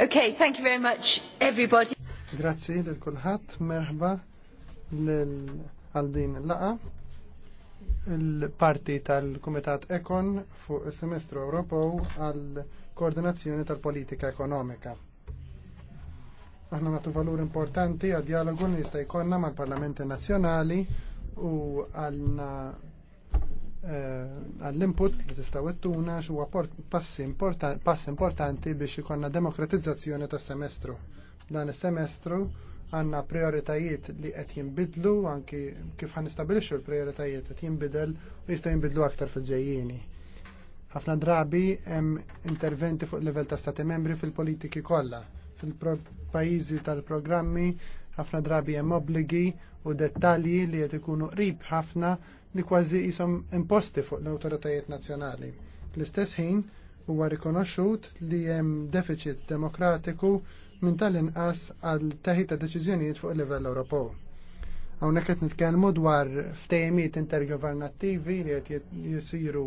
Okay, thank you very much everybody. Grazzi lil kulħadd, merħba għal din laqa il-parti tal-Kumitat Ekon fuq is-Semestru Ewropew għal koordinazzjoni tal-politika ekonomika. Aħna nagħtu valur importanti għad dialogu li jista' jkollna mal-Parlamenti Nazzjonali u għalna Eh, għall-input li tistaw ittuna xuwa pass importanti biex ikonna demokratizzazzjoni tas semestru. Dan is-semestru għanna prioritajiet li qed jinbidlu anki kif għan istabilixu l-prioritajiet qed jinbidel u jistaw jinbidlu aktar fil ġejjini Ħafna drabi hemm interventi fuq level ta' stati membri fil-politiki kollha. Fil-pajjiżi tal-programmi ħafna drabi hemm obbligi u dettalji li qed ikunu qrib ħafna li kważi jisom imposti fuq l-autoritajiet nazzjonali. L-istess ħin huwa rikonoxxut li hemm deficit demokratiku minn tal-inqas għal taħi ta' deċiżjonijiet fuq il-livell Ewropew. Hawnhekk qed nitkellmu dwar ftehimiet intergovernattivi li qed jisiru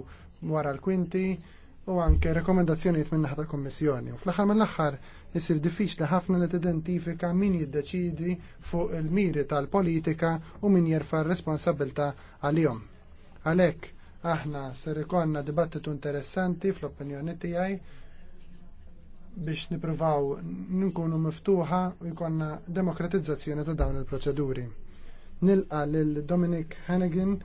wara l-kwinti u anke rekomendazzjonijiet minn naħa tal-Kummissjoni. U fl-aħħar mill-aħħar isir diffiċli ħafna li tidentifika min jiddeċidi fuq il-miri tal-politika u min jerfa' r għal għalihom. Għalhekk aħna ser ikonna dibattitu interessanti fl-opinjoni tiegħi biex nipruvaw nkunu miftuħa u jkollna demokratizzazzjoni ta' dawn il-proċeduri. Nilqa lil Dominic Hannigan,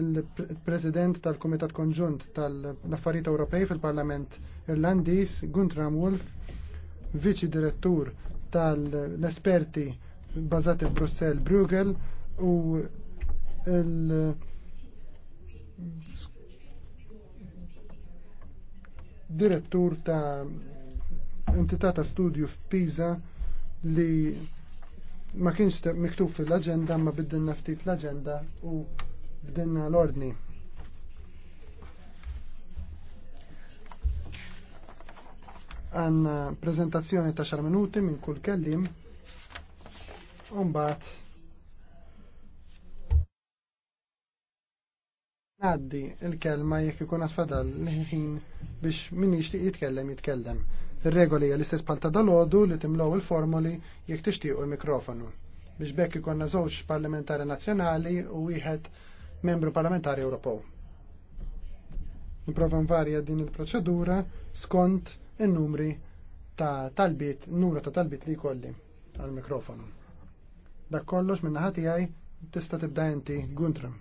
il-President tal-Kumitat Konġunt tal-Affarijiet Ewropej fil-Parlament Irlandiż, Guntram Wolf, viċi direttur tal-esperti bazati f'Brussell Bruegel u l direttur ta' entità ta' studju f'Pisa li ma kienx miktub fil-agenda ma biddilna ftit l-agenda u bdilna l-ordni. għanna eh, prezentazzjoni ta' xar minuti minn kull kellim Umbat Naddi il-kelma jekk ikun għatfadal liħin ħin biex min jixtieq jitkellem jitkellem. Ir-regoli hija l-istess palta dalodu li timlow il-formoli jekk tixtiequ l-mikrofonu. Biex bekk ikonna żewġ parlamentari nazzjonali u wieħed membru parlamentari Ewropew. Nipprova nvarja din il-proċedura skont il-numri ta' talbiet, numru ta' talbiet li jkolli għall mikrofonu Dak kollox minna ħati għaj tista tibda inti Guntram.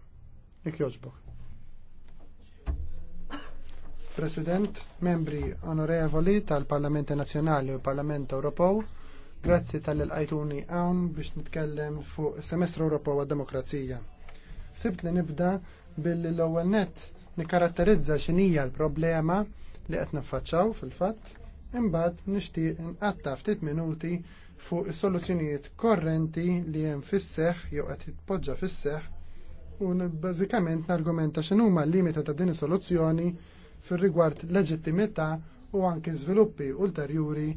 Ik joġbok. President, membri onorevoli tal parlamenti Nazjonali u Parlament Ewropew, grazzi tal-ilqajtuni għawn biex nitkellem fuq semestru Ewropew għad-demokrazija. Sibt li nibda billi l-ewwel net nikkaratterizza xinija l-problema li qed niffaċċaw fil-fatt imbagħad nixtieq inqatta' ftit minuti fuq is-soluzzjonijiet korrenti li hemm fis-seħħ jew qed jitpoġġa fis-seħħ u bażikament nargumenta x'inhu huma l-limita ta' din is-soluzzjoni fir-rigward leġittimità u anke żviluppi ulterjuri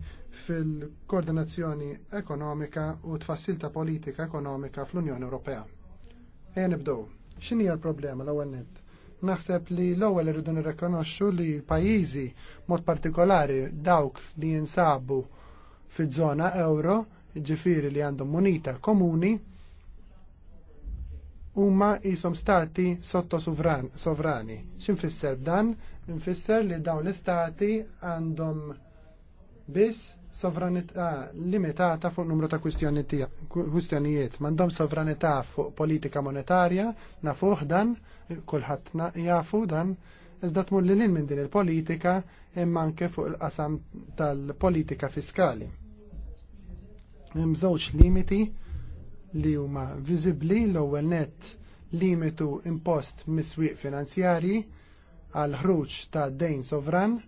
fil-koordinazzjoni ekonomika u tfassil ta' politika ekonomika fl-Unjoni Ewropea. Ejja nibdew. X'inhi l-problema l-ewwel nett? Naħseb li l-ewwel irridu nirrekonoxxu li l-pajjiżi mod partikolari dawk li jinsabu fiż-żona euro, ġifiri li għandhom moneta komuni, huma jisom stati sotto sovran, sovrani. X'infisser dan? Infisser li dawn l-istati għandhom biss sovranità limitata fuq numru ta' kwistjonijiet. Mandom sovranità fuq politika monetarja, nafuħ dan, kulħadd jafu dan, iżda tmur li lil minn din il-politika imma anke fuq il-qasam tal-politika fiskali. M'żewġ limiti li huma viżibbli l-ewwel net limitu impost mis-swieq finanzjarji għal ħruġ ta' dejn sovran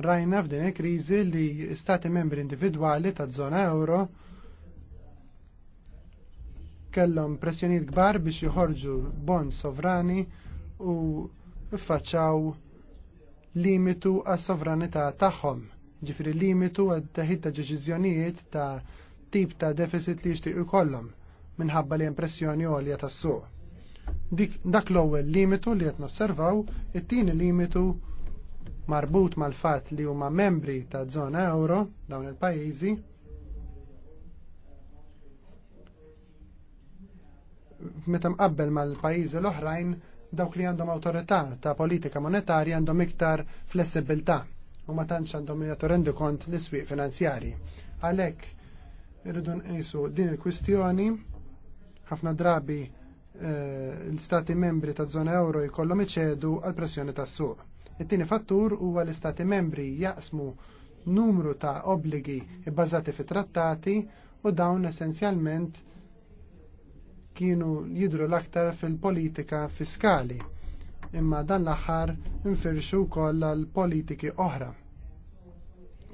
Rajna f'din il-kriżi li stati membri individwali ta' zona euro kellhom pressjonijiet kbar biex joħorġu bond sovrani u ffaċċaw limitu għas sovranità tagħhom. Ġifieri limitu għad teħid ta' deċiżjonijiet ta' tip ta' deficit li jixtieq ikollhom minħabba li impressjoni għolja tas suq Dik, dak l-ewwel limitu li qed nosservaw, it-tieni limitu marbut mal-fatt li huma membri ta' żona euro dawn il-pajjiżi meta mqabbel mal-pajjiżi l-oħrajn dawk li għandhom awtorità ta' politika monetarja għandhom iktar flessibilità u ma tantx għandhom jagħtu rendu kont l-iswieq finanzjarji. Għalhekk irridu nqisu din il-kwistjoni ħafna drabi eh, l-stati membri ta' żona euro jkollhom iċedu għal pressjoni tas-suq It-tieni fattur huwa l-Istati membri jaqsmu numru ta' obbligi bbażati fi trattati u dawn essenzjalment kienu jidru l-aktar fil-politika fiskali imma dan l-aħħar infirxu wkoll għal politiki oħra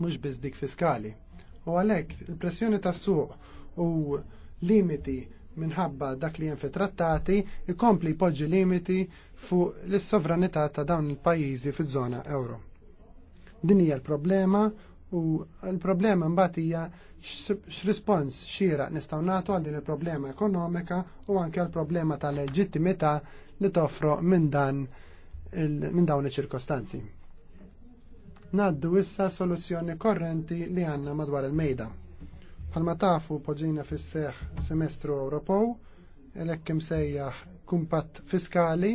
mhux biss dik fiskali. U għalhekk il-pressjoni tas-suq u limiti minħabba dak li jenfi trattati ikompli jpoġġi limiti fuq l-sovranità ta' dawn il-pajjiżi fiż-żona euro. Din hija l-problema u l-problema mbagħad hija x'rispons xieraq nistgħu nagħtu għal din il-problema ekonomika u anke l problema ta' leġittimità li toffro minn dan minn dawn iċ-ċirkostanzi. Naddu issa soluzzjoni korrenti li għandna madwar il-mejda Palma tafu poġina fis semestru Ewropew, l-ekk sejjaħ kumpat fiskali,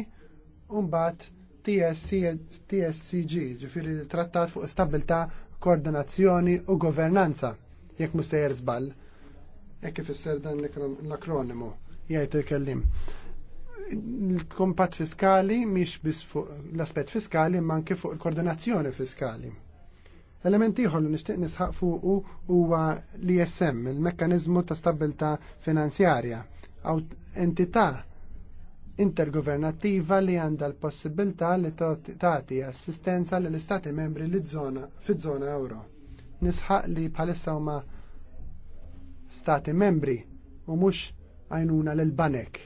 unbat TSCG, ġifiri trattat fuq stabilta, koordinazzjoni u governanza, jekk musejjer zbal, jekk ifisser dan l-akronimu, jgħid il-kellim. Il-kumpat fiskali miex bis fuq l-aspet fiskali, ma anke fuq il-koordinazzjoni fiskali. Element ieħor li nixtieq nisħaq fuq huwa l-ISM, il-mekkaniżmu ta' stabilità finanzjarja, għaw entità intergovernativa li għandha l-possibilità li tagħti assistenza lill istati membri li zona fiż-żona euro. Nisħaq li bħalissa huma stati membri u mhux għajnuna l banek.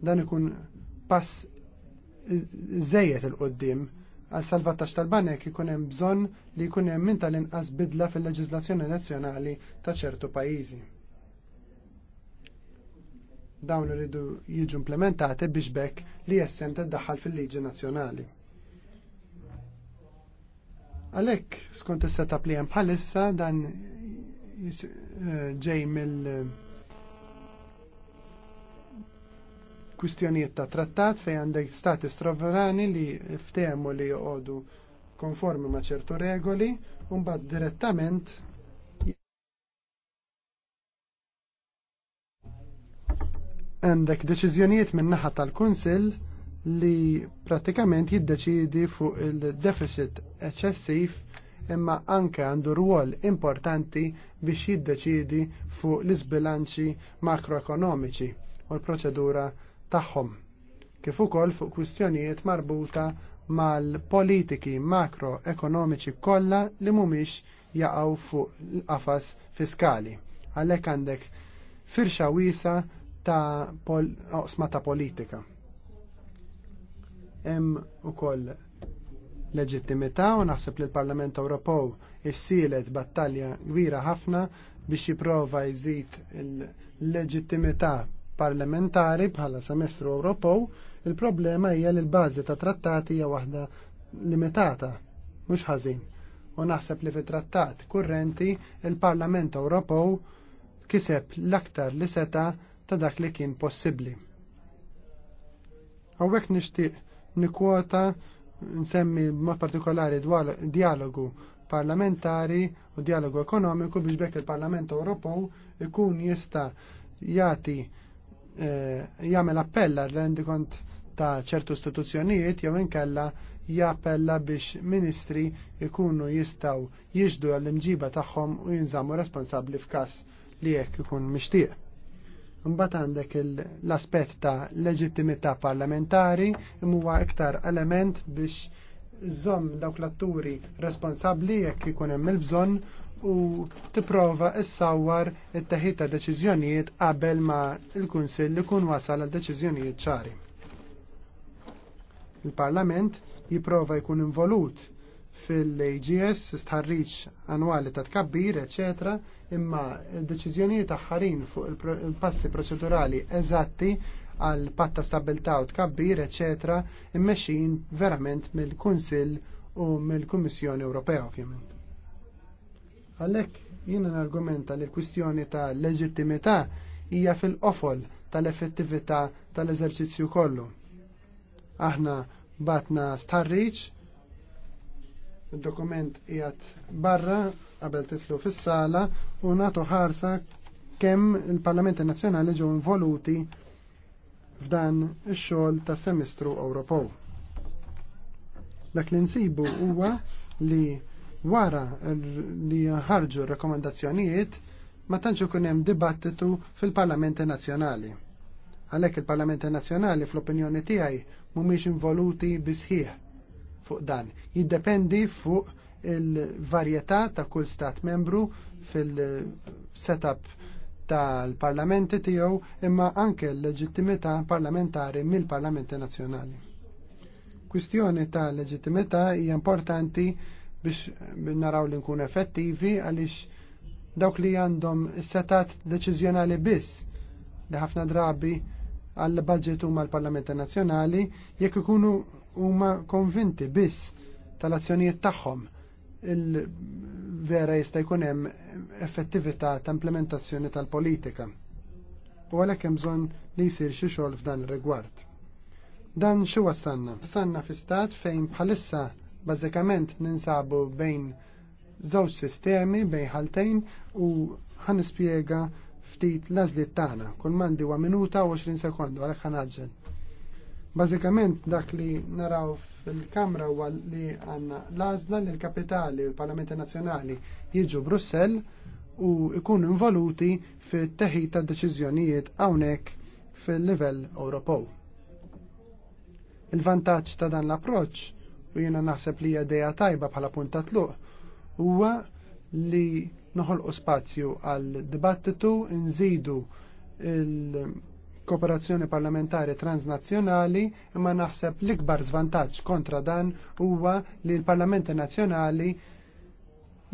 Dan ikun pass żejjed il-qoddim Għal salvataġġ tal-banek ikun hemm bżonn li jkun hemm min tal-inqas bidla fil-leġiżlazzjoni nazzjonali ta' ċertu pajjiżi. Dawn iridu jiġu implementati biex bekk li jessem tiddaħħal fil-liġi nazzjonali. Għalhekk skont is-setup li hemm bħalissa dan eh, ġej mill- kwistjonijiet ta' trattat fejn għandek stati stroverani li ftehmu li joqogħdu konformi ma' ċertu regoli u mbagħad direttament għandek deċiżjonijiet minn naħa tal-Kunsill li pratikament jiddeċidi fuq il-deficit eċessiv imma anke għandu rwol importanti biex jiddeċidi fuq l-isbilanċi makroekonomiċi u l-proċedura tagħhom, kif ukoll fuq kwistjonijiet marbuta mal-politiki makroekonomiċi kollha li mhumiex jaqgħu fuq l-qafas fiskali. Għalhekk għandek firxa wiesa ta' pol oqsma ta' politika. Hemm ukoll leġittimità u naħseb li l-Parlament Ewropew issielet battalja kbira ħafna biex jipprova jżid il-leġittimità parlamentari bħala semestru Ewropew, il-problema hija li l-bażi ta' trattati hija waħda limitata, mhux ħażin. U naħseb li fit-trattat kurrenti il-Parlament Ewropew kiseb l-aktar li seta ta' dak li kien possibbli. Hawnhekk nixtieq nikwota nsemmi b'mod partikolari dialogu parlamentari u dialogu ekonomiku biex bekk il-Parlament Ewropew ikun jista' jagħti Eh, jagħmel appella rendikont ta' ċertu istituzzjonijiet jew inkella jappella biex ministri ikunu jistaw jiġdu għall-imġiba tagħhom u jinżammu responsabbli f'każ li jekk ikun mixtieq. Mbagħad għandek l-aspett ta' leġittimità parlamentari huwa iktar element biex żomm dawk l-atturi responsabbli jekk ikun hemm il-bżonn u tipprova issawwar it-teħid ta' deċiżjonijiet qabel ma l-Kunsill ikun wasal għal deċiżjonijiet ċari. Il-Parlament jipprova jkun involut fil-AGS, stħarriċ annwali ta' tkabbir, ecc. Imma deċiżjonijiet aħħarin fuq il-passi proċedurali eżatti għal patta stabilta u tkabbir, ecc. immexin verament mill-Kunsill u mill-Kummissjoni Ewropea, ovvjament. Għalhekk jiena nargumenta li l-kwistjoni ta' leġittimità hija fil-qofol tal-effettività tal-eżerċizzju kollu. Aħna batna starriċ, il-dokument jgħat barra qabel titlu fis-sala u nagħtu ħarsa kemm il-Parlamenti Nazzjonali ġew involuti f'dan ix-xogħol tas semestru Ewropew. Dak li nsibu huwa li Wara li ħarġu rekomendazzjonijiet ma tantx ikun hemm dibattitu fil-Parlamenti Nazzjonali. Għalhekk il-Parlamenti Nazzjonali fl-opinjoni tiegħi mhumiex involuti bisħieħ fuq dan. Jiddependi fuq il-varjetà ta' kull stat membru fil-setup tal-parlamenti tiegħu imma anke l-leġittimità parlamentari mill-parlamenti nazzjonali. Kwistjoni ta' leġittimità hija importanti biex naraw li nkun effettivi għaliex dawk li għandhom setat deċiżjonali biss li ħafna drabi għall budget huma l-Parlament Nazzjonali jekk ikunu huma konvinti biss tal-azzjonijiet tagħhom il-vera jista' jkun hemm effettività ta' implementazzjoni tal-politika. U għalhekk hemm bżonn li jsir xi xogħol f'dan ir-rigward. Dan xi wassanna? Sanna fi stat fejn bħalissa Bażikament ninsabu bejn żewġ sistemi bejn ħaltejn u ħanispjega ftit lażliet tagħna. Kull mandi huwa minuta u 20 sekondu għalhekk ħanaġġel. Bażikament dak li naraw fil-Kamra huwa li għandna l-għażla li l-kapitali u l-Parlamenti Nazzjonali jiġu Brussell u ikunu involuti fit-teħid ta' deċiżjonijiet hawnhekk fil-livell Ewropew. Il-vantaġġ ta' dan l-approċċ u jiena naħseb li hija tajba bħala punta tluq huwa li noħolqu spazju għal dibattitu nżidu il kooperazzjoni parlamentari transnazzjonali imma naħseb l-ikbar zvantaġġ kontra dan huwa li l-Parlamenti Nazzjonali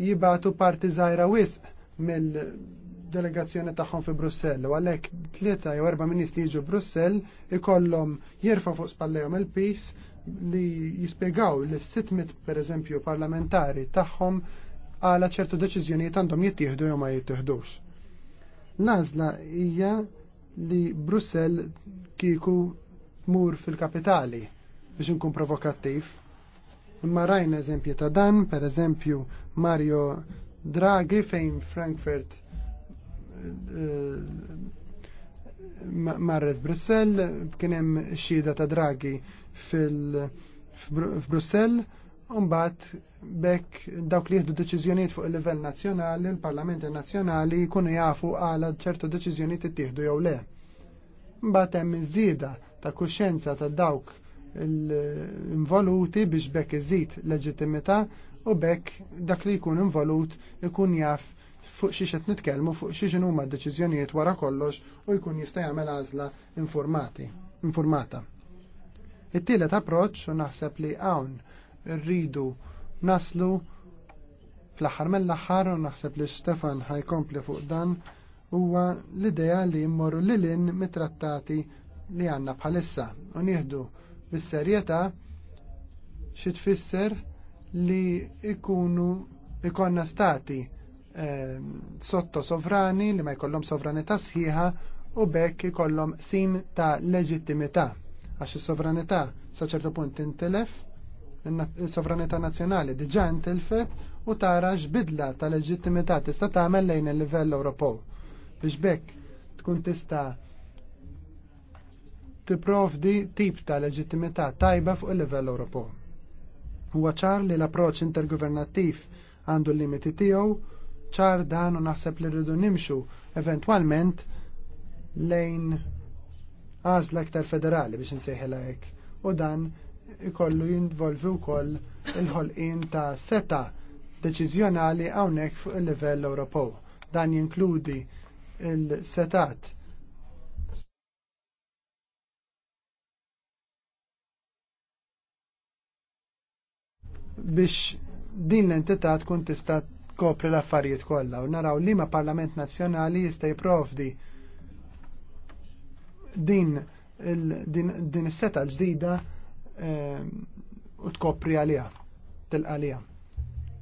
jibatu parti żgħira wisq mill-delegazzjoni tagħhom fi Brussell u għalhekk tlieta jew erba' ministri jiġu Brussell ikollhom jirfa' fuq spallejhom il peace li jispjegaw li s-sitmit pereżempju parlamentari tagħhom għala ċertu deċiżjonijiet għandhom jittieħdu jew ma jittieħdux. L-għażla hija li Brussell kieku tmur fil-kapitali biex nkun provokattiv. Imma rajna eżempji ta' dan, per eżempju Mario Draghi fejn Frankfurt eh, marret Brussell, kien hemm xhieda ta' Draghi fil-Brussell, Umbat, bekk dawk li jihdu deċiżjonijiet fuq il-livell nazzjonali, il-Parlamenti nazzjonali jkunu jafu għala ċertu deċiżjonijiet ittieħdu jew le. Mbagħad hemm iż-żieda ta' kuxjenza ta' dawk involuti biex bekk iżid leġittimità u bekk dak li jkun involut ikun jaf fuq xi qed nitkellmu fuq xi x'inhuma huma deċiżjonijiet wara kollox u jkun jista' jagħmel għażla informati informata. It-tielet approċċ u naħseb li hawn rridu naslu fl-aħħar mill-aħħar u naħseb li Stefan ħajkompli fuq dan huwa l-idea li jmorru lil mit-trattati li għanna bħalissa u nieħdu bis-serjetà xi tfisser li ikunu ikonna stati eh, sotto sovrani li ma jkollhom sovranità sħiħa u bekk ikollhom sim ta' leġittimità għax is-sovranità sa ċertu punt intilef, is-sovranità nazzjonali diġà intilfet u tara x'bidla ta' leġittimità tista' tagħmel lejn il-livell Ewropew. Biex bekk tkun tista' tipprovdi tip ta' leġittimità tajba fuq il-livell Ewropew. Huwa ċar li l-approċċ intergovernattiv għandu l-limiti tiegħu ċar dan u naħseb li rridu nimxu eventwalment lejn għażla aktar federali biex nsejħilha hekk u dan ikollu jinvolvi wkoll il-ħolqien ta' seta deċiżjonali hawnhekk fuq il-livell Ewropew. Dan jinkludi il-setat biex din l-entità tkun tista' tkopri l-affarijiet kollha u naraw li ma Parlament Nazzjonali jista' jipprovdi din din is-seta l-ġdida ehm, u tkopri għalija tilqa għaliha.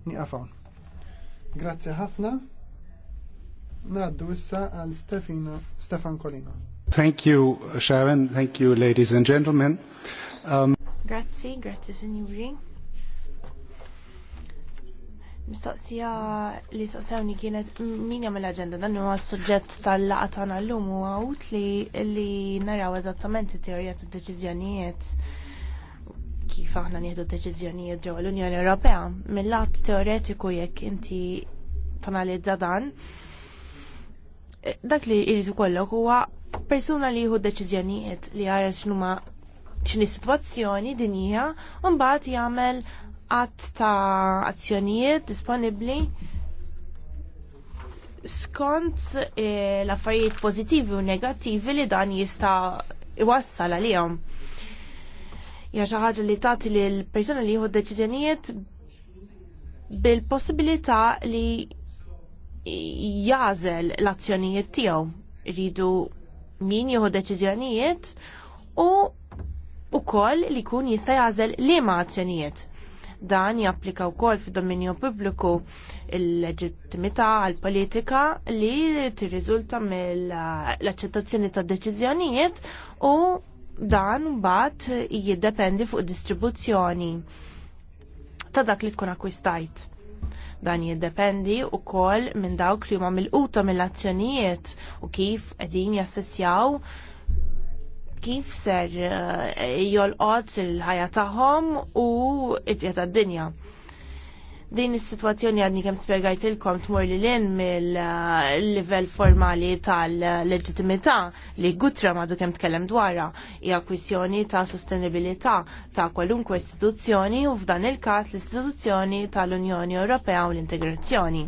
Nieqaf Grazzi ħafna. Naddu issa għal Stefan Colino. Thank you, Sharon. Thank you, ladies and gentlemen. Um... Grazzi, grazzi, signori. Mistoqsija li soqsewni kienet min jagħmel aġenda dan huwa s-suġġett tal-laqgħa tagħna llum u għawt li li naraw eżattament it-teorija tad-deċiżjonijiet kif aħna nieħdu deċiżjonijiet ġewwa l-Unjoni Ewropea. Mill-lat teoretiku jekk inti tanalizza dan, eh, dak li jrid ikollok huwa persuna li jieħu deċiżjonijiet li jara x'numa x'ni sitwazzjoni dinija u mbagħad jagħmel qatt ta' azzjonijiet disponibbli skont eh, l-affarijiet pożittivi u negattivi li dan jista' iwassal għalihom. Ja xi ħaġa li tagħti lil persuna li jieħu deċiżjonijiet bil-possibilità li jażel l-azzjonijiet tiegħu. jridu min jieħu deċiżjonijiet u ukoll li jkun jista' jażel liema azzjonijiet. Dan japplika wkoll fid-dominju pubbliku il-leġittimità għal-politika li tirriżulta mill-aċċettazzjoni ta' deċiżjonijiet u dan mbagħad jiddependi fuq distribuzzjoni ta' dak li tkun akkwistajt. Dan jiddependi u koll minn dawk li huma mill-quta mill-azzjonijiet u kif qegħdin jassessjaw kif ser eh, jolqod il-ħajja tagħhom u l-pjata tad-dinja din is-sitwazzjoni għadni kemm spjegajtilkom tmur li lin mill-livell formali tal-leġitimità li Gutra madu kemm tkellem dwarha hija kwistjoni ta' sostenibilità ta' kwalunkwe istituzzjoni u f'dan il-każ l-istituzzjoni tal-Unjoni Ewropea u l-integrazzjoni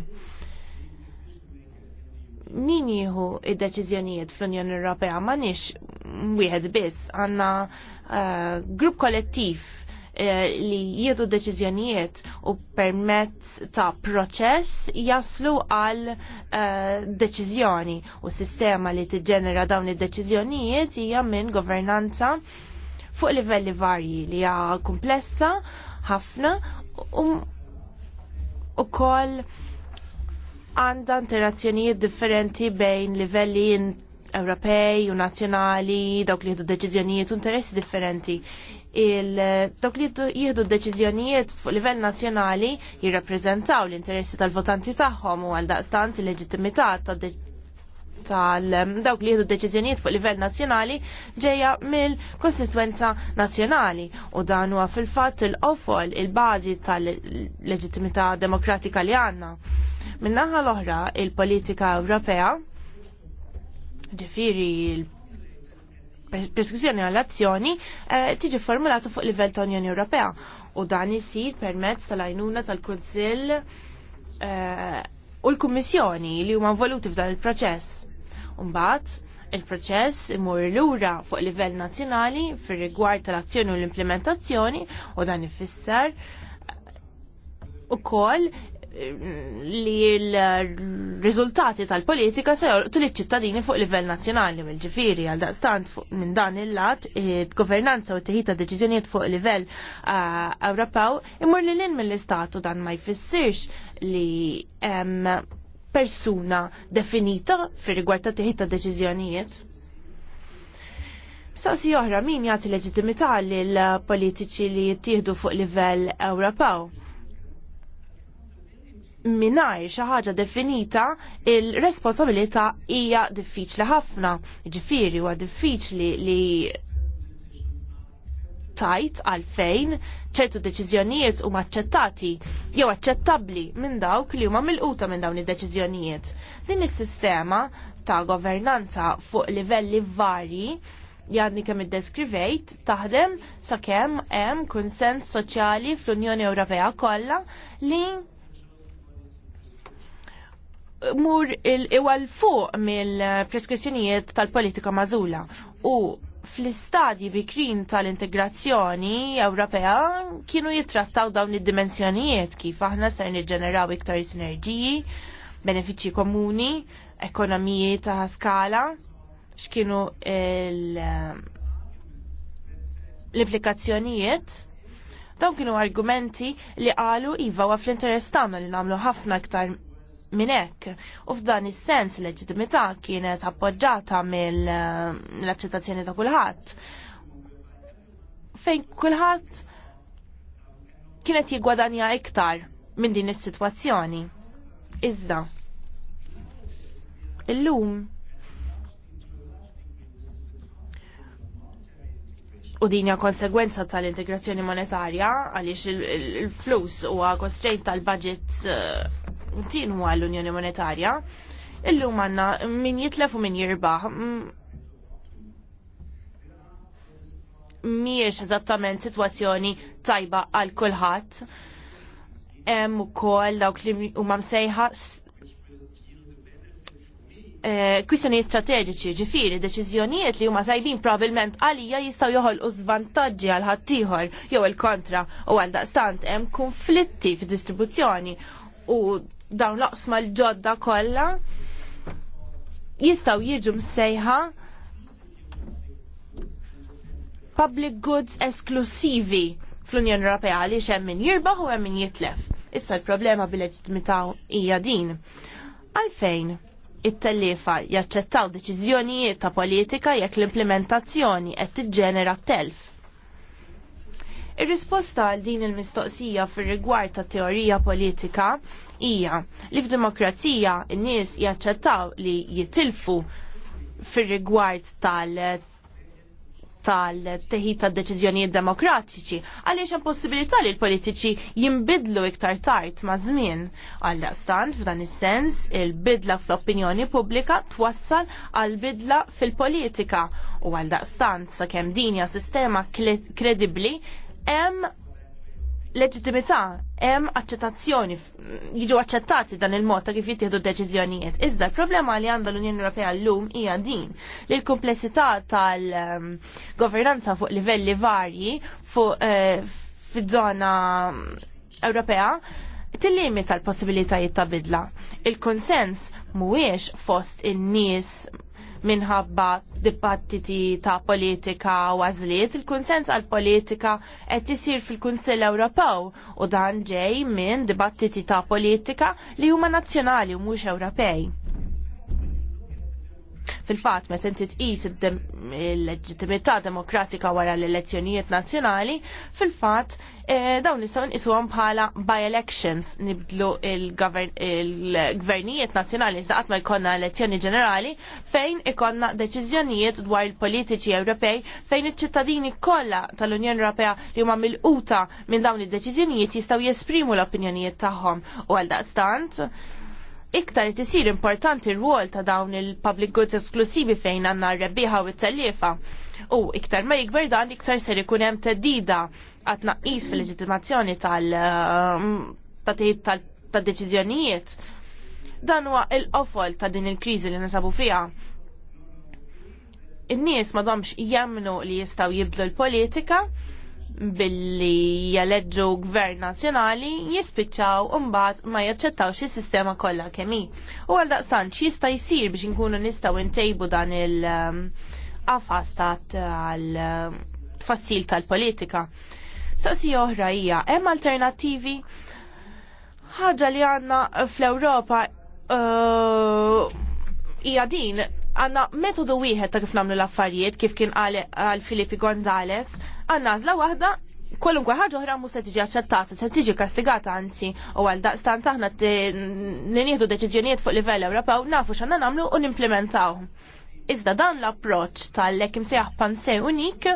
min jieħu id-deċiżjonijiet fl-Unjoni Ewropea nix wieħed biss, għandna uh, grupp kollettiv eh, li jieħdu deċiżjonijiet u permezz ta' proċess jaslu għal uh, deċiżjoni u sistema li tiġġenera dawn id-deċiżjonijiet hija minn governanza fuq livelli varji li hija komplessa ħafna u um, ukoll għandha interazzjonijiet differenti bejn livelli Ewropej u nazzjonali, dawk li jieħdu deċiżjonijiet u interessi differenti. Il, dawk li jieħdu deċiżjonijiet fuq livell nazzjonali jirrappreżentaw l-interessi tal-votanti tagħhom u għal daqstant il-leġittimità tad tal dawk li jieħdu deċiżjonijiet fuq livell nazzjonali ġejja mill-konsistwenza nazzjonali u dan huwa fil-fatt il-qofol il-bażi tal-leġittimità demokratika li għandna. Min-naħa l-oħra il-politika Ewropea ġifiri il preskrizzjoni għall-azzjoni eh, tiġi formulata fuq livell ta' Unjoni Ewropea u dan isir permezz tal-għajnuna tal-Kunsill eh, u l-Kummissjoni li huma involuti f'dan il-proċess. Umbat, il-proċess imur lura fuq livell nazzjonali fir rigward tal-azzjoni u l-implementazzjoni u dan ifisser ukoll eh, li l-riżultati tal-politika se jorqtu li ċittadini fuq livell nazzjonali mill-ġifiri għal daqstant minn dan il-lat governanza u teħita deċiżjonijiet fuq livell eh, Ewropew imur li l-in mill-istatu dan ma jfissirx li persuna definita fir rigward ta' tiħita deċiżjonijiet. Saqsi oħra min jagħti leġitimità lill politiċi li jittieħdu fuq livell Ewropew. Minaj xi ħaġa definita il-responsabilità hija diffiċli ħafna. Ġifieri huwa diffiċli li, li tajt għalfejn ċertu deċiżjonijiet huma aċċettati jew aċċettabbli minn dawk li huma milquta minn dawn id-deċiżjonijiet. Din is-sistema ta' governanza fuq livelli varji għandi kemm iddeskrivejt taħdem sakemm hemm konsens soċjali fl-Unjoni Ewropea kollha li mur il-iwal fuq mill-preskrizzjonijiet tal-politika mażula u fl-istadji bikrin tal-integrazzjoni Ewropea kienu jittrattaw dawn id-dimensjonijiet kif aħna ser niġġeneraw iktar sinerġiji, benefiċċji komuni, ekonomiji ta' skala, x'kienu eh, l-implikazzjonijiet. Dawn kienu argumenti li qalu iva wa fl-interess tagħna li nagħmlu ħafna iktar minn hekk. U f'dan is-sens leġitimità kienet appoġġata eh, mill-aċċettazzjoni ta' kulħadd. Fejn kulħadd kienet jiggwadanja iktar minn din is-sitwazzjoni. Iżda. Illum u din hija konsegwenza tal-integrazzjoni monetarja għaliex il-flus huwa konstrejn tal-budget eh, din huwa l-Unjoni Monetarja. Illum għanna min jitlef u min jirbaħ. Miex eżattament situazzjoni tajba għal kulħadd. Hemm ukoll dawk li huma msejħa eh, kwistjonijiet strateġiċi, ġifiri, deċiżjonijiet li huma sajbin probabilment għalija jistgħu joħolqu zvantaġġi għal ħaddieħor jew il-kontra u għal daqstant hemm konflitti fid-distribuzzjoni u dawn laqsma l-ġodda kollha jistgħu jiġu msejħa public goods esklusivi fl-Unjoni Ewropea għaliex hemm min jirbaħ u hemm min jitlef. Issa l-problema bil-leġitimità hija din. Għalfejn it-tellifa jaċċettaw deċiżjonijiet ta' politika jekk l-implementazzjoni qed tiġġenera telf. Ir-risposta għal din il-mistoqsija fir rigward ta' teorija politika hija li f'demokrazija n-nies jaċċettaw li jitilfu fir-rigward tal- tal-teħid ta' deċiżjonijiet demokratiċi għaliex hemm possibilità li l-politiċi jinbidlu iktar tard ma' żmien. Għal stand f'dan is-sens il-bidla fl-opinjoni pubblika twassal għal bidla fil-politika u għal daqstant sakemm din hija sistema kredibbli hemm leġitimità hemm aċċettazzjoni jiġu aċċettati dan il-mod ta' kif jittieħdu deċiżjonijiet. Iżda l-problema li għandha l-Unjoni Ewropea llum hija din li l-komplessità tal-governanza ehm, fuq livelli varji fuq eh, fiż-żona Ewropea tillimita l-possibilitajiet ta' bidla. Il-konsens mhuwiex fost in-nies minħabba dibattiti ta' politika u għazliet, il-kunsens għal politika qed isir fil-Kunsill Ewropew u dan ġej minn dibattiti ta' politika li huma nazzjonali u mhux Ewropej. Fil-fatt meta inti tqis il-leġittimità demokratika wara l-elezzjonijiet nazzjonali, fil-fatt eh, dawn nistgħu nqisuhom bħala by-elections nibdlu il-gvernijiet nazzjonali iżda qatt ma jkollna elezzjoni ġenerali fejn ikonna deċiżjonijiet dwar il-politiċi Ewropej fejn iċ-ċittadini kollha tal-Unjoni Ewropea li huma mill-quta minn dawn id-deċiżjonijiet jistgħu jesprimu l-opinjonijiet tagħhom u għal daqstant iktar tisir importanti r-rwol ta' dawn il-public goods esklusivi fejn għanna r-rebbiħa u t-tellifa. U iktar ma jikber dan iktar ser ikun hemm teddida għat naqis fil-leġitimazzjoni tal- um, ta' deċiżjonijiet. Dan huwa l qofol ta' din il-kriżi li nisabu fiha in-nies ma domx jemnu li jistaw jibdlu l-politika billi jaleġġu gvern nazjonali jispiċċaw mbagħad ma jaċċettawx is-sistema kollha kemm hi. U għal daqsan jista' jsir biex inkunu nistgħu ntejbu dan il-qafas um, tal-tfassil um, tal-politika. Saqsi oħra hija hemm alternattivi ħaġa li għandna fl-Ewropa uh, hija din għanna metodu wieħed ta' kif namlu l-affarijiet, kif kien għal Filippi Gonzalez, għanna għazla wahda kwalunkwe ħaġa oħra mhux se tiġi aċċettata, se tiġi kastigata anzi, u għal daqstant aħna nieħdu deċiżjonijiet fuq livell Ewropew nafu x'għandna nagħmlu u nimplementaw. Iżda dan l-approċċ tal-lek imsejjaħ pansej unik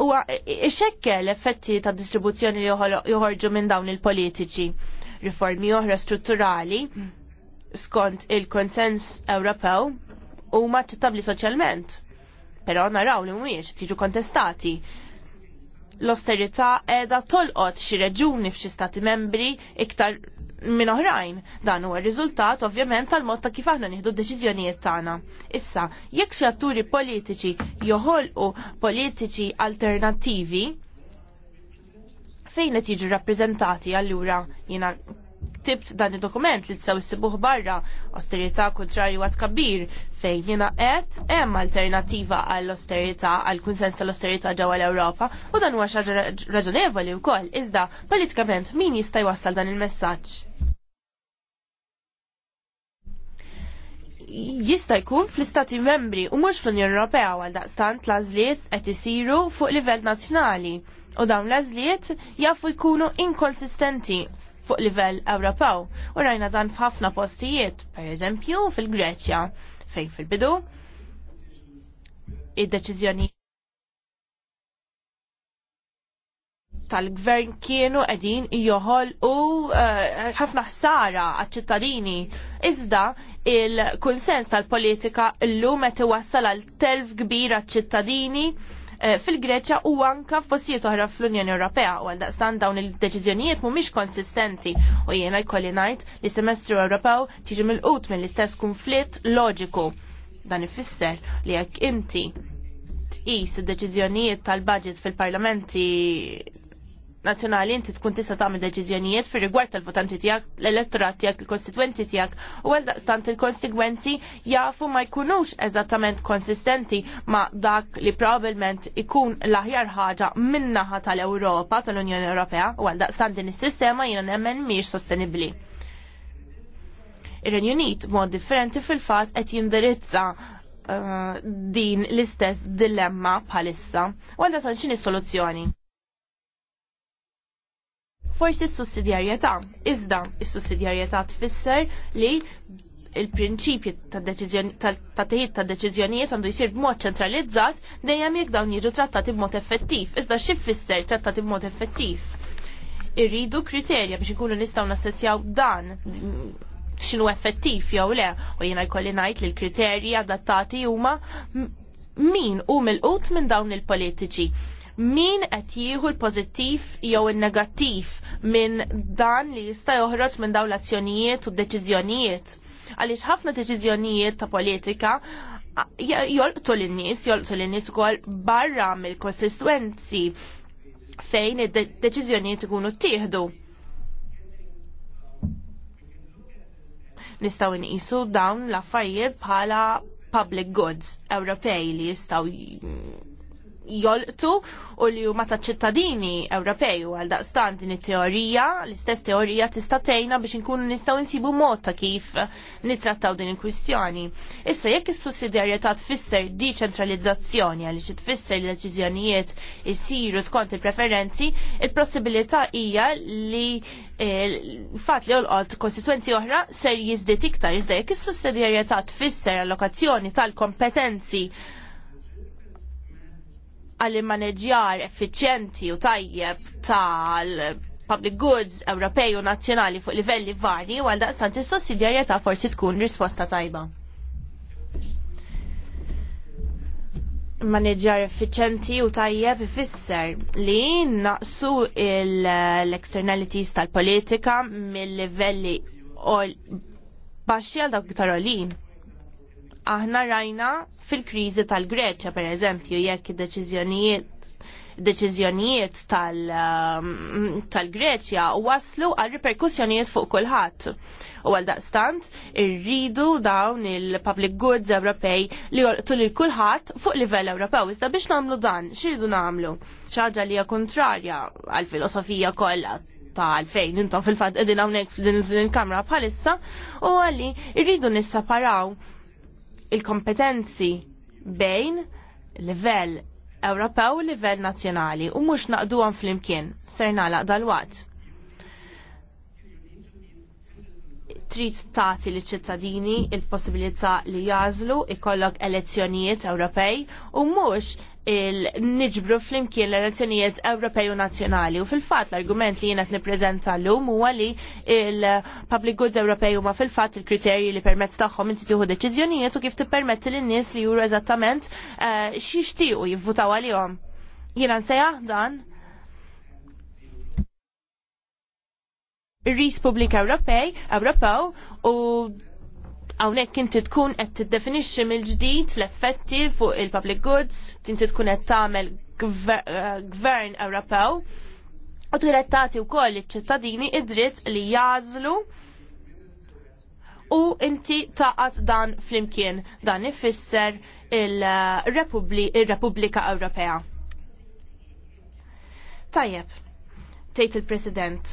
huwa ixekke l-effetti ta' distribuzzjoni li joħorġu minn dawn il-politiċi. Riformi oħra strutturali mm skont il-konsens Ewropew huma ċittabli soċjalment. Però naraw li mhumiex tiġu kontestati. L-osterità qiegħda tolqot xi reġuni f'xi stati membri iktar minn oħrajn. Dan huwa r-riżultat ovvjament tal-mod ta' kif aħna nieħdu d-deċiżjonijiet tagħna. Issa, jekk xi atturi politiċi joħolqu politiċi alternattivi fejn qed jiġu rappreżentati allura jiena tibt dan il-dokument li tsaw sibuħ barra austerita kontrari għat kabir fejn jina qed hemm alternativa għall austerita għall kunsens tal austerita ġewwa l-Ewropa u dan huwa xi raġonevoli wkoll iżda politikament min jista' jwassal dan il-messaġġ. jista' jkun fl-Istati Membri u mhux fl-Unjoni Ewropea għal daqstant l-għażliet qed isiru fuq livell nazzjonali u dawn l-għażliet jafu jkunu inkonsistenti fuq livell Ewropew u rajna dan f'ħafna postijiet, per eżempju fil-Greċja fejn fil-bidu id-deċiżjoni tal-gvern kienu edin joħol u eh, ħafna uh, ħsara għal-ċittadini. Iżda il-konsens tal-politika l-lum għet għal telf kbira ċittadini Eh, fil-Greċja u anka f'postijiet oħra fl-Unjoni Ewropea u daqstan dawn il-deċiżjonijiet mhumiex konsistenti u jiena jkolli ngħid li semestru Ewropew tiġi mill-qut mill-istess kunflitt loġiku. Dan ifisser li jekk inti tqis id-deċiżjonijiet tal-budget fil-parlamenti nazzjonali inti tkun tista' tagħmel deċiżjonijiet fir rigward tal-votanti tiegħek, l-elettorat tiegħek, il-kostitwenti tiegħek u għal daqstant il-konsegwenzi jafu ma jkunux eżattament konsistenti ma dak li probabbilment ikun l-aħjar ħaġa min-naħa tal-Ewropa, tal-Unjoni Ewropea u għal daqstant din is-sistema jiena nemmen mhijiex sostenibbli. Ir-Renju Unit mod differenti fil-fatt qed jindirizza eh, din l-istess dilemma bħalissa. u Għandha sanċini soluzzjoni forsi s-sussidjarjetà. Iżda s-sussidjarjetà tfisser li il-prinċipji ta' teħid ta' deċiżjonijiet għandu jisir b'mod ċentralizzat dejjem jekk dawn jiġu trattati b'mod effettiv. Iżda xi fisser trattati b'mod effettiv? Irridu kriterja biex ikunu nistgħu nassessjaw dan x'inhu effettiv jew le, u jiena jkolli ngħid li l-kriterji adattati huma min u mill minn dawn il-politiċi min qed jieħu l-pożittiv jew il-negattiv minn dan li jista' joħroġ minn dawn l-azzjonijiet u d-deċiżjonijiet. Għaliex ħafna deċiżjonijiet ta' politika jolqtu lin-nies, jolqtu lin-nies ukoll barra mill-konsistwenzi fejn id-deċiżjonijiet ikunu ttieħdu. Nistgħu nqisu dawn l-affarijiet bħala public goods Ewropej li jistgħu jolqtu u li huma ta' ċittadini Ewropej u għal daqstant din it-teorija, l-istess teorija tista' tgħinna biex inkunu nistgħu insibu mod ta' kif nittrattaw din il-kwistjoni. Issa jekk is-sussidjarjetà tfisser deċentralizzazzjoni għaliex tfisser li deċiżjonijiet isiru skont il-preferenzi, il-possibilità hija li eh, fatt li jolqot konsistwenzi oħra ser jiżdied iktar iżda jekk is-sussidjarjetà tfisser allokazzjoni tal-kompetenzi għalli maneġjar effiċjenti u tajjeb tal public goods Ewropej u nazzjonali fuq livelli varji u għaldaqstant is-sussidjarjetà forsi tkun risposta tajba. Maneġjar effiċjenti u tajjeb ifisser li naqsu l-externalities tal-politika mill-livelli baxxi għal dawk iktar olin aħna rajna fil-kriżi tal-Greċja, per eżempju, jekk id-deċiżjonijiet deċiżjonijiet um, tal-Greċja tal waslu għal riperkussjonijiet fuq kulħadd. U għal daqstant irridu dawn il-public goods Ewropej li jolqtu lil kulħadd fuq livell Ewropew. Iżda biex nagħmlu dan, xirridu nagħmlu? ċaġa li hija kontrarja għall filosofija kollha ta' fejn intom fil-fatt qegħdin hawnhekk din il-kamra bħalissa u għalli irridu nissaparaw il-kompetenzi bejn livell Ewropew u livell nazzjonali u mhux naqduhom flimkien ser nagħlaq dalwat. Trid tagħti liċ ċittadini il-possibilità li jażlu ikollok elezzjonijiet Ewropej u mhux il-niġbru flimkien l-elezzjonijiet Ewropej u nazzjonali u fil-fat l-argument li jenet niprezenta l-lum huwa li il-public goods Ewropej huma fil-fat il-kriterji li permezz tagħhom inti tieħu deċiżjonijiet u kif tippermetti lin-nies li juru eżattament eh, x'jixtiequ jivvutaw għalihom. Jiena nsejjaħ dan ir-Ris Ewropej Ewropew u hawnhekk inti tkun qed tiddefinixxi mill-ġdid l-effetti fuq il-public goods, inti tkun qed tagħmel eh, gvern Ewropew u tgħid tagħti wkoll iċ-ċittadini id-dritt li jażlu u inti taqat dan flimkien dan ifisser il-Repubblika Ewropea. Tajjeb, tgħid il-President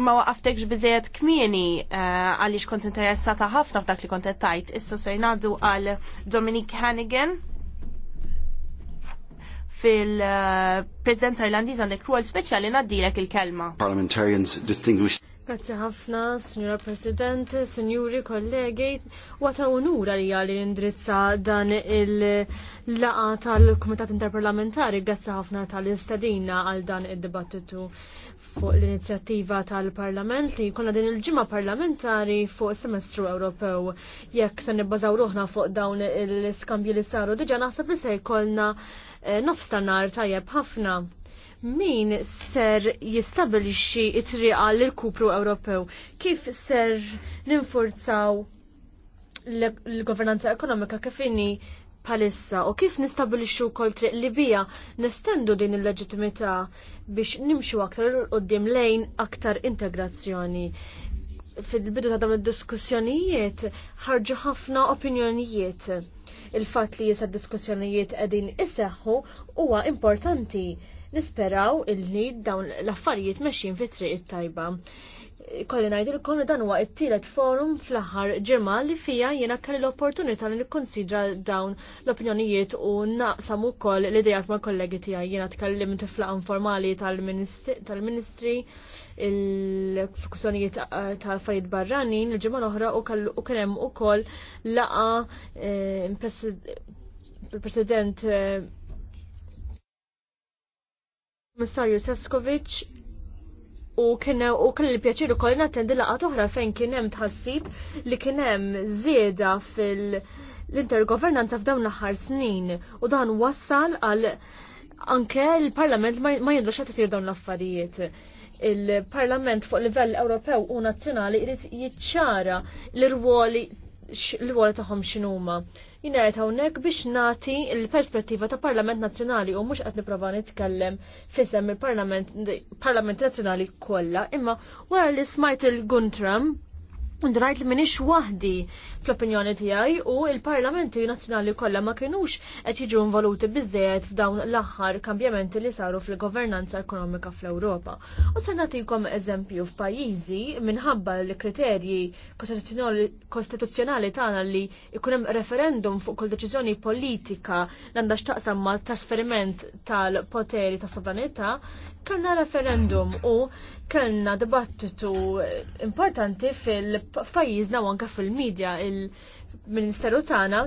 ma waqaftekx biżejjed kmieni eh, għaliex kont interessata ħafna f'dak li kont qed tajt. Issa se ngħaddu għal Dominic Hannigan fil-Presidenza Irlandiża għandek rwol speċjali ngħaddilek il-kelma. Parliamentarians distinguished Grazie ħafna, Signora President, Signori kollegi, wata unura li għalli indrizza dan il-laqa tal-Komitat Interparlamentari, grazie ħafna tal-istadina għal dan id-dibattitu fuq l-inizjattiva tal-Parlament li jkollna din il-ġimgħa parlamentari fuq semestru Ewropew. Jekk se nibbażaw ruħna fuq dawn l-iskambji li saru diġà naħseb li se jkollna eh, nofstannar tajjeb ħafna. Min ser jistabilixxi t triqa l kupru Ewropew? Kif ser ninfurzaw l-governanza ekonomika kif inni palissa u kif nistabilixxu wkoll triq li bija nestendu din il-leġitimità biex nimxu aktar l qoddim lejn aktar integrazzjoni. Fil-bidu ta' dawn id-diskussjonijiet ħarġu ħafna opinjonijiet. Il-fatt li jisa diskussjonijiet qegħdin iseħħu huwa importanti. Nisperaw illi dawn l-affarijiet mexjin fi triq it-tajba kolli ngħidilkom li dan huwa t-tielet forum fl-aħħar ġimgħa li fija jiena kelli l-opportunità li nikkonsidra dawn l-opinjonijiet u naqsam ukoll l-idejat mal kollegi tiegħi jiena tkellimt fl informali tal-Ministri il-kwistjonijiet eh, tal-affarijiet barranin il-ġimgħa l-oħra u kien hemm ukoll laqa eh, il-President eh, Mr. Jusefskovic u kien u kien li pjaċir ukoll nattendi laqat oħra fejn kien hemm tħassib li kien hemm żieda fil- l-intergovernanza f'dawn l-aħħar snin u dan wassal għal anke l-Parlament ma jindrux qed isir dawn l-affarijiet. Il-Parlament fuq livell Ewropew u nazzjonali jrid jiċċara l-irwoli l-irwoli tagħhom x'inhuma jinaret hawnhekk biex nati l-perspettiva ta' Parlament Nazzjonali u mhux qed nipprova nitkellem fisem il-Parlament Parlament Nazzjonali kollha, imma wara li smajt il-Guntram Ndunajt li minix wahdi fl-opinjoni tijaj u il-parlamenti nazjonali kollha ma kienux qed jiġu involuti biżejjed f'dawn l-aħħar kambjamenti li saru fil-governanza ekonomika fl-Ewropa. U se nagħtikom eżempju f'pajjiżi minħabba l-kriterji kostituzzjonali tagħna li jkun hemm referendum fuq kull deċiżjoni politika l għandha x'taqsam ma' trasferiment tal-poteri ta' sovranità, kellna referendum u kellna dibattitu importanti fil-pajjiżna u anke fil-medja il-Ministeru tagħna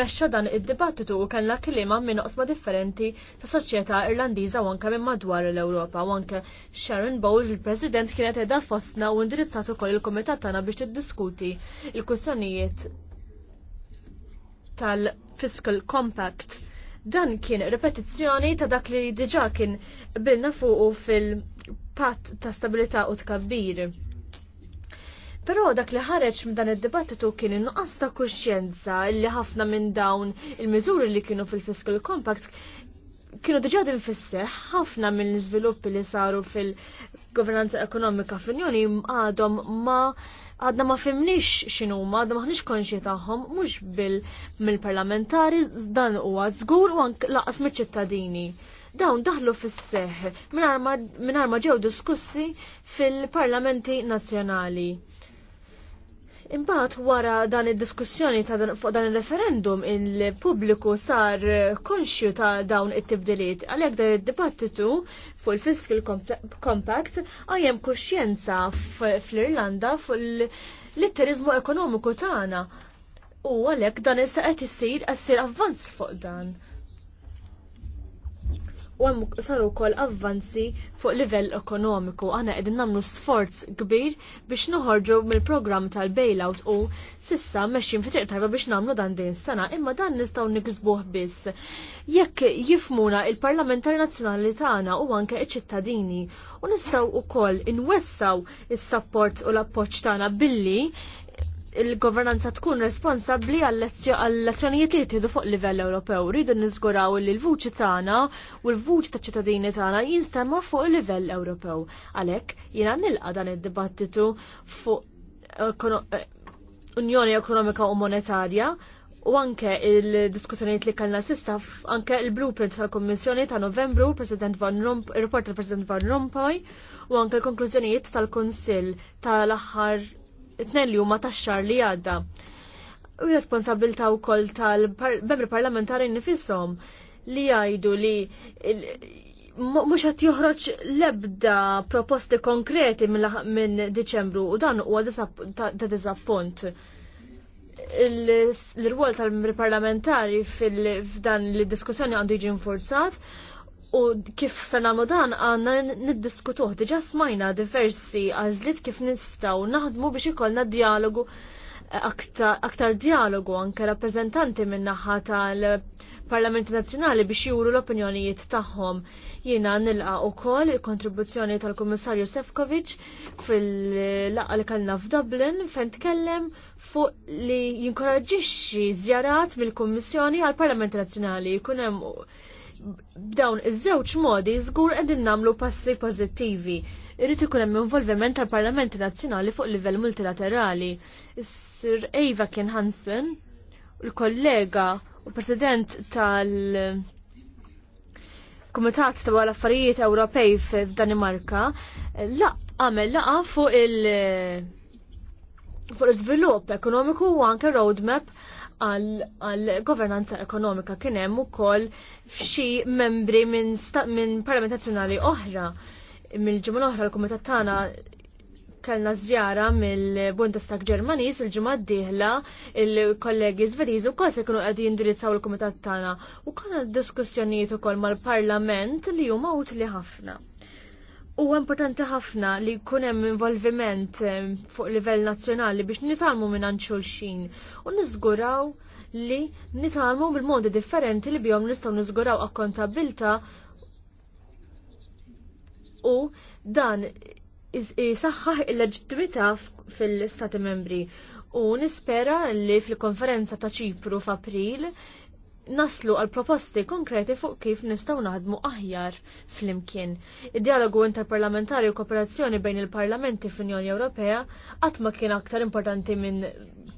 mexxa dan id-dibattitu u kellna kliema minn oqsma differenti ta' soċjetà Irlandiża u anke minn madwar l-Ewropa u anke Sharon Bowles il-President kienet qiegħda fostna u indirizzat ukoll il-kumitat tagħna biex tiddiskuti il-kwistjonijiet tal-Fiscal Compact Dan kien repetizzjoni ta' dak li diġa kien bilna fuqu fil-patt ta' stabilità u tkabbir. Però dak li ħareġ minn dan id-dibattitu kien innuqqas ta' kuxjenza li ħafna minn dawn il-miżuri li kienu fil-Fiscal Compact kienu diġa din fisseħ ħafna mill-iżviluppi li saru fil-governanza ekonomika fl-Unjoni għadhom ma' għadna ma fimnix x'inhuma, għadna maħniex konxi tagħhom mhux bil mill-parlamentari dan huwa żgur u laqas mill-ċittadini. Dawn daħlu fis-seħ minn ma ġew diskussi fil-parlamenti nazzjonali. Imbagħad wara dan id-diskussjoni ta' dan, fuq dan il-referendum il-pubbliku sar konxju ta' dawn it-tibdiliet. Għalhekk dan id-dibattitu fuq il-Fiscal Compact għajjem kuxjenza fl-Irlanda fuq l-litterizmu ekonomiku tagħna. U għalhekk dan issa qed issir qed avvanz fuq dan u hemm saru wkoll avvanzi fuq livell ekonomiku. Aħna qegħdin nagħmlu sforz kbir biex noħorġu mill-programm tal-bailout u sissa mexjin fi tajba biex nagħmlu dan din sena, imma dan nistgħu niksbuh biss. Jekk jifmuna il-Parlamentari Nazzjonali tagħna u anke iċ-ċittadini u nistgħu wkoll inwessaw is support u l-appoġġ tagħna billi il-governanza tkun responsabbli għall-azzjonijiet li jittieħdu fuq livell Ewropew. Rridu niżguraw li l-vuċi tagħna u l-vuċi taċ ċittadini tagħna jinstema' fuq livell Ewropew. Għalhekk jiena nilqa' dan id-dibattitu fuq eh, eh, Unjoni Ekonomika u Monetarja u anke il-diskussjoniet li kellna sissa anke il-blueprint tal-Kommissjoni ta' Novembru, President Van Rompuy, il-report tal-President Van Rompuy, u anke l-konklużjonijiet tal kunsill tal-aħħar it-tnejn li huma tax xahar li għadda. U responsabilta wkoll tal-membri parlamentari nifisom li jgħidu li mhux qed joħroġ l-ebda proposti konkreti minn Diċembru u dan huwa ta' diżappunt. L-rwol tal-membri parlamentari f'dan l-diskussjoni għandu jiġi infurzat U kif se nagħmlu dan għandna niddiskutuh diġà smajna diversi għażliet kif nistgħu naħdmu biex ikollna dialogu eh, aktar, dialogu anke rappreżentanti min-naħa tal-Parlamenti Nazzjonali biex juru l-opinjonijiet tagħhom. Jiena nilqa ukoll il-kontribuzzjoni tal-Kummissarju Sefkovic fil-laqqa li kellna f'Dublin fejn tkellem fuq li jinkoraġixxi żjarat mill-Kummissjoni għall-Parlamenti Nazzjonali jkun hemm b'dawn iż-żewġ modi żgur qegħdin nagħmlu passi pożittivi. Irid ikun hemm involviment tal-Parlamenti Nazzjonali fuq livell multilaterali. Sir Eva Ken Hansen, il-kollega u president tal- Kumitat ta' l-affarijiet Ewropej f'Danimarka għamel laqa fuq il- fuq l-iżvilupp ekonomiku u anke roadmap għal governanza ekonomika kien hemm ukoll f'xi membri minn min Parlament Nazzjonali oħra. Mill-ġimgħa l-oħra l-kumitat tagħna kellna żjara mill-Bundestag Ġermaniż il-ġimgħa d-dieħla il-kollegi Svediżi wkoll se jkunu qegħdin indirizzaw il-kumitat tagħna u kellna diskussjonijiet ukoll mal-Parlament li huma utli ħafna. U importanti ħafna li jkun hemm involviment eh, fuq livell nazzjonali biex nitalmu minn xulxin u niżguraw li nitalmu bil-modi differenti li bihom nistgħu niżguraw akkontabilta u dan jisaxħaħ il-leġittimità fil istati membri. U nispera li fil-konferenza ta' ċipru f'April naslu għal proposti konkreti fuq kif nistgħu naħdmu aħjar flimkien. Id-dialogu interparlamentari u kooperazzjoni bejn il-parlamenti fl-Unjoni Ewropea qatt ma kien aktar importanti minn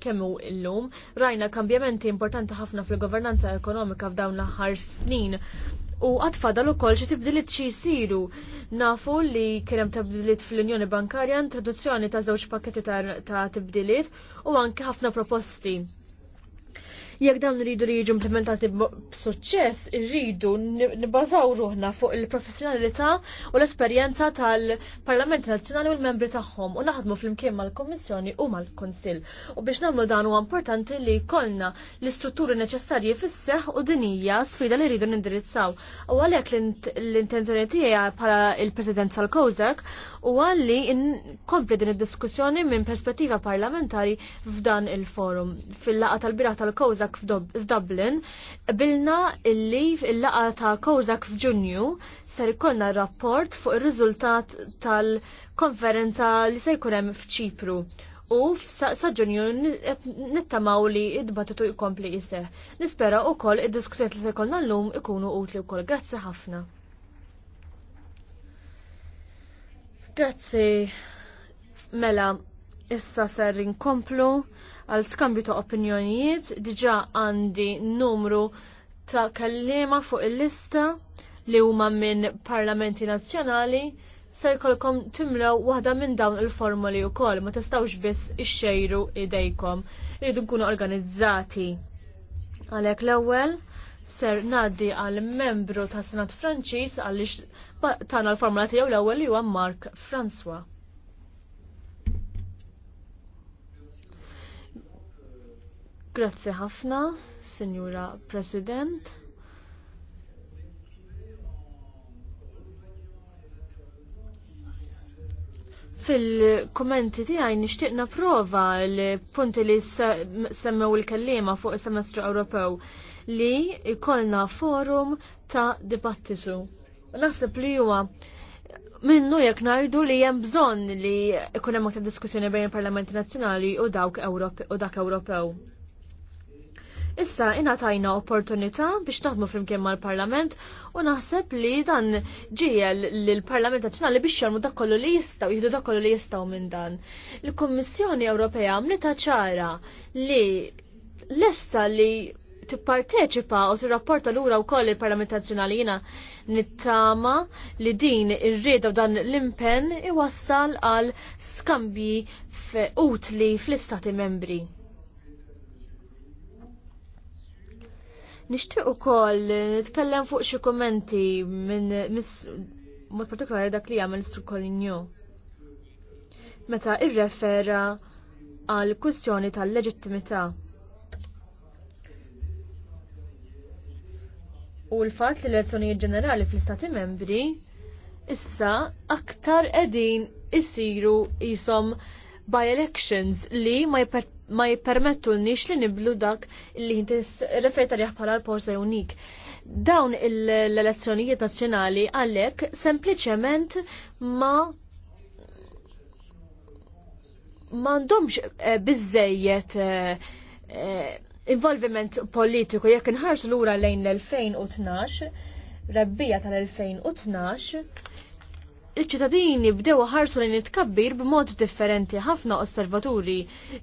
kemm hu llum. Rajna kambjamenti importanti ħafna fil-governanza ekonomika f'dawn l-aħħar snin. U għatfadal u kol xie tibdilit xie jisiru. Nafu li kienem tibdilit fl-Unjoni Bankarja, introduzzjoni ta' żewġ pakketti ta' tibdilit u anke ħafna proposti Jekk dawn rridu li jiġu implementati b'suċċess, irridu nibbażaw ruħna fuq il-professjonalità u l-esperjenza tal-Parlament Nazzjonali u l-membri tagħhom u naħdmu flimkien mal-Kommissjoni u mal-Kunsill. U biex nagħmlu dan huwa importanti li jkollna l-istrutturi neċessarji fis-seħħ u din hija sfida li rridu nindirizzaw. U għalhekk l-intenzjoni tiegħi bħala il-President tal-Kozak u għalli nkompli din id-diskussjoni minn perspettiva parlamentari f'dan il-forum. Fil-laqa tal-biraħ tal kowzak Kozak f'Dublin bilna illi il-laqa ta' Kozak f'Ġunju ser ikollna rapport fuq ir-riżultat tal-konferenza li se jkun hemm f'Ċipru. U sa' ġunju nittamaw li id-dibattitu jkompli jiseħ. Nispera u koll id-diskussjoni li se jkollna l-lum ikunu utli u koll. Grazzi ħafna. Grazzi. Mela, issa ser inkomplu għal skambju ta' opinjonijiet. Diġa għandi numru ta' kallima fuq il-lista li huma minn parlamenti nazzjonali se jkollkom timlew waħda minn dawn il-formuli wkoll ma tistgħux biss ixxejru idejkom. Irridu nkunu organizzati. Għalhekk l-ewwel ser ngħaddi għal membru ta' Senat Franċiż għaliex tagħna l-formula tiegħu l-ewwel li huwa Mark Francois. Grazzi ħafna, Signora President. Fil-kommenti tiegħi nixtieq napprova l-punti li semmew il-kellima fuq is-semestru Ewropew li jkollna forum ta' dibattitu. Naħseb li huwa minnu jekk ngħidu li hemm bżonn li jkun hemm ta' diskussjoni bejn il-Parlamenti Nazzjonali u dawk u dak Ewropew. Issa tajna opportunità biex naħdmu flimkien mal-Parlament u naħseb li dan ġiel l-Parlament Nazzjonali biex jarmu dak kollu li jistgħu, jihdu dak kollu li jistgħu minn dan. Il-Kummissjoni Ewropea mnita ċara li lesta li tipparteċipa u tirrapporta lura wkoll il-Parlament Nazjonali jina nittama li din ir-rieda u dan l-impenn iwassal għal skambji utli fl-istati membri. Nixtieq ukoll nitkellem fuq xi kummenti minn mod partikolari dak li jagħmel Mr. Coligno. Meta irrefera għal kwistjoni tal-leġittimità. U l-fatt li l-elezzjonijiet ġenerali fl-Istati membri issa aktar qegħdin isiru jisom by elections li ma jipert ma jippermettu nix li niblu dak li jintis referta li bħala l-Porsa Unik. Dawn l-elezzjonijiet nazzjonali għalek sempliciment ma mandomx eh, bizzejiet eh, involviment politiku jekk nħarsu lura lejn l-2012 rabbija tal-2012 il-ċittadini bdew ħarsu li nitkabbir b'mod differenti. Ħafna osservaturi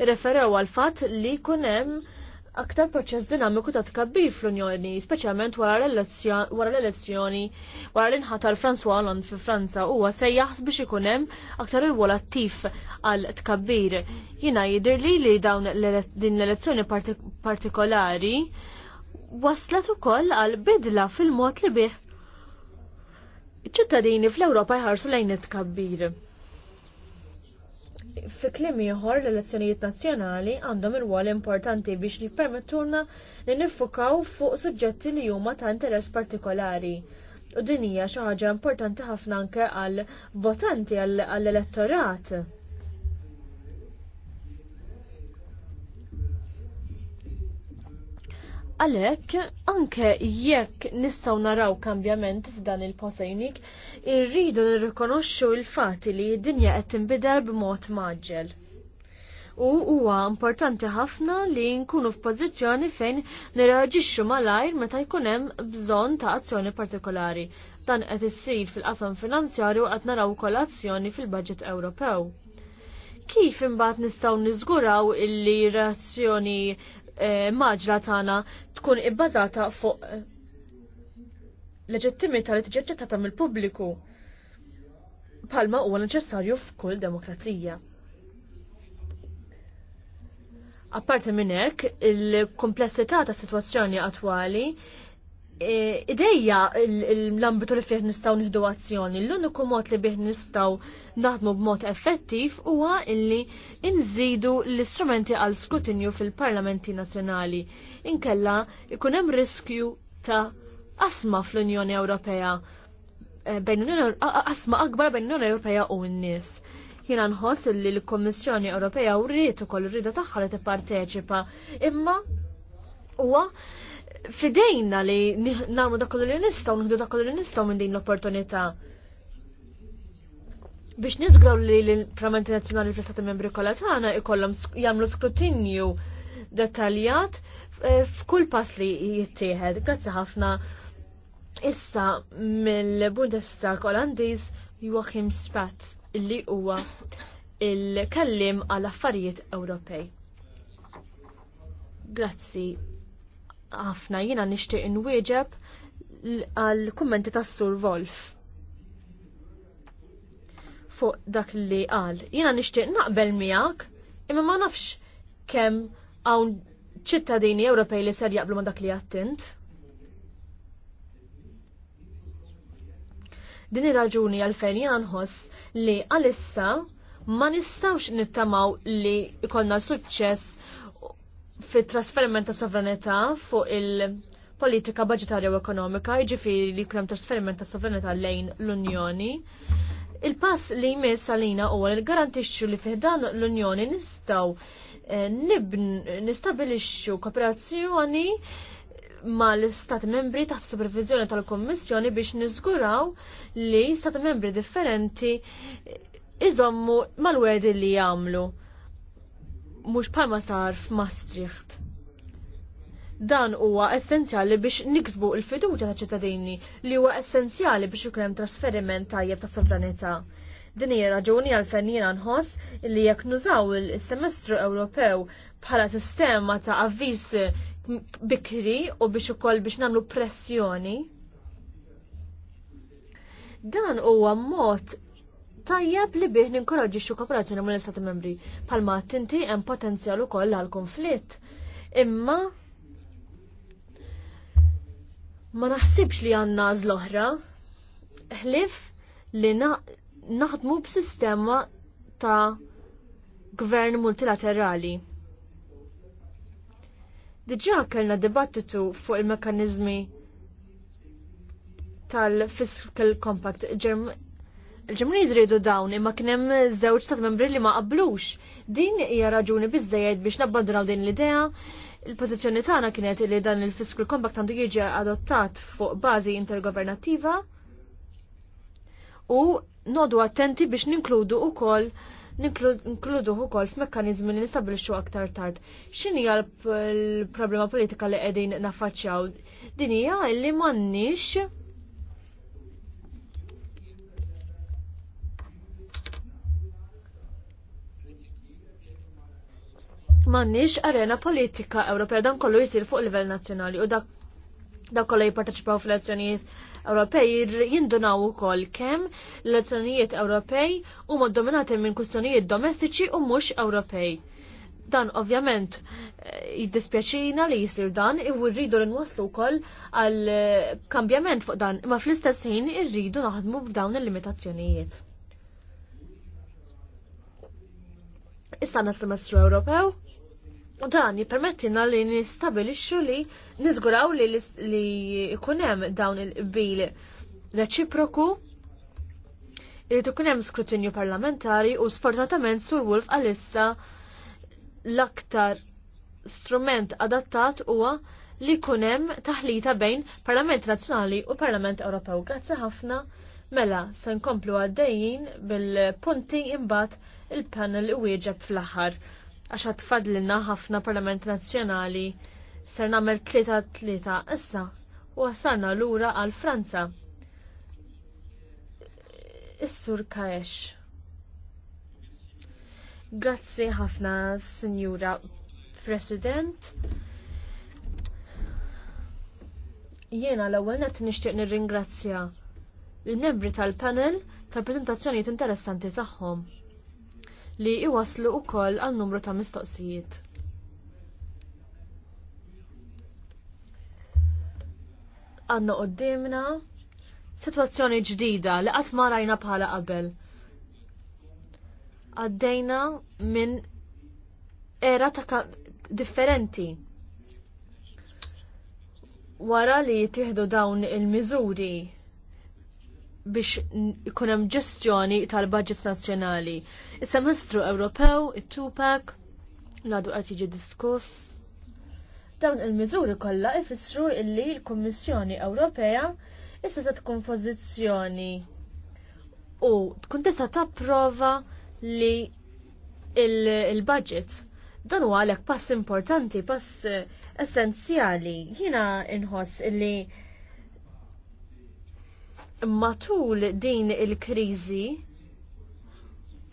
referew għal fatt li kunem aktar proċess dinamiku ta' tkabbir fl-Unjoni, speċjalment wara l-elezzjoni wara l-inħatar François Hollande fi Franza huwa sejjaħ biex ikun hemm aktar wol attiv għal tkabbir. Jiena jidhirli li dawn din l-elezzjoni partikolari waslet ukoll għal bidla fil-mod li bih ċittadini fl-Ewropa jħarsu lejn it-tkabbir. Fi klim ieħor l-elezzjonijiet nazzjonali għandhom rwol importanti biex jippermettulna li nifukaw fuq suġġetti li huma ta' interess partikolari. U din hija xi ħaġa importanti ħafna anke għal votanti għall elettorat Għalhekk anke jekk nistgħu naraw kambjament f'dan il-posajnik, irridu nirrikonoxxu l fat li d-dinja qed tinbidel b'mod maġġel. U huwa importanti ħafna li nkunu f'pożizzjoni fejn nirreaġixxu malajr meta jkun hemm bżonn ta' azzjoni partikolari. Dan qed issir fil-qasam finanzjarju qed naraw kolazzjoni fil-Baġġett Ewropew kif imbagħad nistgħu niżguraw illi reazzjoni Eh, maġra tagħna tkun ibbażata fuq eh, leġittimità li tiġi ċettata mill-pubbliku palma huwa neċessarju f'kull demokrazija. Apparti minn hekk, il-komplessità ta' situazzjoni attwali E, ideja l-ambitu li fih nistaw nihdu azzjoni, l-uniku mod li bih nistaw naħdmu b'mod effettiv huwa illi nżidu l-istrumenti għal skrutinju fil-parlamenti nazzjonali. Inkella ikun hemm riskju ta' asma fl-Unjoni Ewropea e, bejn asma akbar bejn l-Unjoni Ewropea u n-nies. Jiena nħoss li l-Kommissjoni Ewropea u rrid ukoll rrida tagħha li tipparteċipa. Imma huwa fidejna li nagħmlu dakollu li nistgħu, nħdu dakollu li nistgħu minn din l-opportunità biex nizgraw li l pramenti Nazzjonali fl-Istati Membri kollha tagħna ikollhom jagħmlu skrutinju dettaljat eh, f'kull pass li jittieħed. Grazzi ħafna issa mill-Bundestag Olandiż Joachim Spatz li huwa il-kellim għal affarijiet Ewropej. Grazzi ħafna jiena nixtieq inwieġeb għal kummenti tas Sur Wolf fuq dak li qal. Jiena nixtieq naqbel miegħek, imma ma nafx kemm hawn ċittadini Ewropej li ser jaqblu ma dak li għattint. Din ir-raġuni għalfejn jiena nħoss li għalissa ma nistawx nittamaw li jkollna suċċess fit trasferiment ta' sovranità fuq il-politika budgetarja u ekonomika, jiġifieri li krem trasferiment ta' sovranità lejn l-Unjoni. Il-pass li jmiss għalina huwa li garantixxu li fiħdan l-Unjoni nistgħu eh, nistabilixxu kooperazzjoni ma l-Stati membri taħt supervizjoni tal-Kommissjoni biex niżguraw li Stati membri differenti eh, iżommu mal-wedi li jagħmlu mhux bħalma sar f'Maastricht. Dan huwa essenzjali biex niksbu l fiduċa ta' ċittadini li huwa essenzjali biex ikun hemm trasferiment tajjeb ta' sovranità. Din hija raġuni għalfejn jiena nħoss li jekk nużaw il-semestru Ewropew bħala sistema ta' avviż bikri u biex ukoll biex nagħmlu pressjoni. Dan huwa mod tajjeb li bih ninkoraġġi xu kooperazzjoni mill istati membri palma tinti hemm potenzjal ukoll għal konflitt. Imma ma naħsibx li għandna l-oħra ħlif li naħdmu b'sistema ta' gvern multilaterali. Diġà kellna dibattitu fuq il mekkaniżmi tal-Fiscal Compact il-Ġermaniż rridu dawn imma kien hemm żewġ stat membri li ma qablux. Din hija raġuni biżejjed biex nabbandunaw din l-idea. Il-pożizzjoni tagħna kienet li dan il-Fiscal Compact għandu jiġi adottat fuq bażi intergovernattiva u nodu attenti biex ninkludu ukoll ninkludu ukoll f'mekkaniżmi li nistabilixxu aktar tard. X'inhi hija l-problema politika li qegħdin naffaċċjaw? Din hija li m'għandniex m'għandniex arena politika Ewropea dan kollu jsir fuq livell nazzjonali u dak da kollu jipparteċipaw fil elezzjonijiet Ewropej jindunaw ukoll kemm l-elezzjonijiet Ewropej huma ddominati minn kwistjonijiet domestiċi u mhux Ewropej. Dan ovvjament eh, jiddispjaċina li jisir dan u rridu nwasslu wkoll għal eh, kambjament fuq dan, imma fl-istess ħin irridu naħdmu b'dawn il-limitazzjonijiet. Issa nas semestru Ewropew U dan jipermettina li nistabilixxu li niżguraw li li ikun hemm dawn il-qbil reċiproku li tkun hemm skrutinju parlamentari u sfortunatament Sur Wolf għalissa l-aktar strument adattat huwa li jkun hemm taħlita bejn Parlament Nazzjonali u Parlament Ewropew. Grazzi ħafna mela se nkomplu għaddejjin bil-punti imbagħad il-panel u wieġeb fl-aħħar għax għatfadlina ħafna Parlament Nazzjonali ser nagħmel tlieta tlieta issa u għasarna lura għal Franza. Is-sur Kaex. Grazzi ħafna, Sinjura President. Jiena l-ewwel qed nixtieq nirringrazzja l-membri tal-panel tal-preżentazzjonijiet interessanti tagħhom li iwaslu wkoll għal numru ta' mistoqsijiet. Għanna qoddimna situazzjoni ġdida li qatt ma rajna bħala qabel. Għaddejna minn era ta' differenti wara li tieħdu dawn il-miżuri biex ikun hemm ġestjoni tal-budget nazzjonali. Is-semestru Ewropew, it-Tupac, l-għadu qed jiġi diskuss. Dawn il-miżuri kollha ifissru illi l-Kummissjoni Ewropea issa se tkun pożizzjoni u tkun tista' tapprova li il-budget dan huwa għalhekk pass importanti, pass eh, essenzjali. Jiena inħoss illi matul din il-kriżi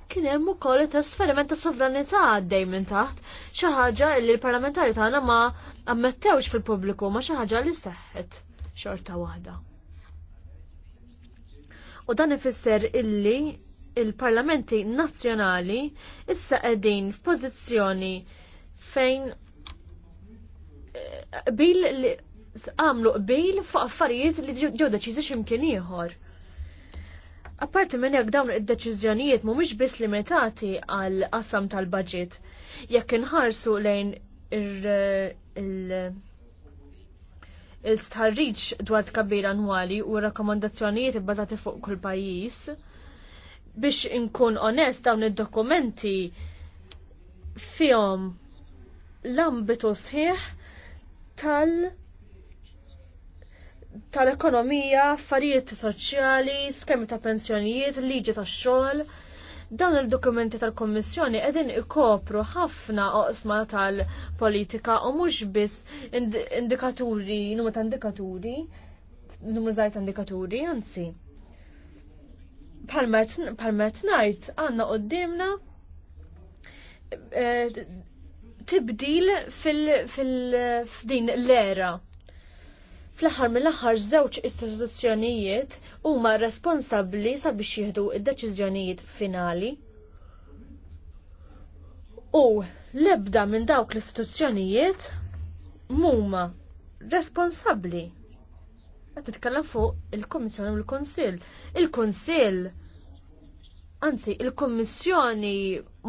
kien hemm ukoll trasferiment ta' sovranità għaddej minn taħt xi ħaġa li l-parlamentari tagħna ma ammettewx fil-pubbliku ma xi ħaġa li seħħet xorta waħda. U dan ifisser illi il-parlamenti nazzjonali issa qegħdin f'pożizzjoni fejn eh, bil għamlu qbil fuq affarijiet li ġew deċiżi x'imkien ieħor. Apparti minn jekk dawn id-deċiżjonijiet mhumiex biss limitati għal qasam tal-baġit. Jekk inħarsu lejn eh, il-starriċ dwar tkabbir annwali u rakkomandazzjonijiet ibbażati fuq kull pajjiż. Biex inkun onest dawn id-dokumenti fihom l-ambitu sħiħ tal- tal-ekonomija, affarijiet soċjali, skemi ta' pensjonijiet, liġi ta' xogħol. Dawn il-dokumenti tal-Kommissjoni qegħdin ikopru ħafna oqsma tal-politika u mhux biss indikaturi, numru ta' indikaturi, numru żgħar ta' indikaturi, anzi. Palmet ngħid għandna dimna eh, tibdil fil-din l-era Fl-aħħar mill-aħħar żewġ istituzzjonijiet huma responsabbli sabiex jieħdu id-deċiżjonijiet finali. U l-ebda minn dawk l-istituzzjonijiet muma responsabbli. Qed titkellem fuq il-Kommissjoni u l-Kunsill. Il-Kunsill anzi, il-Kommissjoni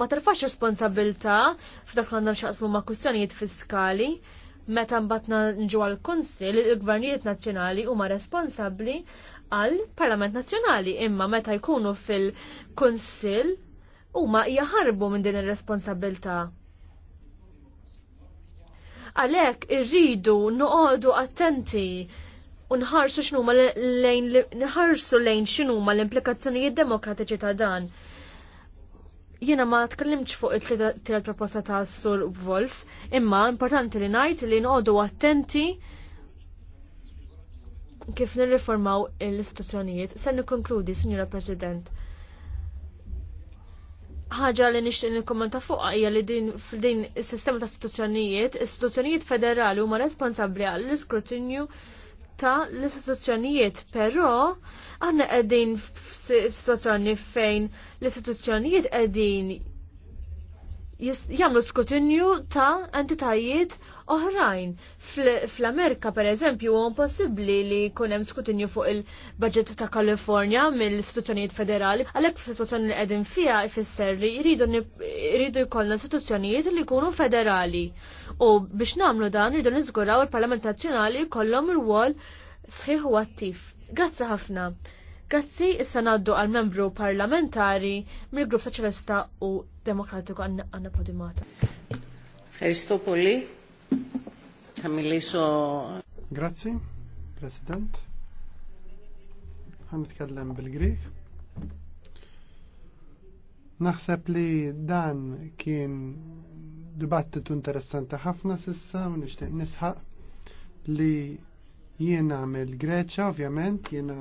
ma tarfax responsabilta f'dak għandhom xaqsmu ma' kwistjonijiet fiskali, Meta mbagħad nġu għal konsil il-gvernijiet nazzjonali huma responsabbli għal Parlament Nazzjonali imma meta jkunu fil-kunsil huma jaħarbu minn din ir-responsabilità. Għalhekk irridu noqogħdu attenti nħarsu x'numa lejn nħarsu lejn x'inhuma l-implikazzjonijiet demokratiċi ta' dan. Jiena ma tkellimx fuq it tielet proposta ta' Sur Wolf, imma importanti li ngħid li nqogħdu attenti kif nirriformaw l-istituzzjonijiet. Se nikkonkludi, Sinjura President. Ħaġa li nixtieq nikkommenta fuqha hija li din f'din is-sistema ta' istituzzjonijiet, istituzzjonijiet federali huma responsabbli għall-iskrutinju ta' l-istituzzjonijiet, però għanna qegħdin f'sitwazzjoni fejn l-istituzzjonijiet qegħdin jagħmlu skrutinju ta' entitajiet oħrajn. Fl-Amerika per eżempju huwa impossibbli li jkun hemm skutinju fuq il-budget ta' Kalifornja mill-istituzzjonijiet federali, għalhekk fis istituzzjoni li qegħdin fiha jfisser li jridu jkollna istituzzjonijiet li jkunu federali. U biex nagħmlu dan jridu niżguraw il-Parlament Nazzjonali jkollhom rwol sħiħ u attiv. Grazzi ħafna. Grazzi issa naddu għal membru parlamentari mill-Grupp Soċjalista u Demokratiku għanna Podimata. Ευχαριστώ Grazzi President. Grazie, President. Għanitkellem bil-Grieg. Naħseb li dan kien dibattitu interessanti ħafna sissa u nixtieq nisħaq li jiena mill greċa ovvjament jiena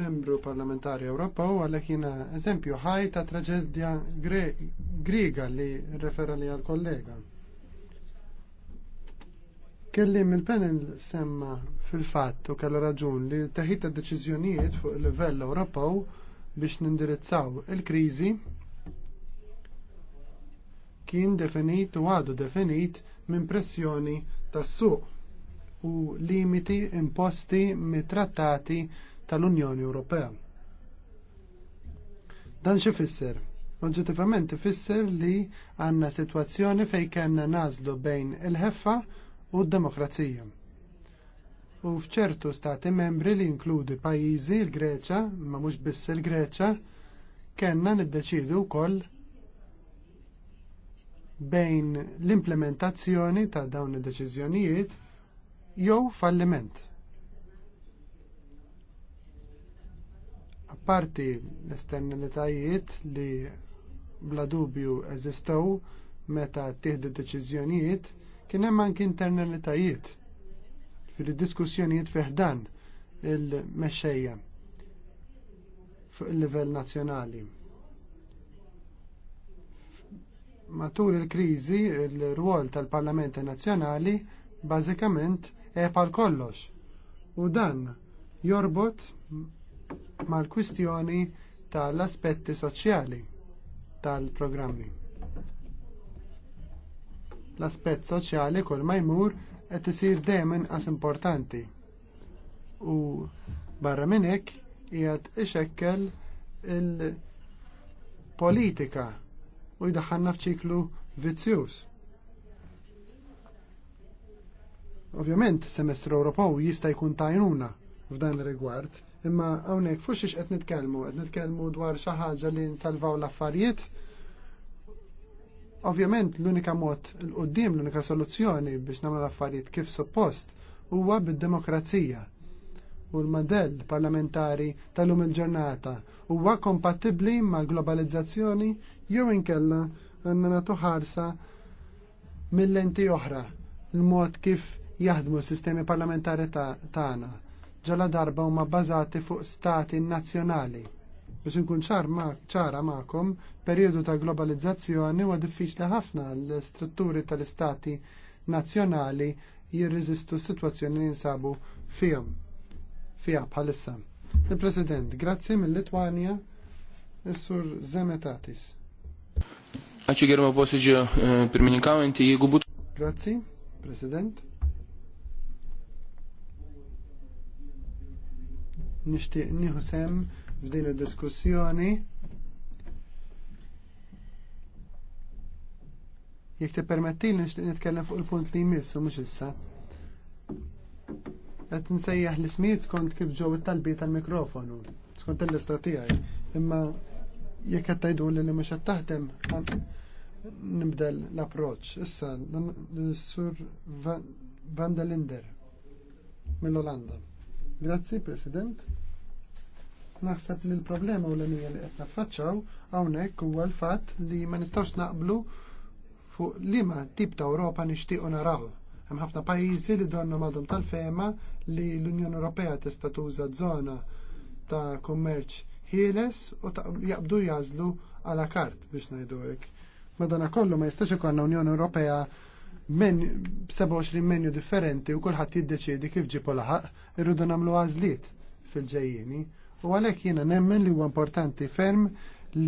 membru parlamentari Ewropew għalhekk jiena eżempju ħaj ta' traġedja griega li refera li għal kollega. Kellim il-panel semma fil-fatt u kellu raġun li taħit ta' deċiżjonijiet fuq il-livell Ewropew biex nindirizzaw il-kriżi kien definit u għadu definit minn pressjoni tas-suq u limiti imposti mit-trattati tal-Unjoni Ewropea. Dan xi fisser? Oġġettivament ifisser li għandna sitwazzjoni fejn kellna nażlu bejn il-ħeffa u d-demokrazija. U fċertu stati membri li inkludi pajjiżi l-Greċa, ma mhux biss il-Greċa, kellna niddeċidu wkoll bejn l-implementazzjoni ta' dawn id-deċiżjonijiet jew falliment. Apparti l-esternalitajiet li bla dubju eżistow meta tieħdu deċiżjonijiet, Kien hemm anki internalitajiet fil-diskussjonijiet fiħdan il-mexxejja fuq il-livell nazzjonali. Matul il-kriżi, il-rwol tal-Parlamenti Nazzjonali bażikament epal kollox. U dan jorbot mal-kwistjoni tal-aspetti soċjali tal-programmi. L-aspett soċjali kull ma jmur qed isir dejjem inqas importanti. U barra minn hekk qiegħed ixekkel il-politika u jdaħħalna f'ċiklu vizzjuż. Ovvjament, semestru Ewropew jista' jkun tajnuna f'dan rigward, imma hawnhekk fux xiex qed nitkellmu, qed nitkellmu dwar xi ħaġa li nsalvaw l-affarijiet Ovvjament l-unika mod l-qoddim, l-unika soluzzjoni biex nagħmlu l-affarijiet kif suppost huwa bid-demokrazija. U l-modell parlamentari tal-lum il-ġurnata huwa kompatibbli mal-globalizzazzjoni jew inkella għandna natu ħarsa mill-lenti oħra, il-mod kif jaħdmu s-sistemi parlamentari tagħna. Ta ġala darba huma bbażati fuq stati nazzjonali Biex nkun ċara ma'kom, periodu ta' globalizzazzjoni huwa diffiċli ħafna l-strutturi tal-istati nazzjonali jirriżistu s-sitwazzjoni li nsabu fihom fiha bħalissa. Il-President, grazzi mill-Litwanja, il-Sur Zemetatis. Għaxi għerma posiġi e, pirmininkaw inti jgubut. Grazzi, President. Nishtiq nieħu sem f'din id-diskussjoni. Jek te permettili nixtieq nitkellem fuq il-punt li jmissu mhux issa. Qed nsejjaħ l-ismijiet skont kif ġew it-talbi tal-mikrofonu, skont il-lista tiegħi. Imma jekk qed tgħidu li mhux qed taħdem nibdel l-approċ. Issa, sur Van der Linder mill-Olanda. Grazzi, President. Naħseb li l-problema u l-għanija li qed naffaċċaw hawnhekk huwa l-fatt li ma nistgħux naqblu fuq liema tip ta' Ewropa nixtiequ naraw. Hemm ħafna pajjiżi li donna madhom tal-fema li l-Unjoni Ewropea tista' tuża żona ta' kummerċ ħieles u jaqbdu jażlu għala kart biex ngħidu hekk. Madonna kollu ma jistax ikollna Unjoni Ewropea men 27 menju differenti u kulħadd jiddeċiedi kif ġipu laħaq irridu nagħmlu għażliet fil-ġejjieni. U għalhekk jiena nemmen li huwa importanti ferm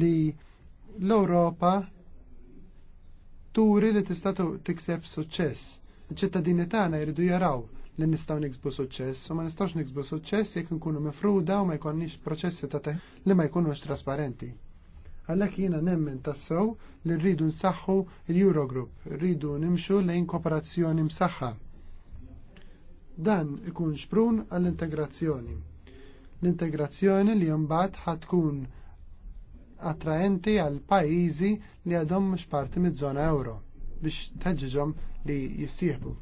li l-Ewropa turi li tista' tikseb suċċess. Iċ-ċittadini tagħna jridu jaraw li nistgħu niksbu suċċess u ma nistgħux niksbu suċċess jekk nkunu mifruda u ma jkollniex proċessi ta' li ma jkunux trasparenti. Għalhekk jiena nemmen tassew li rridu nsaħħu l-Eurogroup, rridu nimxu lejn kooperazzjoni msaħħa. Dan ikun xprun għall-integrazzjoni. L-integrazzjoni li mbagħad ħatkun attraenti għal pajjiżi li għadhom mhux parti miż-żona euro biex tħeġġiġhom li jissieħbu.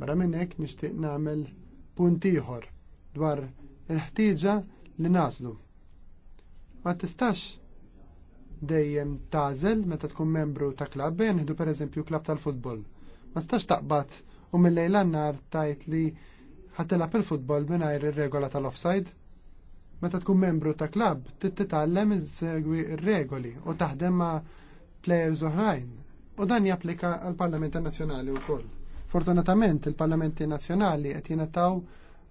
Barra minn hekk nixtieq nagħmel punt ieħor dwar il-ħtieġa li nażlu. Ma tistax dejjem tażel meta tkun membru ta' klabb, jenħdu per eżempju klab tal-futbol. Ma stax taqbad u mill-lejl nar tajt li ħattilab il-futbol mingħajr ir-regola tal-offside? Meta tkun membru ta' klabb, titallem segwi ir-regoli u taħdem ma' plejers oħrajn. U dan japplika għal parlamenti nazzjonali wkoll. Fortunatament il-parlamenti nazzjonali qed jingħataw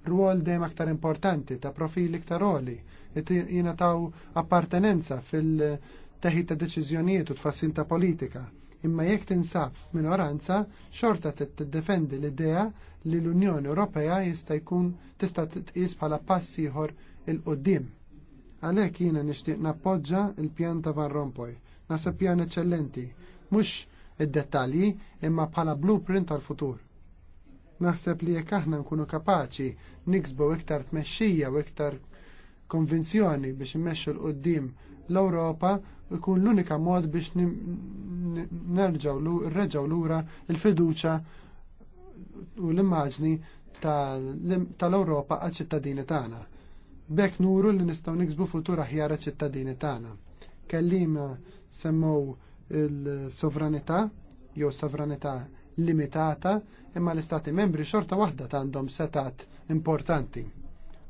rwol dejjem aktar importanti ta' profili iktar oli, qed jingħataw appartenenza fil-teħid ta' deċiżjonijiet u tfassil ta' politika imma jekk tinsab minoranza xorta tiddefendi l-idea li l-Unjoni Ewropea jista' jkun tista' tqis bħala pass ieħor il qudiem Għalhekk jiena nixtieq nappoġġa l-pjan ta' Van Rompuy. Nasab pjan eċċellenti, mhux id-dettalji imma bħala blueprint tal-futur. Naħseb li jekk aħna nkunu kapaċi niksbu iktar tmexxija u iktar konvinzjoni biex immexxu l qudiem l-Ewropa ikun l-unika mod biex nerġaw lura il-fiduċa u l-immaġni tal-Ewropa għal ċittadini tagħna. Bek nuru li nistgħu niksbu futur aħjar ċittadini tagħna. Kellim semmow il-sovranità jew sovranità limitata imma l-istati membri xorta waħda għandhom setat importanti.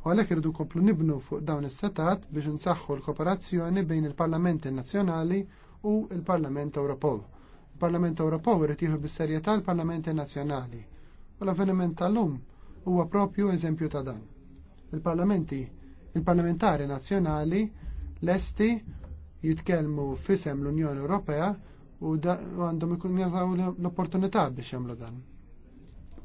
U għalhekk irdu komplu nibnu fuq dawn is-setat biex insaħħu l-kooperazzjoni bejn il-Parlamenti Nazzjonali u l parlament Ewropew. Il-Parlament Ewropew irid jieħu bis-serjetà l-Parlamenti Nazzjonali. U l-avveniment tal-lum huwa propju eżempju ta' dan. Il-parlamenti, il-parlamentari nazzjonali lesti jitkellmu fisem l-Unjoni Ewropea u għandhom ikun jataw l-opportunità biex jagħmlu dan.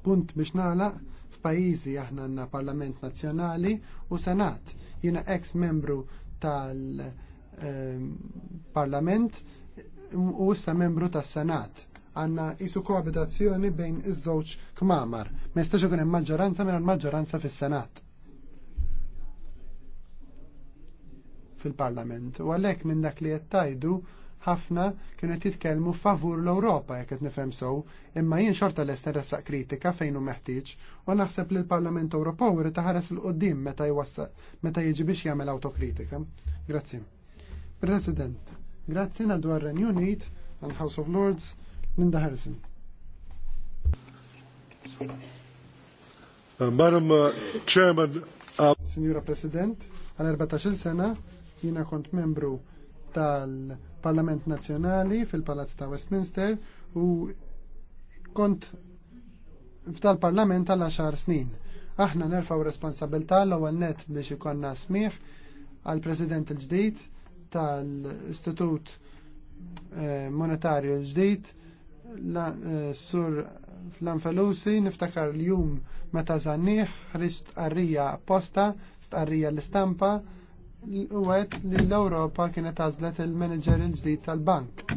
Punt biex nagħlaq F'pajjiżi aħna għandna Parlament Nazzjonali u Senat. Jiena ex membru tal-Parlament ehm, u issa membru tas-Senat għanna isu koabitazzjoni bejn iż-żewġ kmamar. Ma jistax ikun hemm maġġoranza minn maġġoranza fis-Senat. Fil-Parlament. U għalhekk minn dak li qed tajdu ħafna kienu qed jitkellmu favur l-Ewropa jekk qed nifhem sew, imma jien xorta lest nressaq kritika fejn hu meħtieġ u naħseb li l-Parlament Ewropew irid taħares il qudiem meta jwassaq meta jiġi biex jagħmel autokritika. Grazzi. President, grazzi għal dwar Unit and House of Lords Linda Harrison. Uh, Madam uh, Chairman, uh, Signora President, għal 14 sena jiena kont membru tal-Parlament Nazzjonali fil-Palazz ta' Westminster u kont tal parlament għal 10 snin. Aħna nerfaw responsabilità l-ewwel net biex ikonna smigħ għal President il-ġdid tal-Istitut eh, Monetarju l-ġdid eh, sur fl niftakar l-jum meta zanniħ ħriġt qarrija apposta, stqarrija l-istampa u għed li l-Europa kienet għazlet il-manager il-ġdid tal-bank.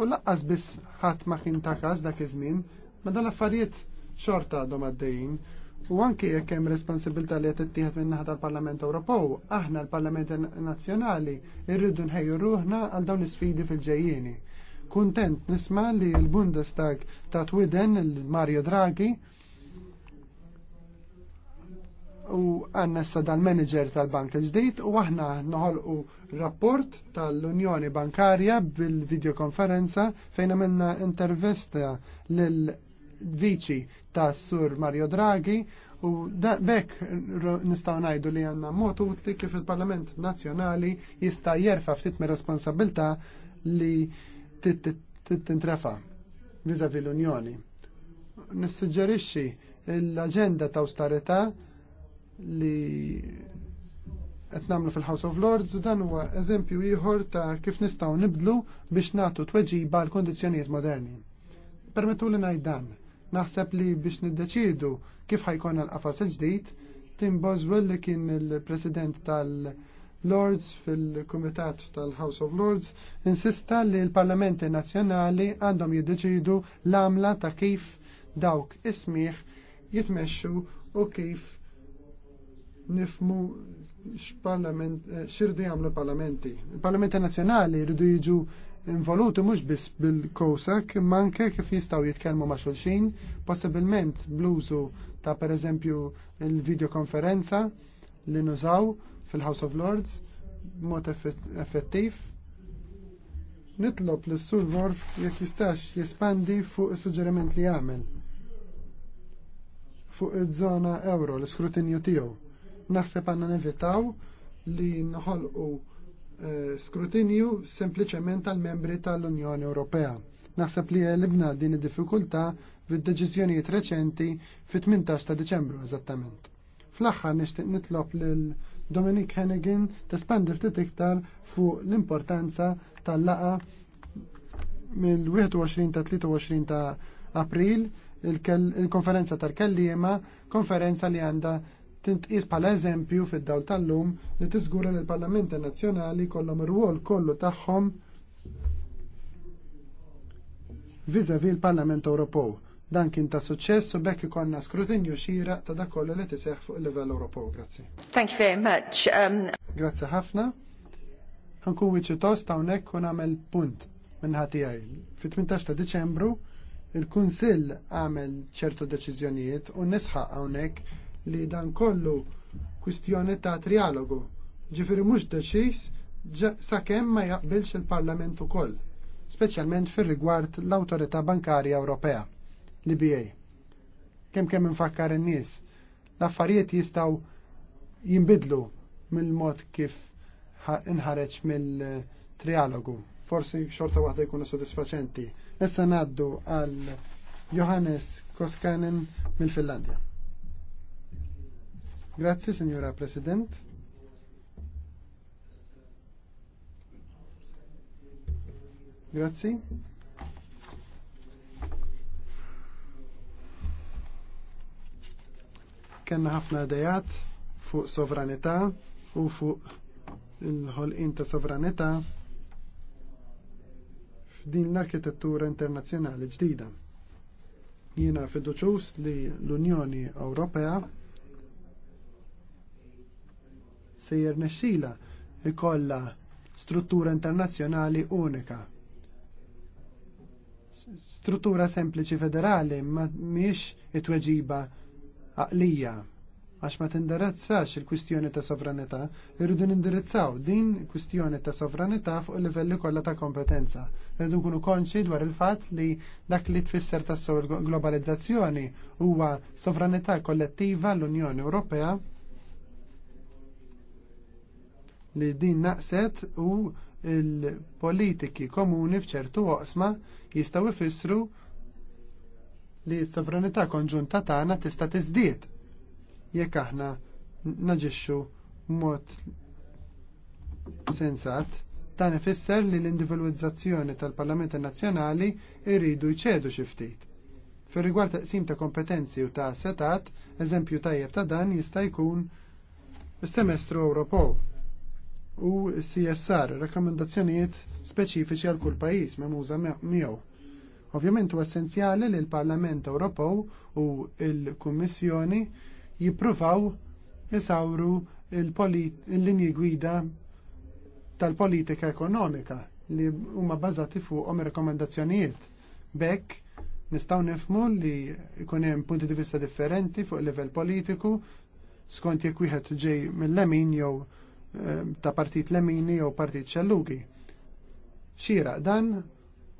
U laqqas biss ħadd ma kien takas dak iż-żmien, ma dan affarijiet xorta għadhom għaddejjin. U anki jekk hemm responsabilità li qed ittieħed min naħa tal-Parlament Ewropew, aħna l-Parlament Nazzjonali rridu nħejju ruħna għal dawn l-isfidi fil-ġejjieni. Kuntent nisma' li l-Bundestag ta' Twiden il-Mario Draghi u għannessa dal-manager tal-bank il ġdid u aħna noħolqu rapport tal-Unjoni Bankarja bil-videokonferenza fejn għamilna intervista l-viċi ta' Sur Mario Draghi u bekk nistaw najdu li għanna mod utli kif il-Parlament Nazzjonali jista' jerfa' ftit me responsabilta li tintrefa' vizavi l-Unjoni. Nissuġġerixxi l-aġenda ta' austerità li qed nagħmlu fil-House of Lords u dan huwa eżempju ieħor ta' kif nistgħu nibdlu biex nagħtu tweġiba għal kondizzjonijiet moderni. Permettu li ngħid dan. Naħseb li biex niddeċidu kif ħajkon l-qafas il-ġdid, Tim Boswell li kien il-President tal- Lords fil-Kumitat tal-House of Lords insista li l-Parlamenti Nazzjonali għandhom jiddeċidu l-għamla ta' kif dawk ismiħ jitmexxu u kif nifmu eh, xirdu jagħmlu l-parlamenti. Il-parlamenti nazzjonali jridu jiġu involuti mhux biss bil kosak manke kif jistgħu jitkellmu ma' xulxin, possibilment bluzu ta' pereżempju il-videokonferenza li nużaw fil-House of Lords mod effettiv. Nitlob lis sur Worf jekk jistax jispandi fuq is-suġġeriment li jagħmel fuq iż-żona euro l-iskrutinju tiegħu naħseb għandna nevitaw li nħolqu eh, skrutinju sempliċement tal-membri tal-Unjoni Ewropea. Naħseb li għelibna din id-diffikultà fid-deċiżjonijiet reċenti fit-18 ta' Deċembru eżattament. Fl-aħħar nixtieq nitlob lil Dominic Hennigan t-spandir t iktar fuq l-importanza tal-laqa mill-21 ta' 23 ta' April il-konferenza tal-kellima, konferenza li għanda tintqis bħala eżempju fid-dawl tal-lum li tiżgura li l-Parlamenti Nazzjonali kollhom ir-rwol kollu tagħhom vis-à-vis l-Parlament Ewropew. Dan kien ta' suċċess u bekk ikonna skrutinju xira ta' dak kollu li tiseħ fuq il-livell Ewropew. Grazzi. Thank you very much. Um... Grazzi ħafna. Ħankun wiċċi tost hawnhekk u nagħmel punt minnħat tiegħi. Fit-18 ta' Diċembru il-Kunsill għamel ċertu deċiżjonijiet u nisħaq hawnhekk li dan kollu kwistjoni ta' trialogu. Ġifiri mhux deċis sakemm ma jaqbilx il-Parlament ukoll, speċjalment fir-rigward l-Awtorità Bankarja Ewropea, l-IBA. Kemm kemm infakkar in-nies, l-affarijiet jistgħu jinbidlu mill-mod kif inħareġ mill-trialogu. Forsi xorta waħda jkunu sodisfaċenti. Issa ngħaddu għal Johannes Koskanen mill-Finlandja. Grazie Signora President. Grazzi. Kenna ħafna dejat fuq sovranità u fuq il-ħolqin ta' sovranità f'din l-arkitettura internazzjonali ġdida. Jiena fiduċus li l-Unjoni Ewropea sejjer nexxila ikolla struttura internazzjonali unika. Struttura sempliċi federali ma miex it-tweġiba għaqlija għax ma tindirizzax il-kwistjoni ta' sovranità, irridu nindirizzaw din kwistjoni ta' sovranità fuq il-livelli kollha ta' kompetenza. Irridu nkunu konċi dwar il-fatt li dak li tfisser ta' globalizzazzjoni huwa sovranità kollettiva l-Unjoni Ewropea li din naqset u il-politiki komuni fċertu oqsma jistaw ifissru li s-sovranità konġunta tagħna tista' tiżdied jekk aħna naġixxu mod sensat dan ifisser li l-individualizzazzjoni tal-Parlamenti Nazzjonali jridu jċedu xi ftit. Fir-rigward taqsim ta' kompetenzi u ta' setat, eżempju tajjeb ta' dan jista' jkun is-semestru Ewropew u CSR, rekomendazzjonijiet speċifiċi għal kull pajjiż muża miegħu. Ovvjament huwa essenzjali li l-Parlament Ewropew u l-Kummissjoni jippruvaw isawru l-linji gwida tal-politika ekonomika li huma bbażati fuqhom rekomendazzjonijiet. Bekk nistgħu nifmu li jkun hemm punti di vista differenti fuq il livell politiku skont jekk wieħed ġej mill-lemin jew Eh, ta' partit lemini jew partit xellugi. Xira dan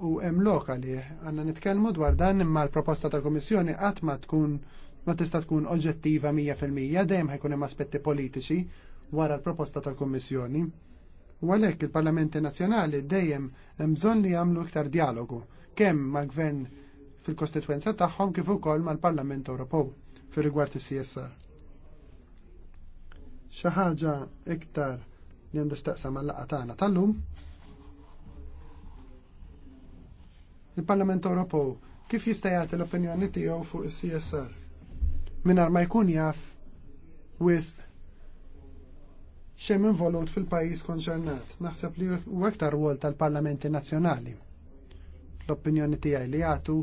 u hemm lokali għandna nitkellmu dwar dan imma l-proposta tal-Kummissjoni qatt ma tkun ma tista' tkun oġġettiva 100% dejjem ħajkun hemm aspetti politiċi wara l-proposta tal-Kummissjoni. U għalhekk il-Parlamenti Nazzjonali dejjem hemm bżonn li jagħmlu iktar dialogu kemm mal-Gvern fil-kostituenza tagħhom kif ukoll mal-Parlament Ewropew fir rigward is-CSR xaħġa ħaġa iktar li għandha x'taqsam mal-laqgħa tagħna tal-lum. Il-Parlament Ewropew kif jista' jagħti l-opinjoni tiegħu fuq is-CSR mingħajr ma jkun jaf wisq xem involut fil-pajis konċernat. Naħseb li u aktar wol tal-parlamenti nazjonali. L-opinjoni tijaj li jagħtu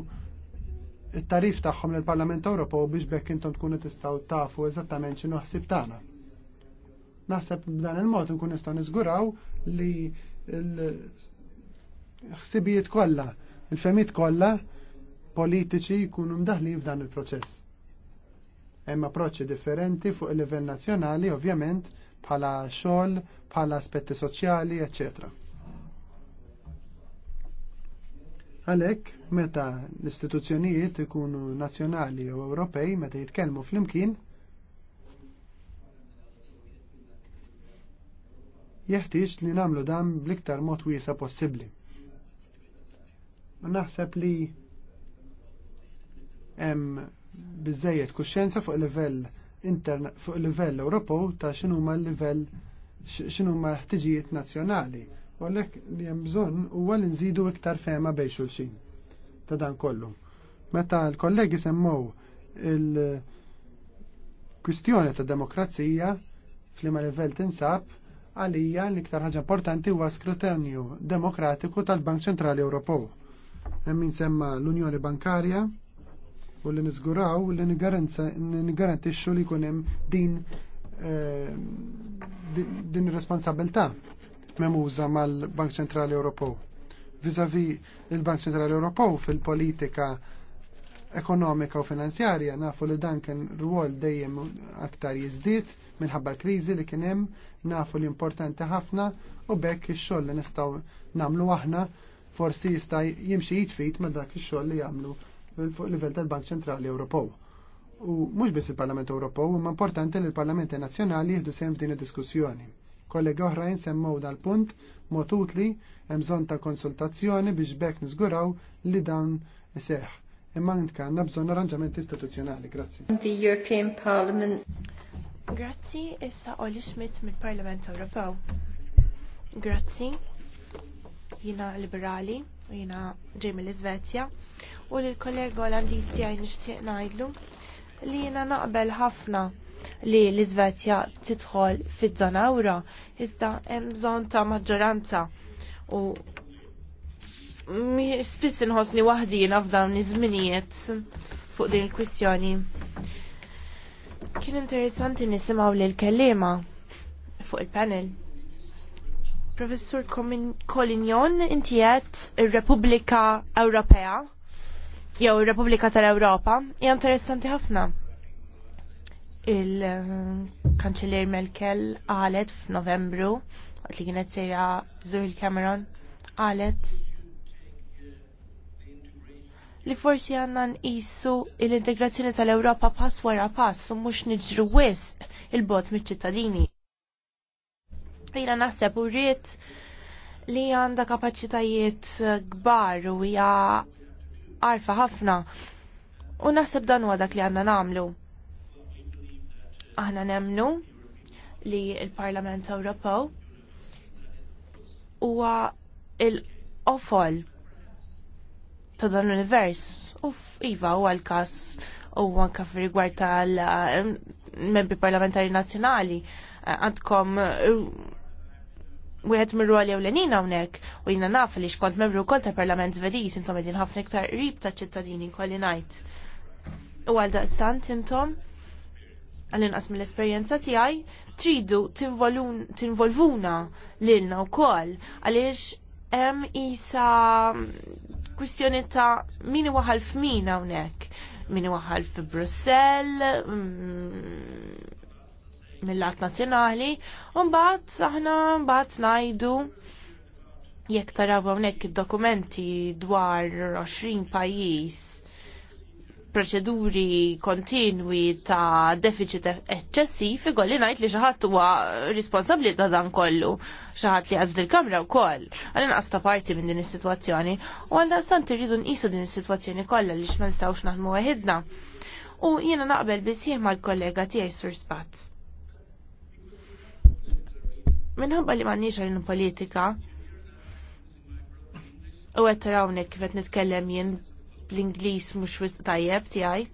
il-tarif taħħom l-Parlament Ewropew biex bekk intom tkunu tistgħu tafu eżattament xinu ħsib tagħna. Naħseb b'dan il-mod nkun nistgħu niżguraw li l-ħsibijiet kollha, il-femijiet kollha politiċi jkunu mdaħli f'dan il-proċess. Hemm approċċi differenti fuq il-livell nazzjonali, ovvjament, bħala xogħol, bħala aspetti soċjali, eċċetera. Għalhekk, meta l-istituzzjonijiet ikunu nazzjonali u Ewropej, meta jitkellmu flimkien. jeħtieġ li nagħmlu dan bl-iktar mod wiesa possibbli. Naħseb li hemm biżejjed kuxjenza fuq livell intern fuq livell Ewropew ta' x'inhuma l-livell x'inhuma l-ħtiġijiet nazzjonali. U għalhekk li hemm bżonn huwa li nżidu iktar fema bejn xulxin ta' dan kollu. Meta l-kollegi semmow il-kwistjoni ta' demokrazija flima livell tinsab, għalija l-iktar ħaġa importanti huwa skrutenju demokratiku tal-Bank Ċentrali Ewropew. Hemm semma l-Unjoni Bankarja u li niżguraw li nigarantixxu li jkun hemm din eh, din responsabilta memuża mal-Bank Ċentrali Ewropew. Viżavi il-Bank Ċentrali Ewropew fil-politika ekonomika u finanzjarja nafu li dan kien rwol dejjem aktar jizdit minħabba l-kriżi li kien hemm nafu li importanti ħafna u bekk ix-xogħol li nistgħu nagħmlu aħna forsi jista' jimxi jitfit ma' dak ix-xogħol li jagħmlu fuq livell tal-Bank Ċentrali Ewropew. U mhux biss il-Parlament Ewropew, huma importanti li l-Parlamenti Nazzjonali jieħdu sehem f'din id-diskussjoni. Kollegi oħrajn semmew dal-punt mod utli hemm bżonn ta' konsultazzjoni biex bekk niżguraw li dawn iseħħ imma anke għandna bżonn arranġament istituzzjonali. Grazzi. The European Parliament. Grazzi, issa Oli Schmidt mill-Parlament Ewropew. Grazzi, jina liberali, jina ġej mill-Iżvezja, u l-kollega Olandiż tiegħi nixtieq ngħidlu li jina naqbel ħafna li l-Iżvezja tidħol fiż żona ewro iżda hemm bżonn ta' maġġoranza u spiss inħossni waħdina f'dawn iż-żminijiet fuq din il-kwistjoni. Kien interessanti nisimgħu l kellima fuq il-panel. Professur Kolinjon, inti qed ir-Repubblika Ewropea jew ir-Repubblika tal-Ewropa, hija interessanti ħafna il-kanċellier Merkel qalet f'Novembru għat li kienet sejra żur il-Cameron qalet li forsi għanna nqisu l-integrazzjoni tal-Ewropa pass wara pass u mhux niġru wisq il-bot miċ-ċittadini. Jina naħseb u rrit li għanda kapaċitajiet kbar u hija għarfa ħafna u naħseb dan huwa dak li għandna nagħmlu. Aħna nemnu li l-Parlament Ewropew huwa l-qofol ta' dan l-univers. Uff, iva, u għal-kas u anka f'rigward l membri parlamentari nazzjonali eh, għandkom eh, wieħed u l-enina hawnhekk u jiena naf li xkont membru wkoll tal-Parlament zvedi, intom għedin ħafna iktar qrib taċ-ċittadini kolli ngħid. U għal jintom, intom għall-inqas mill-esperjenza tiegħi tridu tinvolvuna lilna wkoll għaliex hemm isa kwistjoni ta' min waħal f'min hawnhekk, min waħal f'Brussell, mm, mill-lat nazzjonali, u mbagħad aħna mbagħad ngħidu jekk taraw hawnhekk id-dokumenti dwar 20 pajjiż proċeduri kontinwi ta' deficit eċċessiv igolli ngħid li xi ħadd huwa responsabbli ta' dan kollu. Xi ħadd li għazd il-kamra wkoll. Għal inqas ta' parti minn din is-sitwazzjoni u għal daqstant irridu nqisu din is-sitwazzjoni kollha li xman stawx naħdmu waħedna. U jiena naqbel bisħieħ mal-kollega tiegħi Sur Spatz. Minħabba li m'għandniex għalin politika, u għetta rawnek kifet qed nitkellem jien bl-Inglis mux wisq tajjeb tiegħi.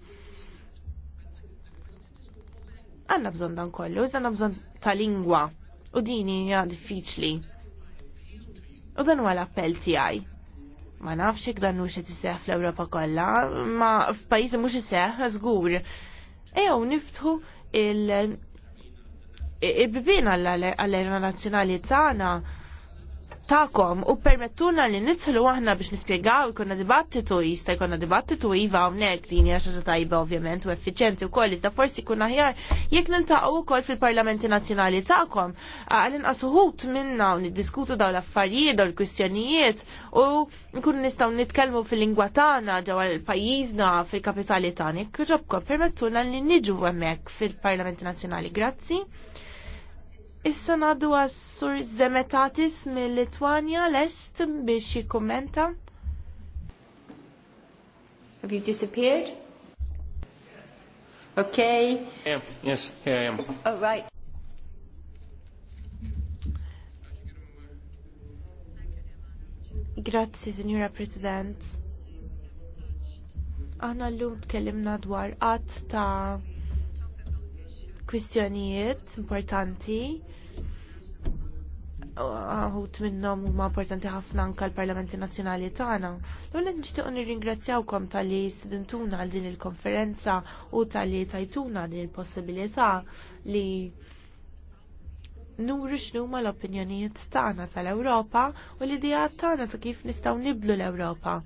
Għanna bżon dan kollu, għanna bżon ta' lingwa u dini hija diffiċli. U dan huwa l-appell tiegħi. Ma nafx jekk dan mhux qed iseħħ fl-Ewropa kollha, ma f'pajjiżi mhux iseħħ żgur. Ejjew niftħu il- il-bibina għall-erna nazzjonali tagħna ta'kom u permettuna li nidħlu aħna biex nispjegaw ikonna dibattitu jista' jkollna dibattitu iva hawnhekk din hija xi tajba ovvjament u effiċjenti wkoll iżda forsi jkun aħjar jekk niltaqgħu wkoll fil-Parlamenti Nazzjonali tagħkom għal inqas uħut minna u niddiskutu dawn l-affarijiet dawn l kwistjonijiet u nkunu nistgħu nitkellmu fil-lingwa tagħna ġewwa pajjiżna fil-kapitali tagħna. Kieġobkom permettuna li niġu hemmhekk fil-Parlamenti Nazzjonali. Grazzi. Issa ngħaddu għas-sur Zemetatis mill-Litwanja lest biex jikkummenta. Have you disappeared? Okay. Yeah, yes, here I am. Oh, right. Grazzi, Signora President. Aħna l-lum tkellimna dwar qatt ta' kwistjonijiet importanti għut minnom huma importanti ħafna anka l-Parlamenti Nazzjonali tagħna. L-għolla nixtiequ nirringrazzjawkom tal-li studentuna għal din il-konferenza u tal-li tajtuna din il-possibilità li nuru x'numa l-opinjonijiet tagħna tal-Ewropa u l-idea tagħna ta' kif nistgħu niblu l-Ewropa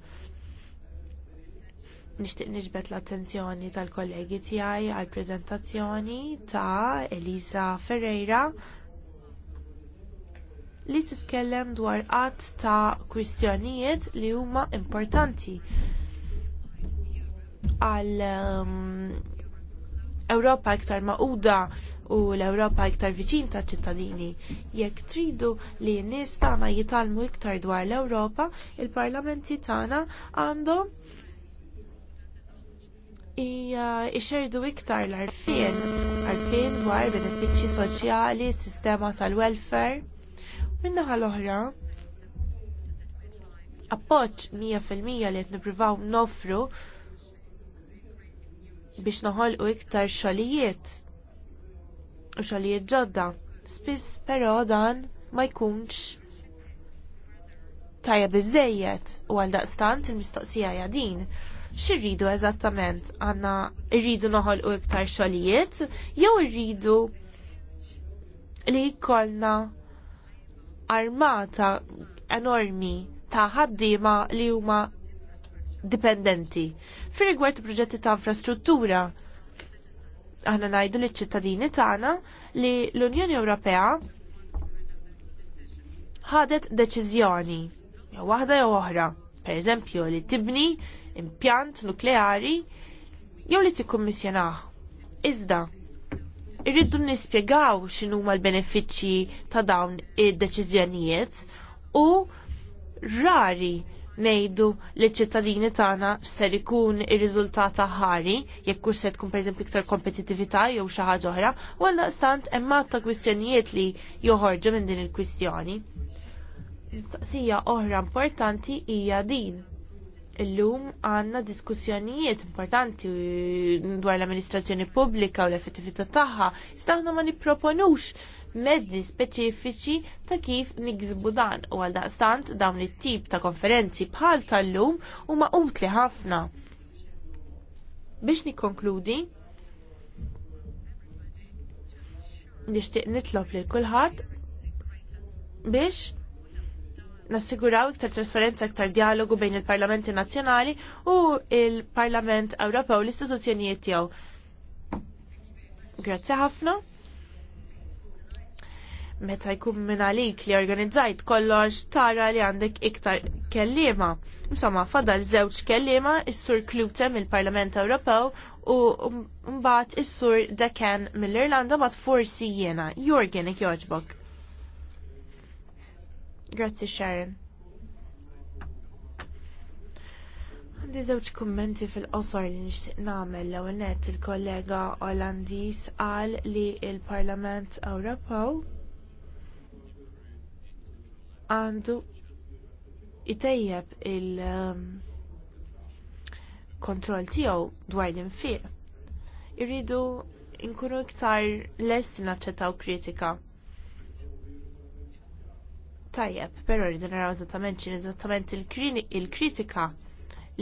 nixtieq niġbed l-attenzjoni tal-kollegi tiegħi għall preżentazzjoni ta' Elisa Ferreira li titkellem dwar qatt ta' kwistjonijiet li huma importanti għal um, Ewropa iktar maquda u l-Ewropa iktar viċin ta' ċittadini. Jekk tridu li n-nies tagħna jitalmu iktar dwar l-Ewropa, il-parlamenti tagħna għandhom ixerdu iktar l-arfien, arfien dwar benefiċċji soċjali, sistema tal-welfare. naħa l-oħra, appoġġ 100% li qed nippruvaw nofru biex noħolqu iktar xogħlijiet u xogħlijiet ġodda. Spiss però dan ma jkunx tajja biżżejjed u għaldaqstant il-mistoqsija hija din xirridu eżattament għanna irridu noħol u iktar xolijiet, jew irridu li jkollna armata enormi ta' ħaddiema li huma dipendenti. Fi rigward proġetti ta' infrastruttura, aħna najdu li ċittadini tagħna li l-Unjoni Ewropea ħadet deċiżjoni jew waħda jew oħra, pereżempju li tibni impjant nukleari jew li tikkummissjonah. Iżda, irridu nispjegaw x'inhu huma l-benefiċċji ta' dawn id-deċiżjonijiet u rari ngħidu li ċittadini tagħna ser ikun ir-riżultat ħari jekk hux se tkun pereżempju iktar kompetittività jew xi ħaġa oħra, u għaldaqstant hemm ta' kwistjonijiet li joħorġu minn din il-kwistjoni. Mistoqsija oħra importanti hija din Illum għanna diskussjonijiet importanti dwar l-amministrazzjoni pubblika u l-effettività tagħha, staħna ma nipproponux mezzi speċifiċi ta' kif nigżbu dan u għal daqstant dawn it-tip ta' konferenzi bħal tal-lum huma utli ħafna. Biex nikkonkludi, nixtieq nitlob lil kulħadd biex nassiguraw iktar trasparenza iktar dialogu bejn il-Parlamenti Nazzjonali u il-Parlament Ewropew u l-istituzzjonijiet tiegħu. Grazzi ħafna. Meta jkun minn għalik li organizzajt kollox tara li għandek iktar kellima. Insomma, fadal żewġ kellima, is-Sur Klute il-Parlament Ewropew u mbagħad is-Sur Dekan mill-Irlanda mat forsi jiena. Jorgen ik joġbok. Grazzi Sharon. Għandi żewġ kummenti fil-qosor li nixtieq nagħmel l net il-kollega Olandis qal li l parlament Ewropew għandu itejjeb il-kontroll um, tiegħu dwar l-infiq. Irridu nkunu iktar lesti naċċettaw kritika tajjeb, però rridu naraw eżattament x'in eżattament il-kritika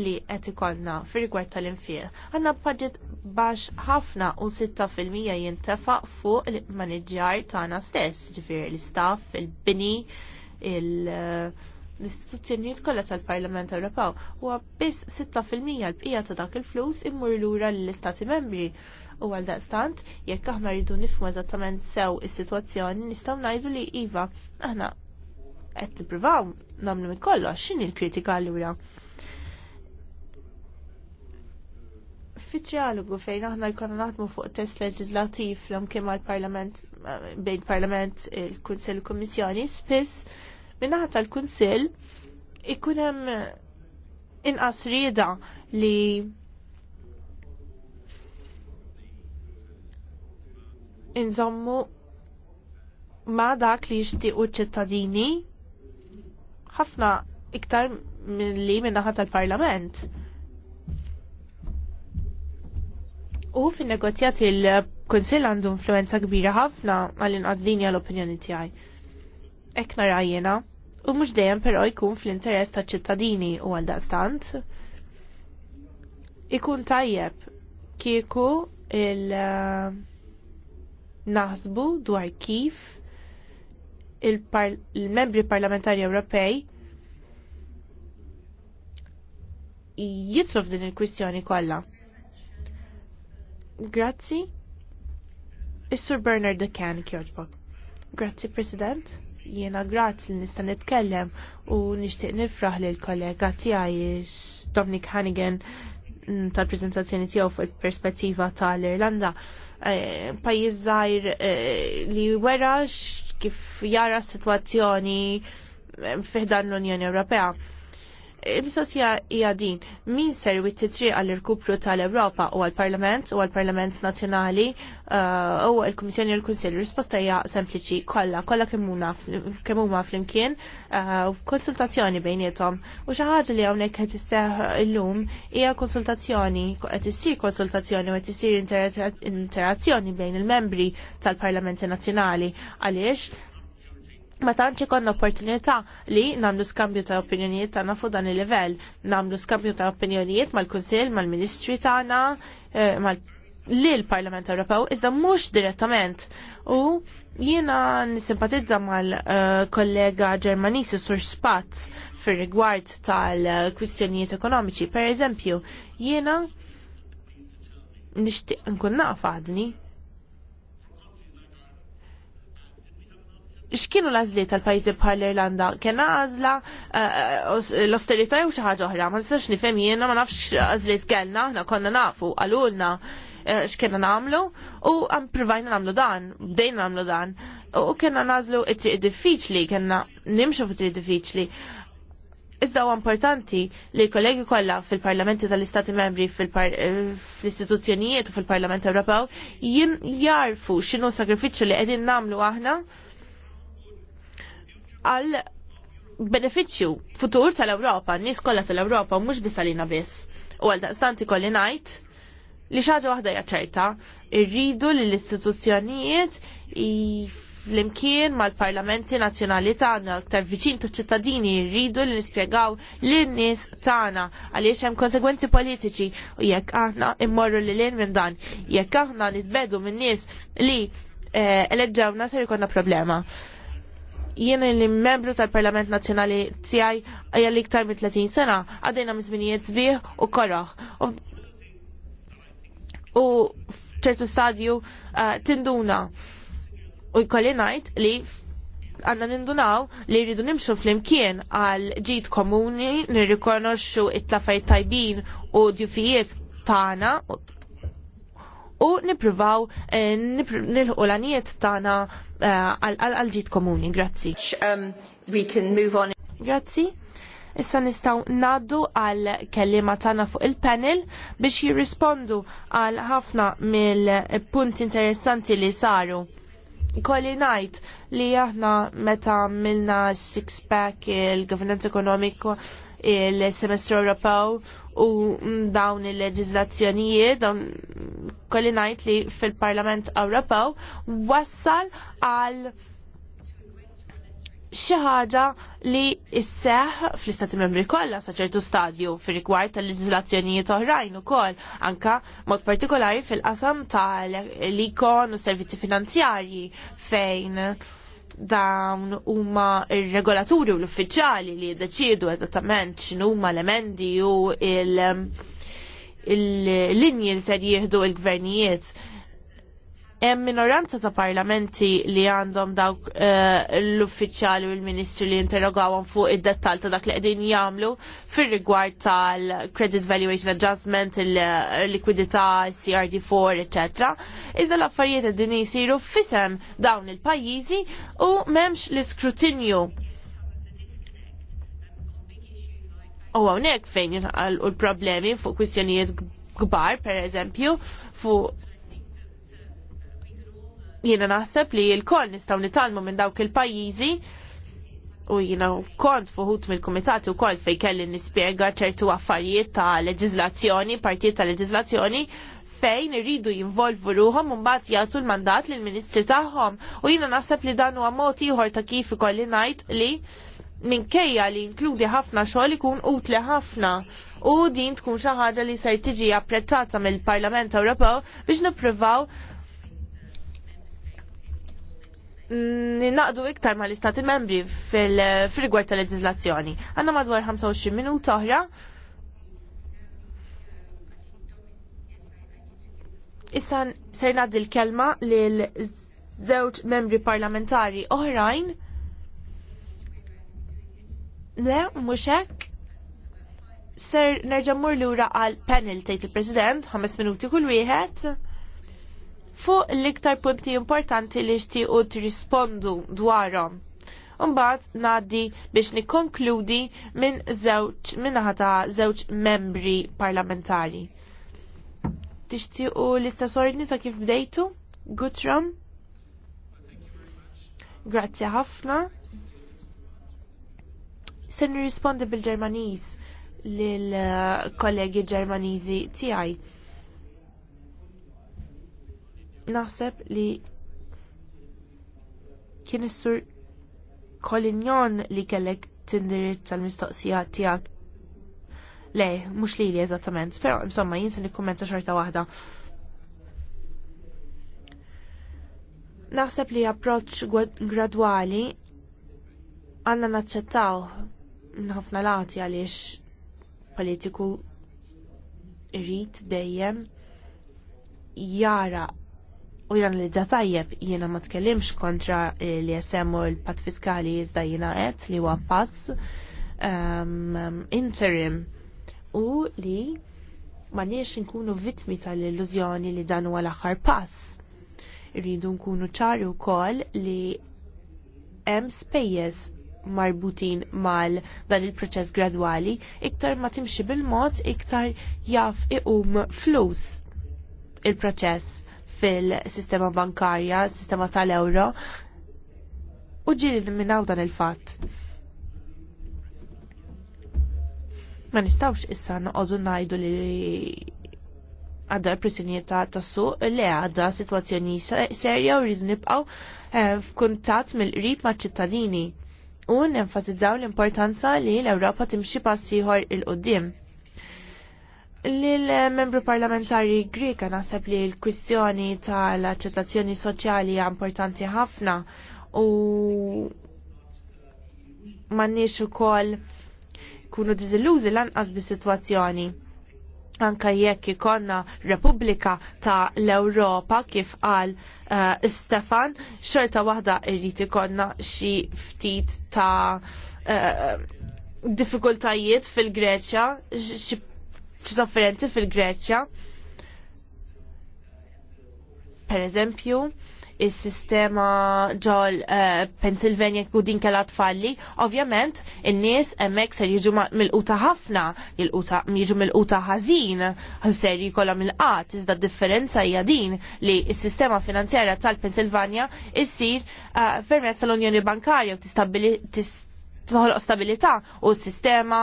li qed ikollna fir-rigward tal-infiel. Għandna budget baxx ħafna u 6% jintefaq fuq il-maniġjar tagħna stess, ġifieri l-istaff, il-bini, l-istituzzjonijiet kollha tal-Parlament Ewropew huwa biss 6% l-bqija ta' dak il-flus immur lura lill-Istati Membri u għal daqstant jekk aħna rridu nifhmu eżattament sew is-sitwazzjoni nistgħu ngħidu li iva aħna qed nippruvaw nagħmlu minn kollox x'inhi l-kritika allura. Fi trialogu fejn aħna jkollna naħdmu fuq test leġislattiv l-imkien mal-Parlament bejn parlament il-Kunsell u Kummissjoni spiss minnaħa tal-Kunsell ikun hemm inqas rieda li inżommu ma dak li jixtiequ ċittadini ħafna iktar li minn naħa tal-Parlament. U fin-negozjati l-Kunsill għandu influenza kbira ħafna għall-inqas dinja l-opinjoni tiegħi. Hekk nara u mhux dejjem però jkun fl-interess taċ-ċittadini u għal stant. Ikun tajjeb kieku il- eh, naħsbu dwar kif il-membri parlamentari Ewropej jitlu f'din il-kwistjoni kollha. Grazzi. Is-Sur Bernard Dekan kjoġbok. Grazzi President, jiena grazzi li nista' nitkellem u nixtieq nifraħ lil kollega tiegħi Dominic Hannigan Mm, tal-prezentazzjoni tiegħu fuq il-perspettiva tal-Irlanda. Eh, pajjiż żgħir eh, li wera kif jara s-sitwazzjoni eh, fiħdan l-Unjoni Ewropea Il-mistoqsija hija din, min serwi titri għall-irkupru tal-Ewropa u għall-Parlament u għall-Parlament Nazzjonali uh, u għall-Kummissjoni u l-Kunsill. Risposta hija sempliċi kollha, Kolla kemm huma flimkien uh, konsultazzjoni bejniethom. U xi ħaġa li hawnhekk qed isseħħ illum hija konsultazzjoni, qed issir konsultazzjoni u qed issir interazzjoni bejn il-membri tal-Parlamenti Nazzjonali. Għaliex ma tantx konna opportunità li nagħmlu skambju ta' opinjonijiet tagħna fuq dan il-livell, nagħmlu skambju ta' opinjonijiet mal-Kunsill, mal-Ministri tagħna, eh, mal li l-Parlament Ewropew iżda mhux direttament. U jiena nisimpatizza mal-kollega eh, Ġermanisi Sur Spatz fir-rigward tal-kwistjonijiet ekonomiċi. Per eżempju, jiena nixtieq nkun nafadni x'kienu l-għażliet tal-pajjiżi bħal irlanda Kena għażla l eh, eh, osterita jew xi ħaġa oħra, ma nistax nifhem jiena ma nafx għażliet kellna, aħna konna nafu għalulna eh, x'kienna nagħmlu u provajna nagħmlu dan, bdejna nagħmlu dan. U kena nażlu it-triq diffiċli, kienna nimxu fit-triq diffiċli. Iżda huwa importanti li l-kollegi kollha fil-parlamenti tal-istati membri fl istituzzjonijiet u fil-Parlament Ewropew jien jarfu x'inhu sagrifiċċju li qegħdin nagħmlu aħna għal beneficju futur tal-Ewropa, n-nies kollha tal-Ewropa mhux biss għalina biss. U għal daqstanti kolli ngħid li xaġa waħda jaċċajta, irridu li l-istituzzjonijiet fl-imkien mal-parlamenti nazjonali tagħna aktar viċin ta' ċittadini rridu li nispjegaw lin-nies tagħna għaliex hemm konsegwenzi politiċi u jekk aħna immorru li lejn minn dan, jekk aħna nitbedu minn nies li eh, eleġġawna ser ikolna problema jien li membru tal-Parlament Nazzjonali tiegħi hija iktar minn 30 sena, għadejna miżminijiet sbieħ u koroħ. U f'ċertu stadju eh, tinduna u jkolli ngħid li għanna nindunaw li rridu nimxu fl-imkien għal ġid komuni nirrikonoxxu it-tlafajt tajbin u djufijiet tagħna u nippruvaw eh, nilħu l-għanijiet tagħna Eh, għal-ġit komuni. Grazzi. Um, we can move on. Grazzi. Issa nistaw naddu għal kellima tagħna fuq il-panel biex jirrispondu għal ħafna mill-punti interessanti li saru. Kolli najt li aħna meta milna six-pack il governance ekonomiku il-semestru Ewropew u dawn il-leġizlazzjonijiet dawn kolli ngħid li fil-Parlament Ewropew wassal għal xi ħaġa li isseħ fl-istati membri kollha sa ċertu stadju fir rigward tal leġizlazzjonijiet oħrajn ukoll anka mod partikolari fil-qasam tal-ikon u servizzi finanzjarji fejn dawn huma ir-regolaturi u l-uffiċjali li jiddeċiedu eżattament x'inhuma l-emendi u il- linji li ser jieħdu l gvernijiet hemm minoranza ta' parlamenti li għandhom dawk eh, l-uffiċjali u l-ministri li interrogawhom fuq id dettall ta' dak li qegħdin jagħmlu fir-rigward tal-credit valuation adjustment, il-likwidità, CRD4, etc. Iżda l-affarijiet qegħdin jisiru fisem dawn il-pajjiżi u m'hemmx l-iskrutinju U hawnhekk fejn jinħal l-problemi fuq kwistjonijiet kbar, per eżempju, fuq jiena naħseb li l-koll nistgħu nitalmu minn dawk il-pajjiżi u jiena kont fuħut mill-kumitati wkoll fejn kelli nispjega ċertu affarijiet ta' leġiżlazzjoni, partijiet ta' leġizlazzjoni fejn irridu jinvolvu ruhom u mbagħad jagħtu l-mandat lill ministri tagħhom. U jiena naħseb li dan huwa mod ieħor ta' kif ikolli ngħid li minkejja li inkludi ħafna xogħol ikun utli ħafna. U din tkun xi ħaġa li se tiġi apprezzata mill-Parlament Ewropew biex nippruvaw ninaqdu iktar ma l-istati membri fil-rigward ta' leġizlazzjoni. Għanna madwar 25 minuta oħra. Issa ser naddi l-kelma lil żewġ membri parlamentari oħrajn. Le, mhux hekk. Ser nerġa' mmur lura għal panel tgħid il-President, ħames minuti kull wieħed fuq l-iktar punti importanti li t tirrispondu dwarhom. Mbagħad naddi biex nikkonkludi minn zewċ, minn ta' żewġ membri parlamentari. Tixtiequ l-istess ordni ta' kif bdejtu? Gutram? Grazzi ħafna. Se nirrispondi bil-Ġermaniż lill eh, kollegi Ġermaniżi tiegħi naħseb li kien is-sur Kolinjon li kellek tindirizza l-mistoqsija tiegħek. Le, mhux lili eżattament, però insomma jien se nikkummenta xorta waħda. Naħseb li approċċ gradwali għandna naċċettaw ħafna lati għaliex politiku jrid dejjem jara u jran li da tajjeb jiena ma tkellimx kontra eh, li jesemu l-pat fiskali jizda jiena għed li huwa pass um, interim u li ma nix nkunu vitmi tal-illużjoni li dan huwa l-aħħar pass. Irridu nkunu ċari wkoll li hemm spejjeż marbutin mal dan il-proċess gradwali, iktar ma timxi bil-mod, iktar jaf iqum flus il-proċess fil-sistema bankarja, sistema tal-euro, u ġiri minnaw dan il-fat. Ma nistawx issa naqodu najdu li għadda l ta' suq li għadda situazzjoni serja u rridu nibqaw eh, f'kuntat mill-qrib ma' ċittadini u nenfasizzaw l-importanza li l-Ewropa timxi passiħor il-qoddim. Lill-membru parlamentari Grika naħseb li l-kwistjoni tal-accettazzjoni soċjali hija importanti ħafna u m'għandniex ukoll kunu diżilużi lanqas bis-sitwazzjoni anka jekk ikonna Repubblika ta' l-Ewropa kif qal uh, Stefan, xorta waħda irrid ikonna xi ftit ta' uh, diffikultajiet fil-Greċja, xi differenti fil-Greċja. Per eżempju, il-sistema ġol uh, Pennsylvania kudin din kella tfalli, ovvjament in-nies hemmhekk ser jiġu mill-quta ħafna, jiġu mill-quta ħażin, ser jkollhom il-qat, iżda differenza hija din li s-sistema finanzjarja tal-Pennsylvania issir uh, permezz tal-Unjoni Bankarja u tistabili toħolq stabilità u s-sistema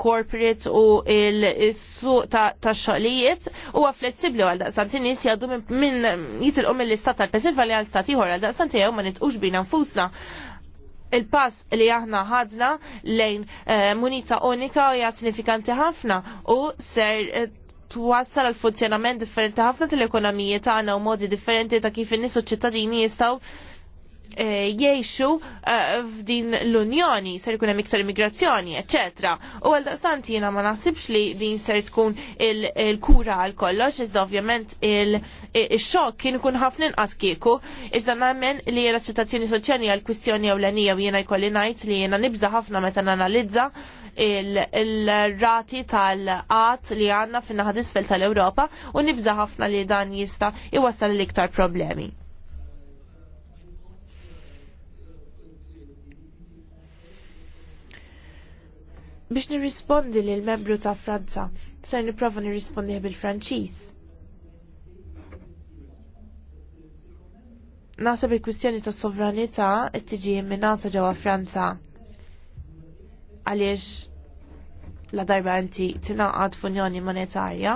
corporate u il-suq ta' xogħlijiet huwa flessibbli għal daqsanti nies jgħaddu minn jitilqu mill-istat tal-Pensilvania għal stat ieħor għal daqsanti jew ma nitqux bina nfusna il-pass li aħna ħadna lejn eh, munita unika u hija sinifikanti ħafna u ser eh, twassal għal funzjonament differenti ħafna tal-ekonomiji tagħna u modi differenti ta' kif in-nies u ċittadini jistgħu Eh, jiexu eh, f'din l-Unjoni, ser ikun hemm iktar immigrazzjoni, eċetera. U għal daqsanti jiena ma naħsibx li din ser tkun il-kura għal kollox, iżda ovvjament il-xokk kien ikun ħafna inqas kieku, iżda nagħmel li l-aċċettazzjoni soċjali għal kwistjoni ewlenija u jiena jkolli ngħid li jiena nibża ħafna meta nanalizza il-rati tal-qat li għandna fin-naħa isfel tal-Ewropa u nibża ħafna li dan jista' iwassal l-iktar problemi. biex nirrispondi lil membru ta' Franza, ser nipprova nirrispondi bil-Franċiż. Naħseb il-kwistjoni ta' sovranità qed tiġi imminata ġewwa Franza. Għaliex la darba inti tingħaqad f'unjoni monetarja,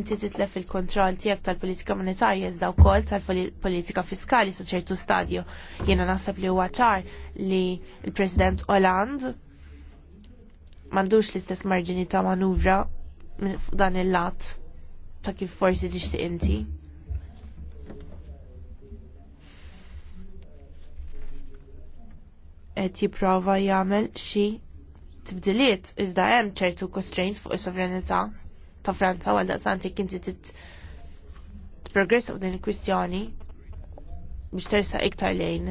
inti titlef il-kontroll tiegħek tal-politika monetarja iżda wkoll tal-politika fiskali sa ċertu stadju. Jiena naħseb li huwa ċar li l-President Hollande m'għandux l-istess marġini ta' manuvra dan il-lat ta' kif forsi tixtieq inti. Et jipprova jagħmel xi tibdiliet iżda hemm ċertu constraints fuq is-sovranità ta' Franza għal daqsant jekk inti titprogressa f'din il-kwistjoni biex tersa iktar lejn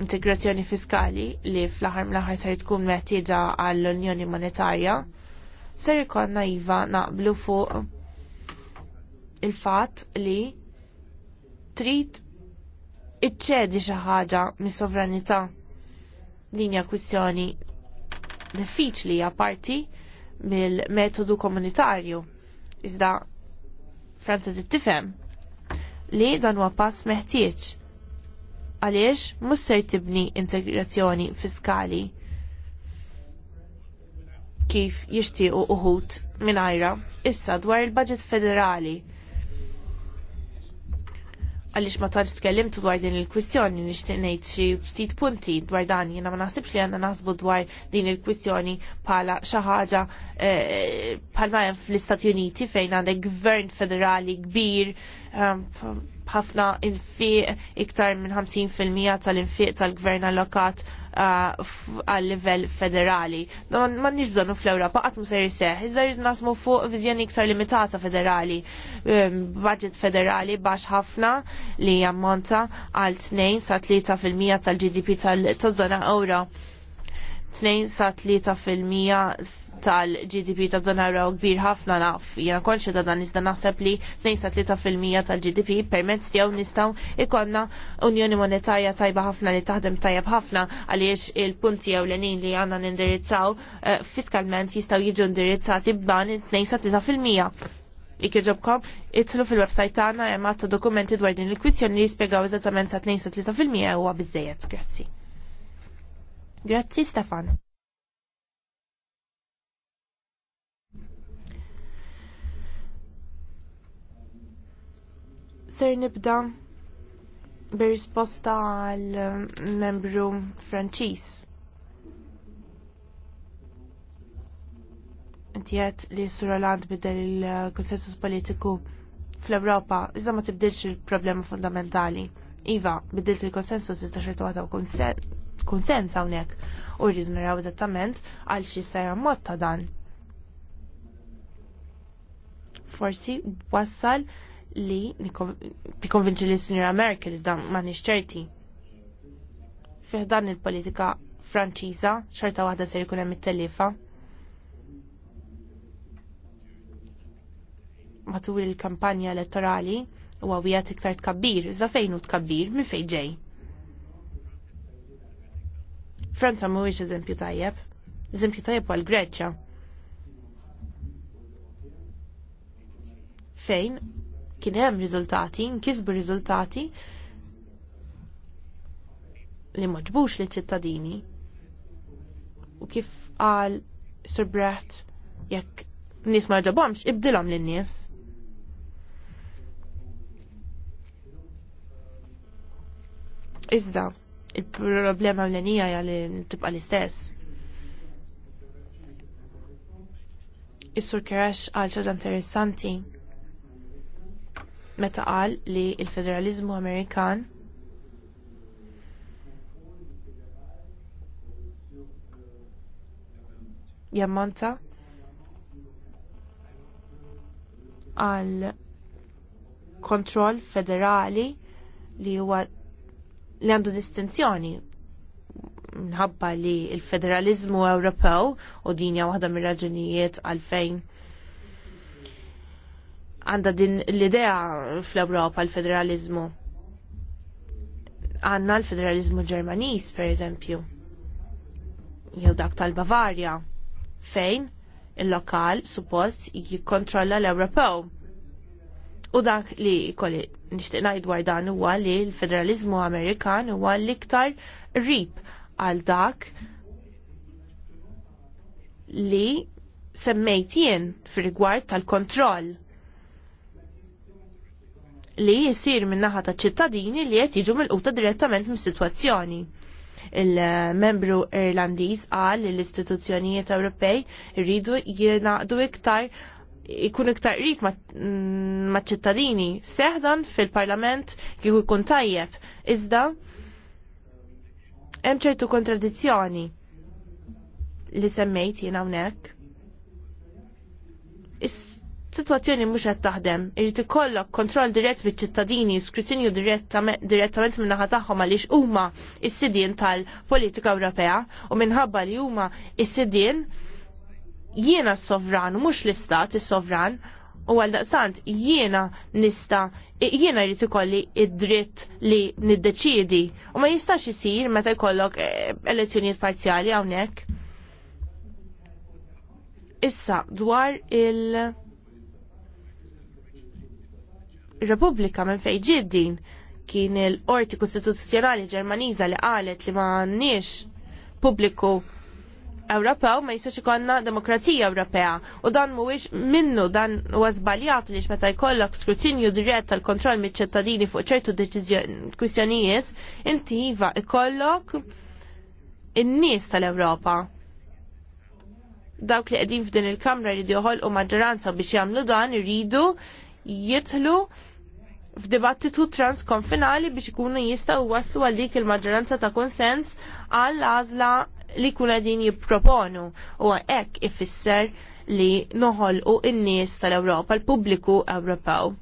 integrazzjoni fiskali li fl-aħħar mill-aħħar ser tkun meħtieġa għall-Unjoni Monetarja, ser jkollna iva naqblu fuq il-fatt li trid iċċedi xi ħaġa mis-sovranità. Din hija kwistjoni diffiċli apparti mill-metodu komunitarju. Iżda Franza tittifhem li dan huwa pass meħtieġ għaliex mhux ser tibni integrazzjoni fiskali kif jixtiequ uħud mingħajra. Issa dwar il-budget federali. Għaliex ma tantx tkellimt dwar din il-kwistjoni nixtieq ngħid xi ftit punti dwar dan jiena ma naħsibx li għandna naħsbu dwar din il-kwistjoni bħala xi ħaġa eh, bħalma hemm fl-Istati Uniti fejn għandek gvern federali kbir eh, ħafna infiq iktar minn 50% tal-infiq tal-gvern allokat uh, għal livell federali. man nix bżonu fl-Europa, għatmu ser jisseħ. Iżda rridu nasmu fuq vizjoni iktar limitata federali. Um, budget federali bax ħafna li jammonta għal 2 sa 3% tal-GDP tal-zona euro. 2 sa 3% tal-GDP ta' dan u kbir ħafna naf. Jena konxu ta' dan iżda naħseb li 2-3% tal-GDP permezz tiegħu nistgħu ikonna Unjoni Monetarja tajba ħafna li taħdem tajjeb ħafna għaliex il-punti lenin li għandna nindirizzaw eh, fiskalment jistgħu jiġu indirizzati b'dan 2-3% ikġobkom, itlu fil-websajt tagħna hemm ta' dokumenti dwar din il-kwistjoni li jispjegaw eżattament sa 2-3% huwa biżejjed. Grazzi. Grazzi Stefan. Ser nibda bir-risposta għal um, membru Franċiż. Intiet li Suraland bidel il-konsensus politiku fl-Ewropa, iżda ma tibdilx il-problema fundamentali. Iva, bidilt il-konsensus iżda xertu għata konsens hawnhekk u rridu naraw eżattament għal xi sajra motta ta' dan. Forsi wassal li tikonvinċi li Sinjora Merkel dan ma nixċerti. Fih dan il-politika Franċiża xorta waħda ser jkun hemm it-tellifa. Matul il-kampanja elettorali huwa wieħed iktar tkabbir, iżda fejn hu tkabbir minn fejn ġej. Franza mhuwiex eżempju tajjeb, eżempju tajjeb għal Greċja. Fejn kien hemm riżultati, nkisbu riżultati li maġbux li ċittadini. U kif qal Sir Brett jekk nis ma ġabomx, ibdilhom lin nies Iżda, il-problema l-enija jgħalli tibqa l-istess. Is-sur Keresh għal ċaġa interessanti meta qal li l-federaliżmu Amerikan jammonta għal kontroll federali li huwa li għandu distinzjoni minħabba li l federaliżmu Ewropew u dinja waħda mir-raġunijiet għalfejn għanda din l-idea fl-Ewropa l-federalizmu. Għanna l-federalizmu ġermanis, per eżempju. Jew dak tal-Bavarja, fejn il-lokal suppost jikkontrolla l-Ewropew. U dak li kolli nishtiq ngħid dwar dan huwa li l-federalizmu Amerikan huwa l-iktar rib għal dak li semmejtien fir rigward tal-kontroll li jisir naħa ta' ċittadini li qed jiġu mill direttament mis-sitwazzjoni. Il-membru Irlandiż qal li l-istituzzjonijiet Ewropej rridu jingħaqdu iktar ikun iktar qrib ma' mm, ċittadini seħdan fil-parlament kieku jkun tajjeb. Iżda hemm ċertu kontradizzjoni li semmejt jien hawnhekk. Is situazzjoni mhux qed taħdem. Irid ikollok kontroll dirett biċ-ċittadini, skrutinju direttament min-naħa tagħhom għaliex huma s-sidien tal-politika Ewropea u minħabba li huma s-sidien jiena s-sovran, mhux l-istat is-sovran, u għal daqstant jiena nista jiena jrid ikolli id-dritt li niddeċiedi u ma jistax isir meta jkollok eh, elezzjonijiet parzjali hawnhekk. Issa dwar il- Repubblika minn fejn ġib din kien il-Qorti Kostituzzjonali Ġermaniża li qalet li m'għandniex pubbliku Ewropew ma jistax ikollna demokrazija Ewropea u dan mhuwiex minnu dan huwa żbaljat li meta jkollok skrutinju dirett tal-kontroll miċ-ċittadini fuq ċertu kwistjonijiet, inti iva ikollok in-nies tal-Ewropa dawk li qegħdin f'din il-kamra jridu joħolqu maġġoranza biex jagħmlu dan iridu jidħlu f'dibattitu transkonfinali biex ikunu jistaw waslu għal dik il-maġġoranza ta' konsens għall għażla li kuna din jipproponu u hekk ifisser li noħolqu u nies tal-Ewropa, l-pubbliku Ewropew.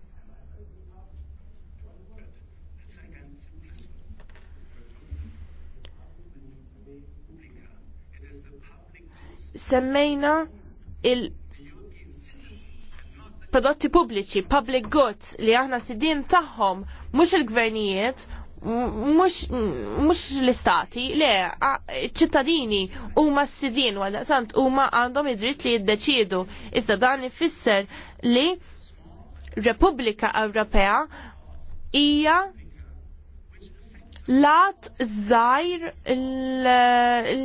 Semmejna il- prodotti pubbliċi, public goods li aħna sidin tagħhom mhux il-gvernijiet mhux l-istati, le, ċittadini huma s-sidin, u sant huma għandhom id-dritt li jiddeċidu. Iżda dan ifisser li Repubblika Ewropea hija lat żgħir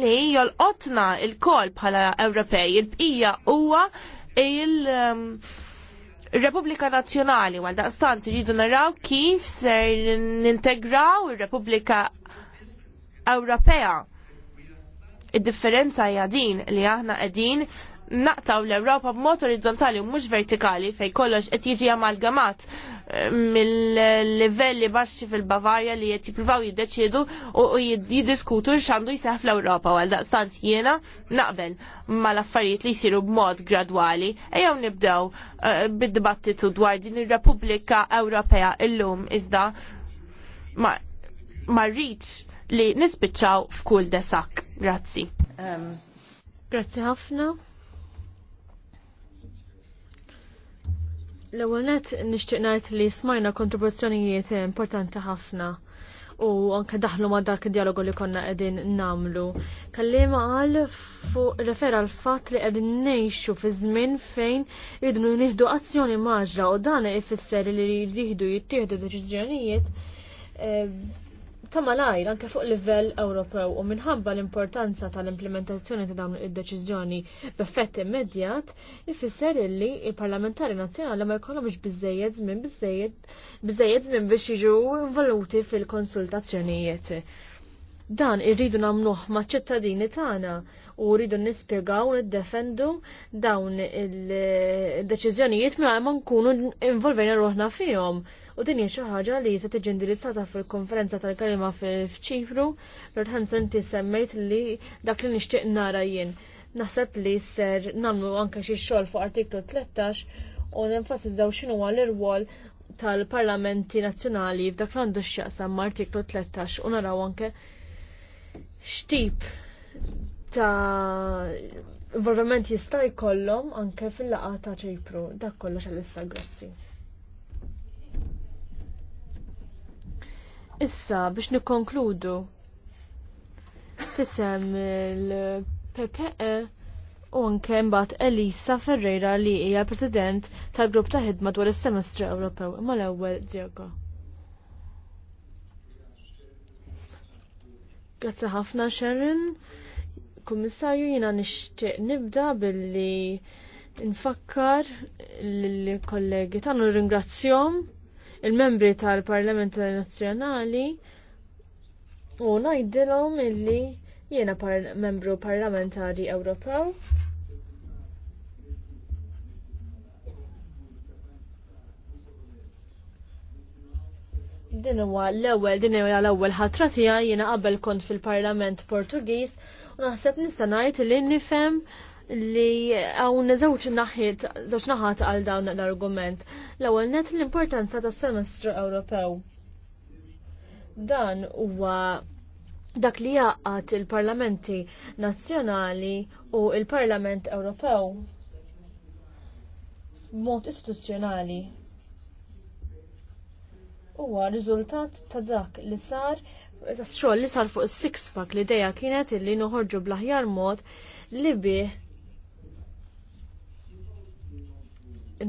li jolqotna il-kol bħala Ewropej, il-bqija huwa il-, il um, Ir-Repubblika Nazzjonali għal daqstant iridu naraw kif ser nintegraw ir-Repubblika Ewropea. Id-differenza hija din li aħna qegħdin naqtaw l-Ewropa b'mod orizzontali u mhux vertikali fejn kollox qed jiġi amalgamat mill-livelli baxxi fil-Bavarja li qed jippruvaw jiddeċiedu u jiddiskutu x'għandu jseħħ fl-Ewropa għal daqstant jiena naqbel mal-affarijiet li jsiru b'mod gradwali. Ejjew nibdew eh, bid-dibattitu dwar din ir-Repubblika Ewropea illum iżda ma rridx li nispiċċaw f'kull desak. Grazzi. Grazzi ħafna. L-ewwel nett nixtieq ngħid li smajna kontribuzzjonijiet importanti ħafna u anke daħlu ma' dak id-dialogu li konna qegħdin namlu. Kallima għal fuq refera għal fatt li qegħdin ngħixu fi żmien fejn idnu nieħdu azzjoni maġra u dan ifisser li jridu jittieħdu deċiżjonijiet eh, ta' malajr anke fuq livell Ewropew u minħabba l-importanza tal-implementazzjoni ta' dawn id-deċiżjoni b'effett immedjat, ifisser illi il-parlamentari nazzjonali ma jkollhomx biżejjed żmien biżejjed żmien biex jiġu involuti fil-konsultazzjonijiet. Dan irridu nagħmluh maċ-ċittadini tagħna u rridu nispjegaw u niddefendu dawn il-deċiżjonijiet mingħajr ma nkunu involvejna ruħna fihom u din hija xi ħaġa li se tiġi indirizzata fil-konferenza tal-kalima f'Ċipru, Lord Hansen semmejt li dak li nixtieq nara jien. Naħseb li ser nagħmlu anke xi xogħol fuq artiklu 13 u nenfasizzaw x'inhu l-irwol tal-parlamenti nazzjonali f'dak li għandu x'jaqsam ma' artiklu 13 u naraw anke x'tip ta' involvement jista' jkollhom anke fil-laqgħa ta' Ċipru. Dak kollox għal issa grazzi. Issa biex nikkonkludu. Tisem il-PPE u anke mbagħad Elisa Ferreira li hija President tal-Grupp ta' ħidma dwar is-Semestru Ewropew imma l-ewwel Diego. Grazzi ħafna Sharon. Kummissarju jiena nixtieq nibda billi nfakkar lill kollegi tagħna ringrazzjom il-membri tal-Parlament Nazzjonali u ngħidilhom illi jiena par membru parlamentari Ewropew. din huwa l-ewwel din huwa l-ewwel ħatra tiegħi jiena qabel kont fil-Parlament Portugiż u naħseb nista' ngħid li nifhem li hawn żewġ naħiet żewġ naħat għal dawn l-argument. L-ewwel net l-importanza tas-semestru Ewropew. Dan huwa dak li jaqqat il-parlamenti nazzjonali u il-Parlament Ewropew b'mod istituzzjonali huwa riżultat ta' dak li sar tas xogħol li sar fuq is-six pack li dejja kienet illi noħorġu bl-aħjar mod li bih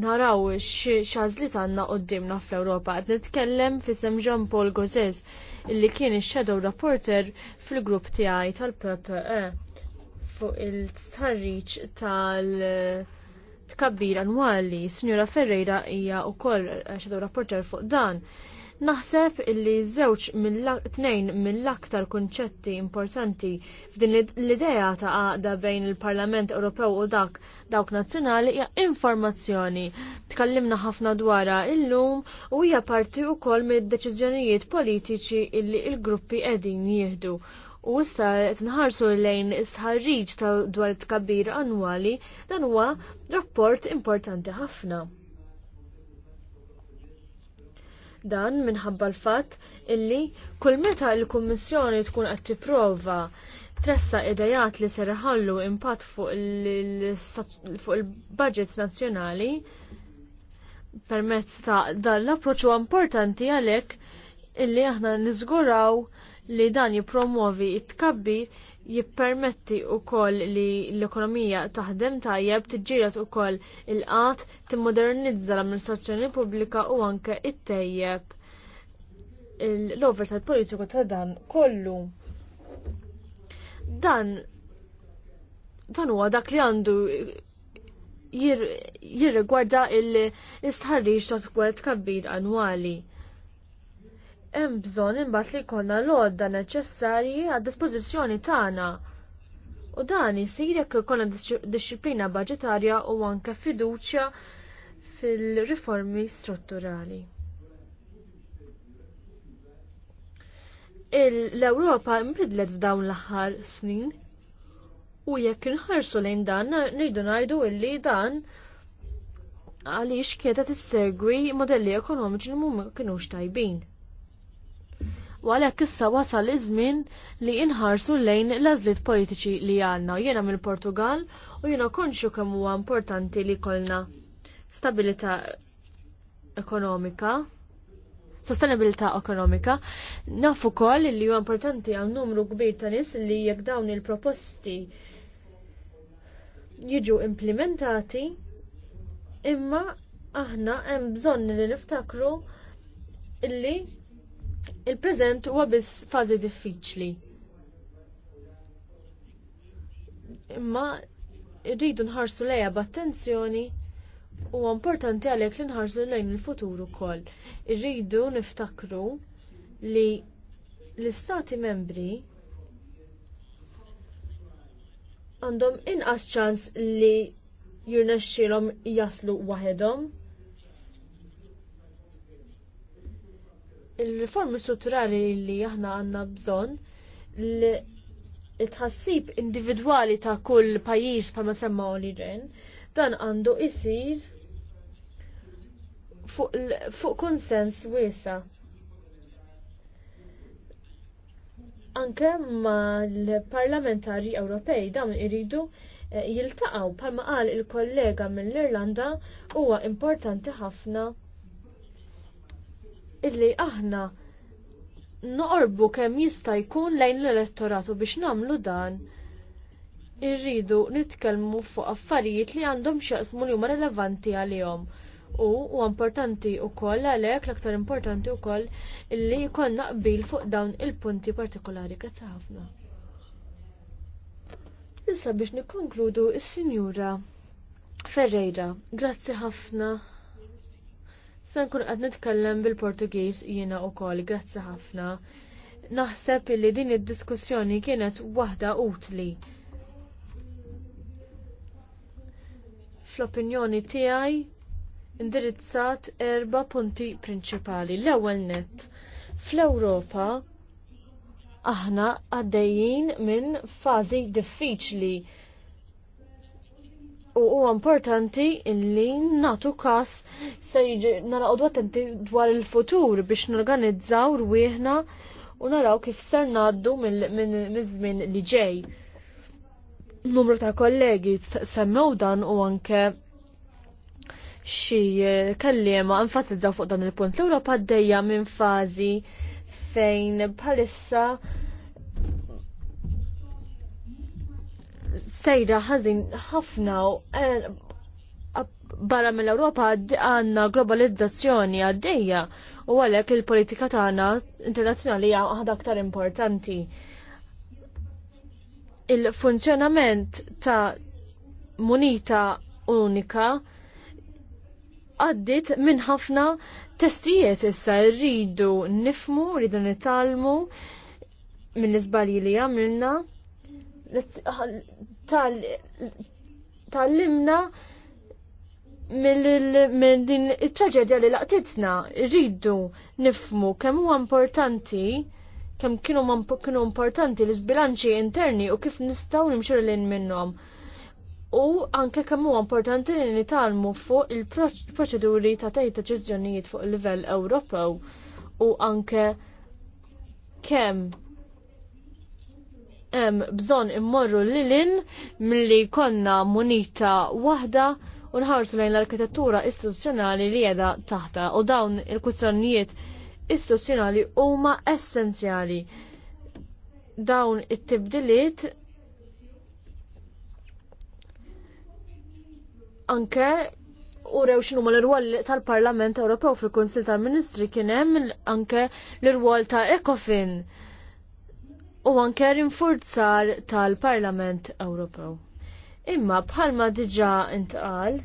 naraw x'għażliet għandna għoddimna fl-Ewropa. Għad nitkellem fisem Jean Paul Gozes illi kien ix-shadow rapporter fil-grupp tiegħi tal-PPE fuq il tarriċ tal- tkabbir annwali. Signora Ferreira hija wkoll shadow rapporter fuq dan. Naħseb illi żewġ tnejn mill-aktar kunċetti importanti f'din l-idea ta' għaqda bejn il-Parlament Ewropew u dak dawk nazzjonali hija informazzjoni. Tkallimna ħafna dwarha illum u hija parti wkoll mid-deċiżjonijiet politiċi illi il-gruppi qegħdin jieħdu. U issa qed nħarsu lejn is-ħarriġ ta' dwar tkabbir annwali dan huwa rapport importanti ħafna dan minħabba l-fatt illi kull meta l-Kummissjoni tkun qed tipprova tressa idejat li ser iħallu impatt fuq il-budget nazzjonali permezz ta' dan l-approċċ huwa importanti għalhekk illi aħna niżguraw li dan jippromovi t tkabbir jippermetti wkoll li l-ekonomija taħdem tajjeb u ukoll il-qat timmodernizza l-amministrazzjoni pubblika u anke t-tejjeb l-oversight politiku ta' dan kollu. Dan dan huwa dak li għandu jirrigwarda il-istħarriġ ta' tkwert annwali hemm bżonn imbagħad li jkollna l-għodda neċessarji għad-dispożizzjoni tagħna. U dan isir jekk ikollna disċiplina baġitarja u anke fiduċja fil-riformi strutturali. L-Ewropa mbidlet f'dawn l-aħħar snin u jekk inħarsu lejn dan nridu ngħidu illi dan għaliex kienet tissegwi modelli ekonomiċi li mhum kinux tajbin u għalhekk issa wasal iż-żmien li inħarsu lejn l-għażliet politiċi li għandna. Jiena mill-Portugal u jiena konxu kemm huwa importanti li kolna stabilità ekonomika sostenibilità ekonomika. Nafu kol li huwa importanti għal numru kbir ta' nies li jekk dawn il-proposti jiġu implementati imma aħna hemm bżonn li niftakru illi il-preżent huwa biss fażi diffiċli. Imma rridu nħarsu lejha b'attenzjoni u importanti għalhekk li nħarsu lejn il-futur ukoll. Irridu niftakru li l-istati membri għandhom inqas ċans li jirnexxilhom jaslu waħedhom. il-riformi strutturali li aħna għanna bżon l tħassib individwali ta' kull pajis pa' ma semma oliġen, dan għandu isir fuq, fuq konsens wiesa. Anke ma l-parlamentari Ewropej dawn iridu eh, jiltaqgħu palma qal il-kollega mill-Irlanda huwa importanti ħafna illi aħna noqorbu kemm jista' jkun lejn l-elettoratu biex nagħmlu dan irridu nitkellmu fuq affarijiet li għandhom x'jaqsmu li huma relevanti għalihom. U huwa importanti wkoll għalhekk l-aktar importanti wkoll illi jkollna qbil fuq dawn il-punti partikolari. Grazzi ħafna. Issa biex nikkonkludu is-Sinjura Ferreira. Grazzi ħafna. Sen kun għad nitkellem bil-Portugiż jiena wkoll, grazzi ħafna. Naħseb li din id-diskussjoni kienet waħda utli. Fl-opinjoni tiegħi indirizzat erba punti prinċipali. L-ewwel nett. Fl-Ewropa aħna għaddejjin minn fażi diffiċli U huwa importanti illi natu kas se jiġi naraqgħu attenti dwar il-futur biex norganizzaw rwieħna u naraw kif ser ngħaddu minn żmien li ġej. Numru ta' kollegi semmew dan u anke xi kelliema enfasizzaw fuq dan il-punt l-Ewropa għaddejja minn fażi fejn bħalissa sejra ħażin ħafna eh, barra mill-Ewropa għandna globalizzazzjoni għaddejja u għalhekk il-politika tagħna internazzjonali hija waħda aktar importanti. Il-funzjonament ta' munita unika għaddit minn ħafna testijiet issa rridu nifmu, rridu nitalmu minn l-iżbalji li għamilna tal-limna mill din it-traġedja li laqtitna rridu nifmu kemm huwa importanti kemm kienu importanti l-isbilanċi interni u kif nistgħu nimxu lil minnhom. U anke kemm huwa importanti li nitalmu fuq il-proċeduri ta' tgħid ċiżjonijiet fuq il-livell Ewropew u anke kemm hemm bżonn immorru lilin milli konna munita waħda u nħarsu lejn l-arkitettura istituzzjonali li jeda taħta u dawn il kustjonijiet istituzzjonali huma essenzjali. Dawn it-tibdiliet anke u rew xinu ma l-rwol tal-Parlament Ewropew fil-Konsil tal-Ministri kien hemm anke l-rwol ta' ECOFIN u anke rinforzar tal-Parlament Ewropew. Imma bħalma diġà intqal,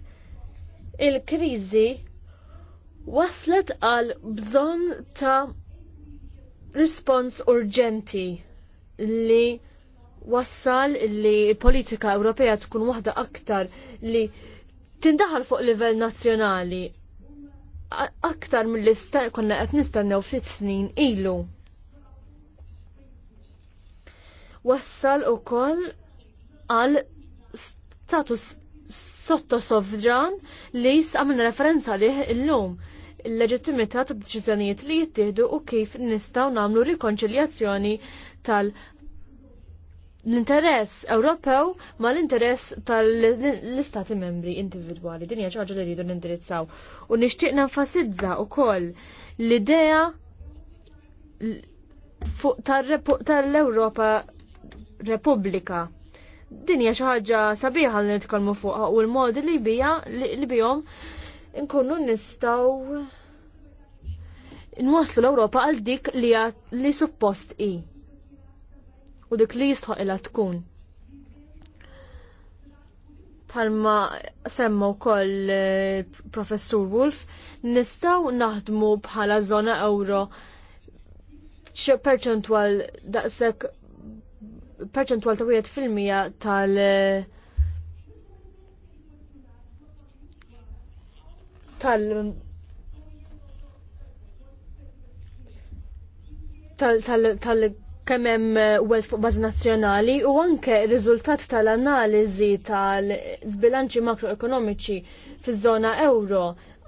il-kriżi waslet għal bżonn ta' rispons urġenti li wassal li politika Ewropea tkun waħda aktar li tindaħal fuq livell nazzjonali aktar mill-li konna qed nistennew ftit snin ilu wassal ukoll għal status sotto sovġan li jisqamilna referenza il illum il-leġittimità ta' deċiżjonijiet li jittieħdu u kif nistgħu nagħmlu rikonċiljazzjoni tal- l-interess Ewropew ma l-interess tal-istati membri individwali. Din hija ċaġa li rridu nindirizzaw. U nixtieq nenfasizza wkoll l-idea tal-Ewropa repubblika. Din hija xi ħaġa sabiħa li nitkellmu fuqa u l-modi li bija li bihom nkunu nistgħu nwaslu l-Ewropa għal dik li li suppost i. U dik li jistħoq illa tkun. Palma semma wkoll eh, professur Wolf, nistgħu naħdmu bħala żona euro perċentwal daqshekk perċentual ta' wieħed fil-mija tal- tal tal tal tal kemm hemm eh, wealth fuq bażi nazzjonali u anke r-riżultat tal-analiżi tal-sbilanċi makroekonomiċi fiż-żona euro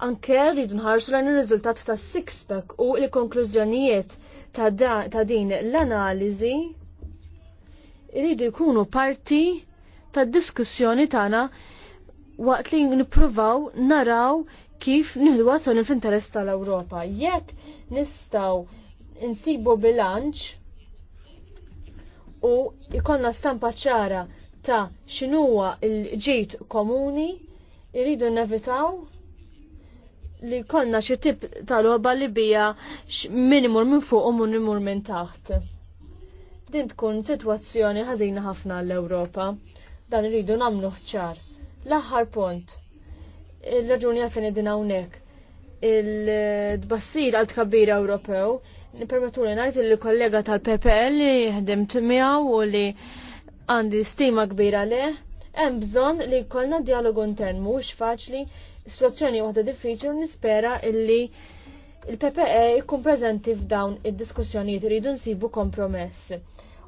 anke rridu nħarsu lejn ir-riżultat tas sixpack u l-konklużjonijiet ta' din l-analiżi iridu jkunu parti tad diskussjoni tagħna waqt li nippruvaw naraw kif nieħdu wasal fl-interess tal-Ewropa. Jekk nistgħu insibu bilanċ u jkollna stampa ċara ta' x'inhuwa il-ġejt komuni irridu nevitaw li konna xi tip tal logħba li bija minimur minn fuq u minimur minn taħt din tkun sitwazzjoni ħażina ħafna l-Ewropa. Dan irridu nagħmlu ċar. L-aħħar punt. Il-raġuni għalfejn din hawnhekk. Il-tbassir għal tkabbir Ewropew nipermetu li ngħid li kollega tal-PPL li ħdimt miegħu u li għandi stima kbira leh hemm bżonn li jkollna dialogu intern mhux faċli, situazzjoni waħda diffiċli u nispera illi il-PPE jkun preżenti f'dawn id-diskussjonijiet iridu nsibu kompromess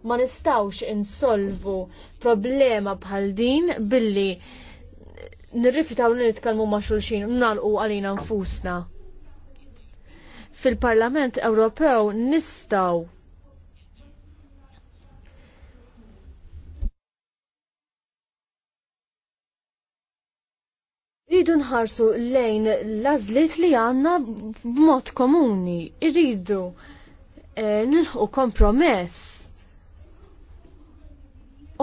ma nistawx insolvu problema bħal din billi nirrifitaw li nitkellmu ma' xulxin nalqu għalina nfusna. Fil-Parlament Ewropew nistaw Rridu nħarsu lejn l li għanna b'mod komuni. Irridu eh, nilħu kompromess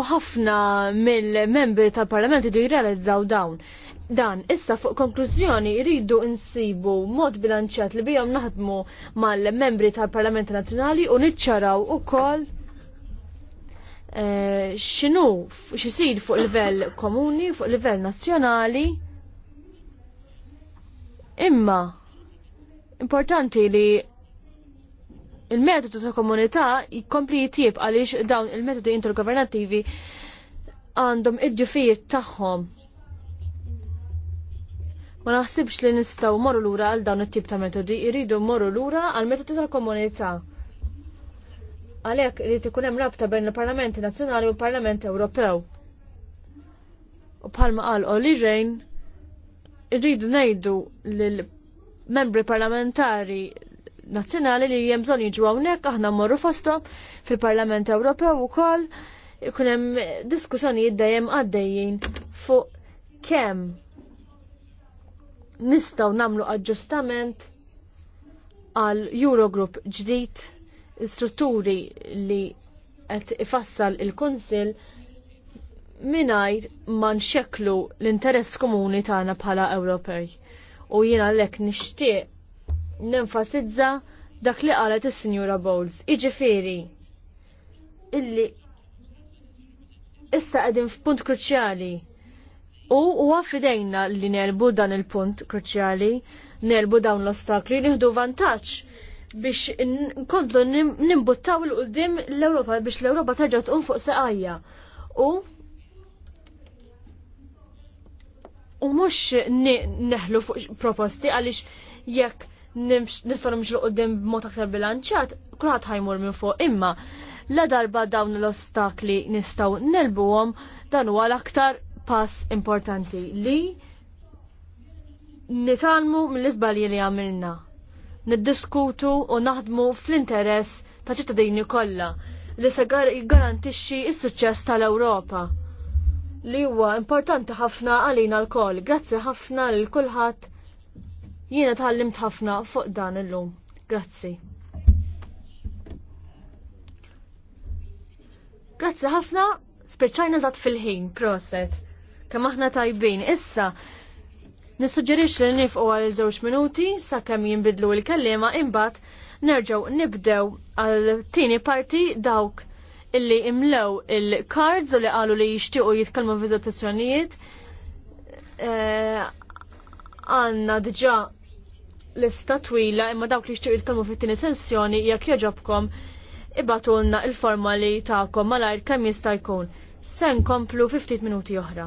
u ħafna mill-membri tal-Parlament idu jirrealizzaw dawn. Dan, issa fuq konklużjoni rridu insibu mod bilanċat li bijom naħdmu mal-membri tal-Parlament Nazzjonali u niċċaraw ukoll e, eh, xinu xisir fuq livell komuni, fuq livell nazzjonali. Imma importanti li il-metodu ta' komunità jkompli jitjib għaliex dawn il-metodi intergovernattivi għandhom id-ġifijiet tagħhom. Ma naħsibx li nistgħu morru lura għal dawn it-tip ta' metodi, jridu morru lura għal metodi tal-komunità. Għalhekk irid ikun hemm rabta bejn il-Parlament Nazzjonali u l-Parlament Ewropew. U bħalma qal Oli Rejn, irridu ngħidu lill membri parlamentari nazzjonali li hemm bżonn jiġu hawnhekk aħna mmorru fosthom fil-Parlament Ewropew ukoll ikun hemm diskussjonijiet dejjem għaddejjin fuq kemm nistgħu nagħmlu aġġustament għal Eurogroup ġdid strutturi li qed ifassal il-Kunsill minajr ma xeklu l-interess komuni tagħna bħala Ewropej. U l-ek nixtieq nenfasizza dak li qalet is-Sinjura Bowles. Iġifieri illi issa qegħdin f'punt kruċjali. U huwa fidejna li nelbu dan il-punt kruċjali, nelbu dawn l-ostakli, nieħdu vantaġġ biex nkomplu nimbuttaw l-qudiem l-Ewropa biex l-Ewropa terġa' tqum fuq seqajja. U u mhux neħlu fuq proposti għaliex jekk nistgħu nimxu l b'mod aktar bilanċjat, kulħadd ħajmur minn fuq imma la darba dawn l-ostakli nistgħu nelbuhom dan huwa l-aktar pass importanti li nitalmu mill-iżbalji li għamilna. Niddiskutu u naħdmu fl-interess ta' ċittadini kollha li se garantixxi s-suċċess tal-Ewropa li huwa importanti ħafna għalina l-koll. Grazzi ħafna lil kulħadd Jiena tgħallimt ħafna fuq dan illum. Grazzi. Grazzi ħafna, speċajna zat fil-ħin, proset. Kemm aħna tajbin. Issa, nissuġġerix li nifqu għal żewġ minuti sakemm jinbidlu l-kellima imbagħad nerġgħu nibdew għal tieni parti dawk illi imlew il-cards u li qalu li jixtiequ jitkellmu viżitazzjonijiet. Eh, għanna diġà L-ista twila imma dawk li xtiq jitkellmu fit-tieni sessjoni jekk jogħġobkom ibatulna il-formali tagħkom malajr kemm jista' jkun. Se nkomplu 50 minuti oħra.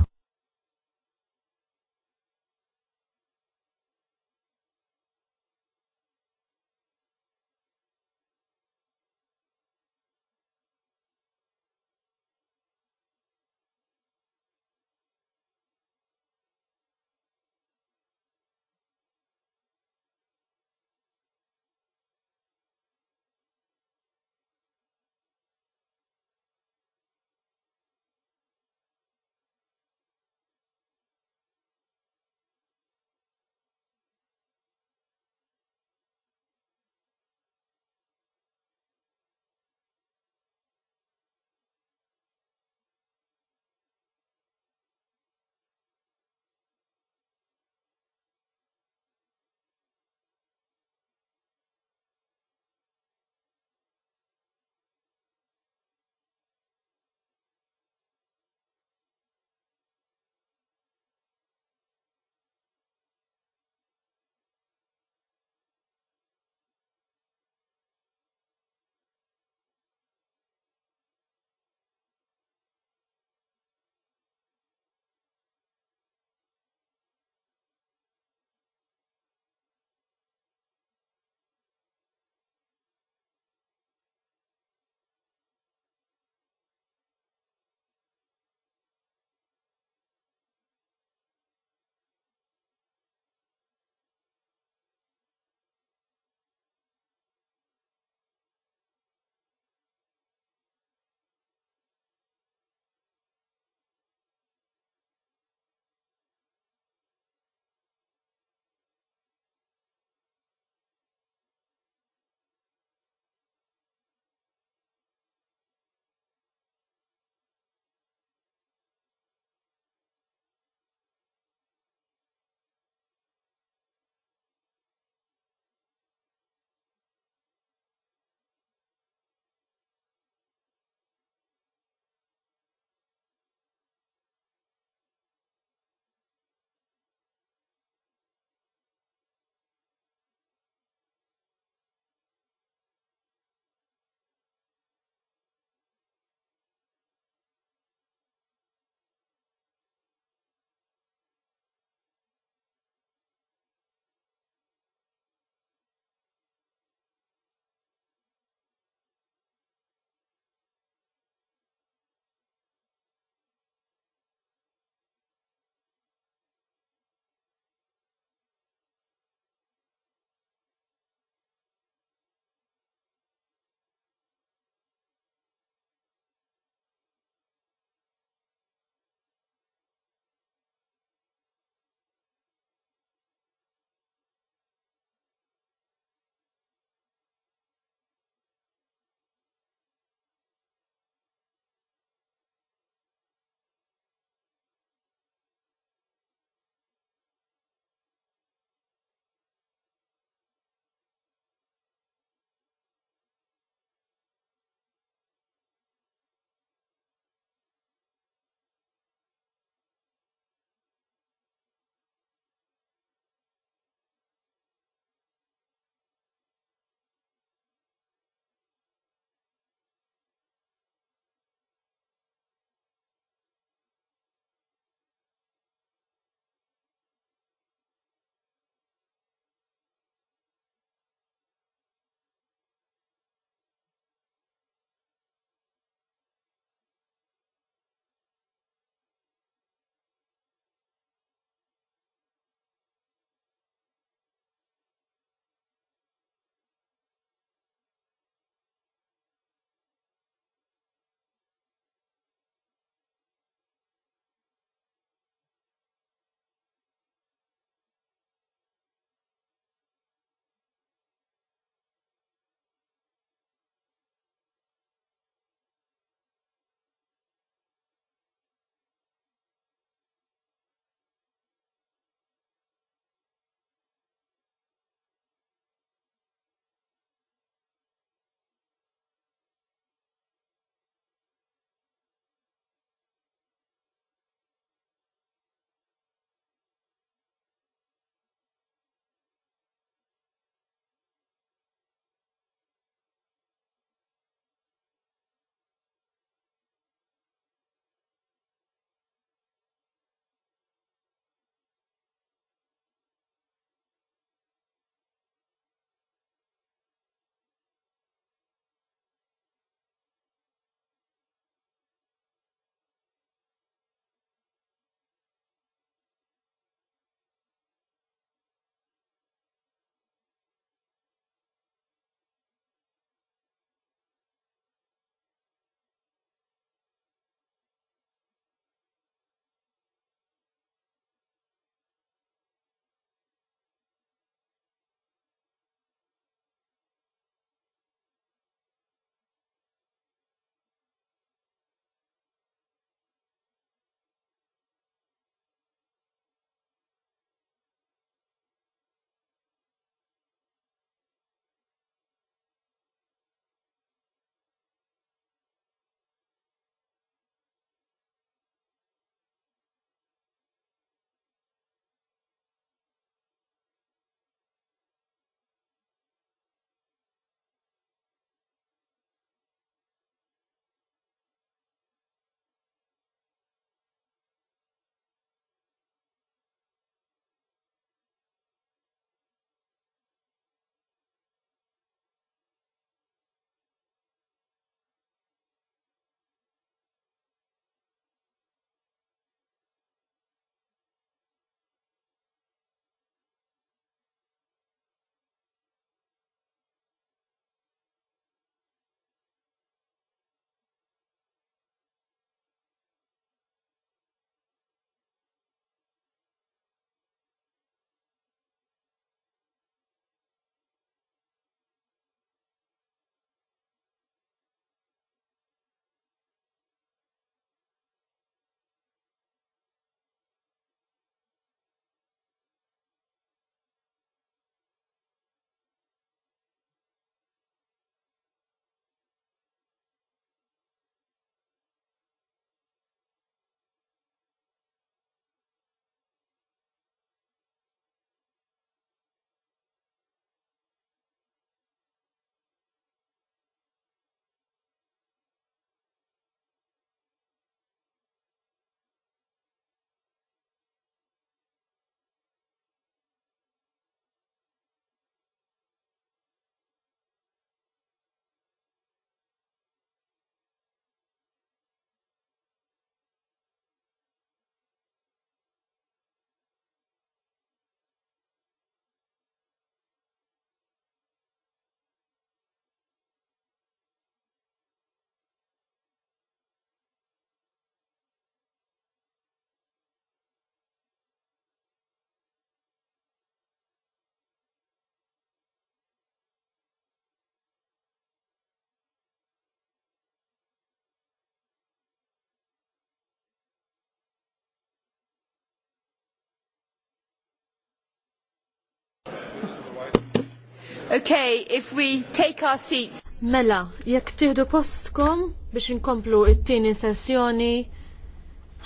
Okay, if we take our seats. Mela, jekk tieħdu postkom biex inkomplu it-tieni sessjoni,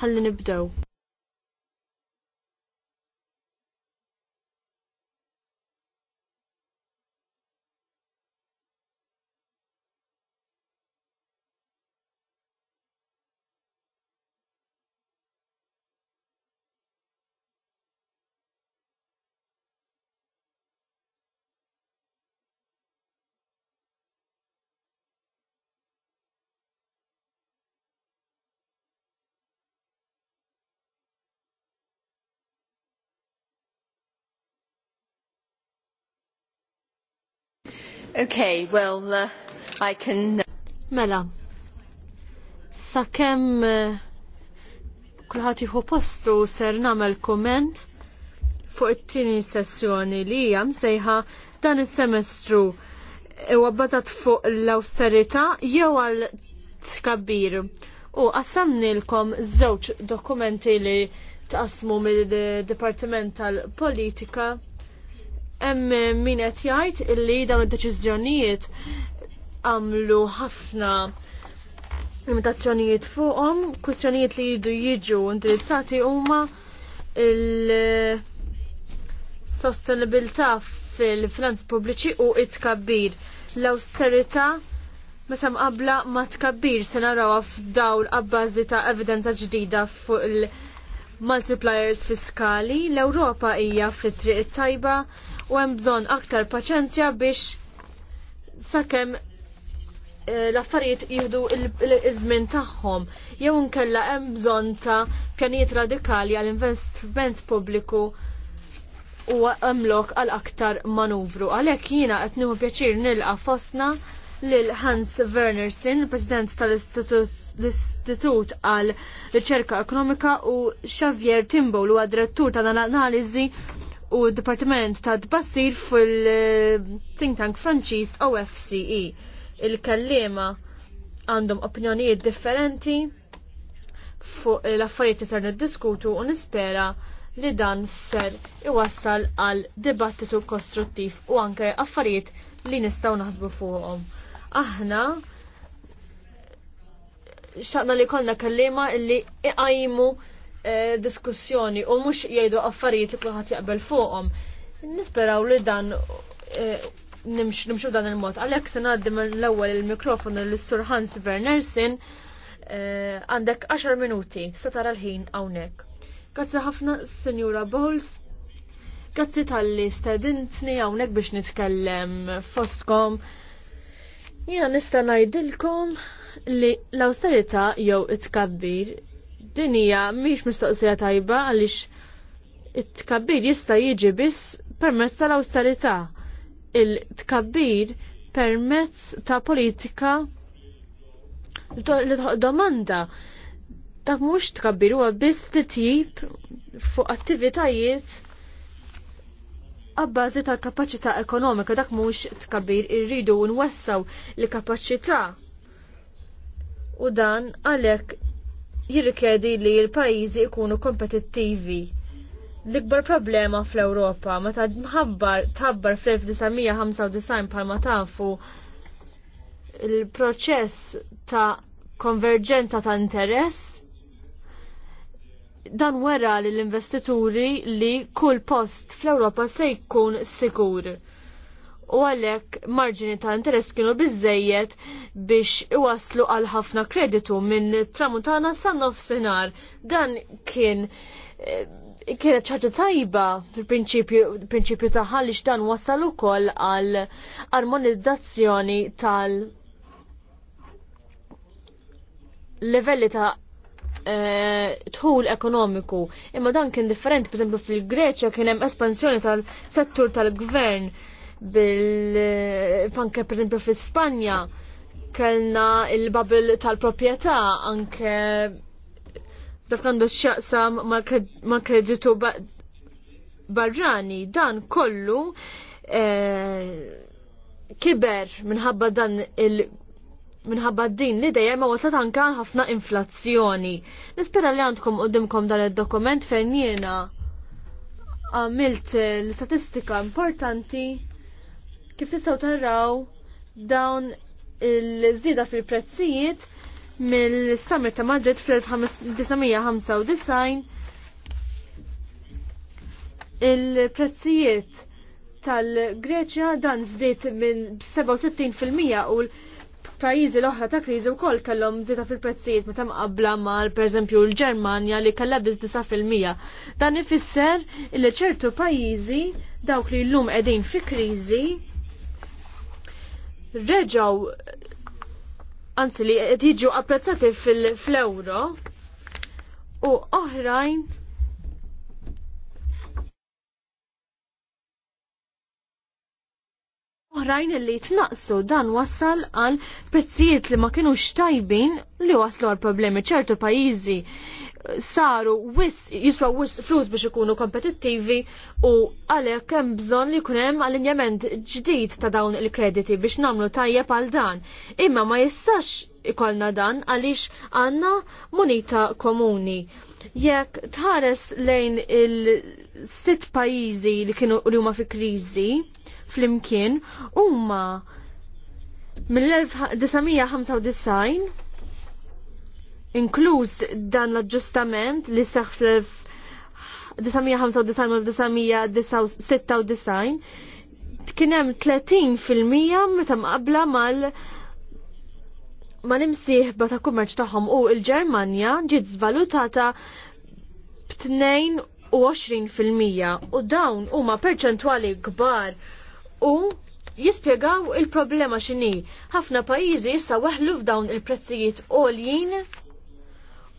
ħalli nibdew. Okay, well, uh, I can... Uh, mela, sa' kem uh, kullħat jħu postu ser namel komment fuq it-tini sessjoni li hija msejħa dan is-semestru huwa bbażat fuq l-awsterità jew għal tkabbir. U l-kom żewġ dokumenti li tqasmu mill-Dipartiment tal-Politika hemm min qed jgħid illi dawn id-deċiżjonijiet għamlu ħafna limitazzjonijiet fuqhom, kwistjonijiet li jridu jiġu indirizzati huma il-sostenibilità fil-finanz pubbliċi u it-tkabbir. L-austerità meta mqabbla ma tkabbir se narawha f'dawl abbażi ta' evidenza ġdida fuq il- multipliers fiskali, l-Ewropa hija fit-triq it-tajba u hemm bżonn aktar paċenzja biex sakemm eh, l-affarijiet jihdu iż-żmien tagħhom jew inkella hemm bżonn ta' pjanijiet radikali għal investiment pubbliku u għamlok għal aktar manuvru. Għalhekk jiena qed nieħu pjaċir nilqa' fostna lil Hans Wernersen, President tal-Istitut l-Istitut għal Riċerka Ekonomika u Xavier Timbo li huwa direttur ta' dan l-analiżi u Dipartiment ta' Tbassir fil-Think eh, Tank Franċiż OFCE. Il-kallima għandhom opinjonijiet differenti fuq l-affarijiet li ser niddiskutu u nispera li dan ser iwassal għal dibattitu kostruttiv u anke affarijiet li nistgħu naħsbu fuqhom. Aħna xaqna li kollna kallima illi iqajmu eh, diskussjoni u mux jgħidu affarijiet li kulħadd jaqbel fuqhom. Nisperaw li dan eh, nimxu dan il-mod. Għalek se ngħaddi l-ewwel il-mikrofonu lis sur Hans Wernersin eh, għandek 10 minuti se tara l-ħin hawnhekk. Grazzi ħafna Sinjura Bowles. Grazzi tal-li stedintni hawnhekk biex nitkellem foskom. Jiena nista' ngħidilkom li l austerita jew it-tkabbir din hija mistoqsija tajba għaliex it-tkabbir jista' jiġi biss permezz tal austerita Il-tkabbir permezz ta' politika li domanda dak mhux tkabbir huwa biss titjib fuq attivitajiet għabbażi tal-kapacità ekonomika dak mhux tkabbir irridu nwessaw l kapaċità u dan għalhekk jirrikjedi li l-pajjiżi jkunu kompetittivi. L-ikbar problema fl-Ewropa meta mħabbar tabbar fl-1995 ma tafu il-proċess ta' konverġenza ta' interess dan wera li l-investituri li kull post fl-Ewropa se jkun sigur u għalhekk marġini ta' interess kienu bizzejiet biex waslu għal ħafna kreditu minn tramuntana sa' nofsinhar. Dan kien eh, kienet ċaġa tajba fil-prinċipju ta' ħalix dan wasal ukoll għal armonizzazzjoni tal livelli ta' eh, tħul ekonomiku. Imma dan kien differenti, per fil-Greċja kien hemm espansjoni tal-settur tal-gvern. tal settur tal gvern bil anke esempio fi Spanja kellna il-babel tal-proprjetà anke dak għandu x'jaqsam mal-kreditu barrani dan kollu eh, kiber minħabba dan il- minħabba din li dejjem ma waslet anke ħafna inflazzjoni. Nispera li għandkom qudiemkom dan id-dokument fejn jiena għamilt l-statistika importanti Kif tistaw taraw dawn il żida fil-prezzijiet mill-Summit ta' Madrid fl-1995 il-prezzijiet tal-Greċja dan zdit minn 67% u l-pajjiżi l-oħra ta' kriżi wkoll kellhom żieda fil-prezzijiet meta mqabbla mal pereżempju l-Ġermanja li kellha biss 9%. Dan ifisser li ċertu pajjiżi dawk li llum qegħdin fi kriżi reġaw anzi li qed jiġu apprezzati fil-euro u oħrajn oħrajn li tnaqsu dan wassal għal prezzijiet li ma kienu xtajbin li waslu għal problemi ċertu pajizi saru wis jiswa wis flus biex ikunu kompetittivi u għalhekk hemm bżonn li jkun hemm injament ġdid ta' dawn il-krediti biex nagħmlu tajjeb għal dan. Imma ma jistax ikolna dan għaliex għandna moneta komuni. Jekk tħares lejn il-sitt pajjiżi li kienu li huma fi kriżi flimkien huma mill-1995 inkluż dan l-aġġustament li seħ fl-1995 kien hemm 30% meta mqabla mal ma imsieħba ta' kummerċ tagħhom u l-Ġermanja ġiet żvalutata b'22% u dawn huma perċentwali kbar u jispjegaw il-problema x'inhi. Ħafna pajjiżi issa weħlu f'dawn il-prezzijiet għoljin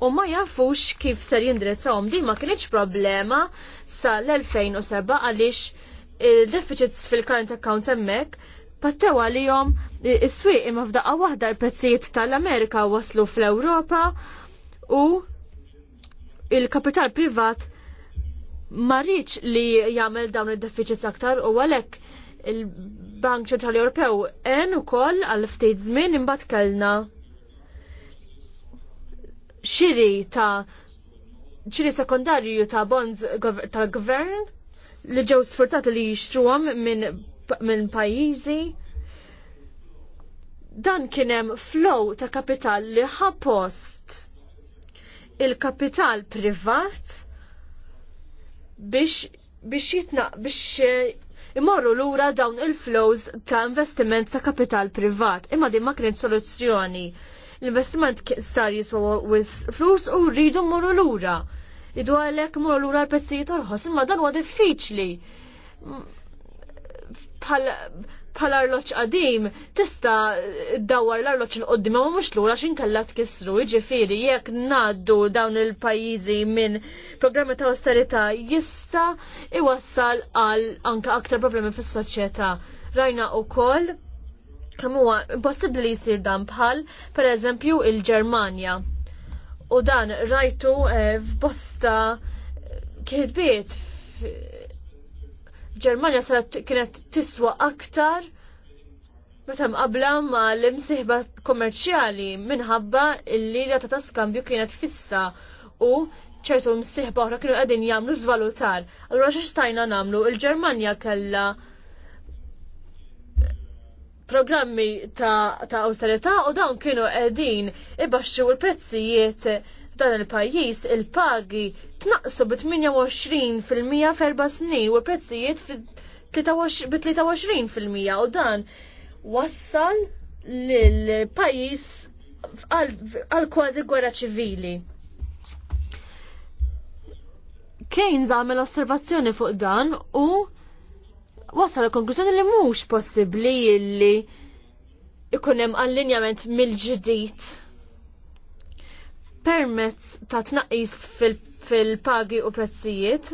u ma jafux kif ser jindrizzawhom din ma kienx problema sal-2007 għaliex il-deficits fil-current accounts hemmhekk pattew għalihom is-swieq imma f'daqqa waħda l-prezzijiet tal-Amerika waslu fl-Ewropa u il-kapital privat ma rridx li jagħmel dawn id-deficits aktar u għalhekk il-Bank Ċentrali Ewropew en ukoll għal ftit żmien imbagħad kellna xiri ta' ċiri sekondarju ta' bonds ta' gvern li ġew sforzati li jixtruhom minn min pajjiżi. Dan kien hemm flow ta' kapital li ħapost il-kapital privat biex biex jitna biex eh, imorru lura dawn il-flows ta' investiment ta' kapital privat. Imma din ma kienet soluzzjoni l-investiment sar jiswa wis flus u rridu mmorru lura. Idu għalhekk l lura l-prezzijiet orħos, imma dan huwa diffiċli. Bħal arloċ qadim tista' dawar l arloċ l qoddim ma mhux lura x'inkella tkissru, jiġifieri jekk ngħaddu dawn il-pajjiżi minn programmi ta' austerita jista' iwassal għal anke aktar problemi fis-soċjetà. Rajna wkoll Kemm huwa impossibbli li jsir dan bħal, pereżempju il-Ġermanja. U dan rajtu eh, f'bosta eh, kidbiet Ġermanja saret kienet tiswa aktar meta mqabla ma l-imsiħba kommerċjali minħabba illi rata ta' skambju kienet fissa u ċertu msieħba oħra kienu qegħdin jagħmlu żvalutar. Allura stajna nagħmlu? Il-Ġermanja kellha programmi ta', austerità u dawn kienu qegħdin ibaxxu l-prezzijiet dan il-pajjiż il-pagi tnaqsu bi 28% f'erba' snin u l-prezzijiet b 23% u dan wassal lill-pajjiż għal kważi gwerra ċivili. Keynes għamel osservazzjoni fuq dan u wasal konklużjoni li mhux possibbli li ikun hemm allinjament mill-ġdid permezz ta' tnaqqis fil-pagi u prezzijiet.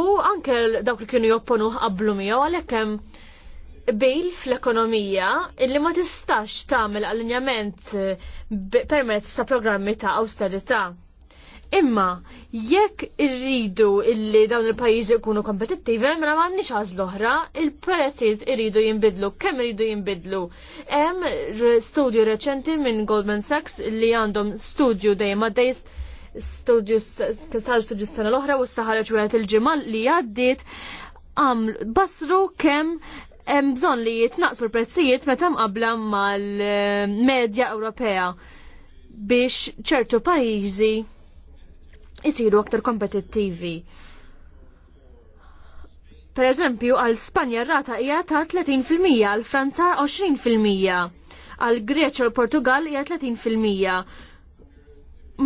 U anke dawk li kienu jopponu qablu miegħu għalhekk hemm bil fl-ekonomija illi ma tistax tagħmel allinjament eh, permezz ta' programmi ta' austerità. Imma jekk irridu illi dawn il-pajjiżi jkunu kompetittivi, mela m'għandniex għażl oħra, il-prezzijiet irridu jinbidlu, kemm irridu jinbidlu. Hemm studju reċenti minn Goldman Sachs li għandhom studju dejjem dejs studju sar studju s-sena l-oħra u s-saħarġ wieħed il-ġimal li għaddiet għamlu basru kemm hemm bżonn li jitnaqsu l-prezzijiet meta mqabbla mal-medja eh, Ewropea biex ċertu pajjiżi isiru aktar kompetittivi. Per eżempju, għal Spanja rata hija ta' 30%, għal Franza 20%, għal Greċja u l-Portugal hija 30%.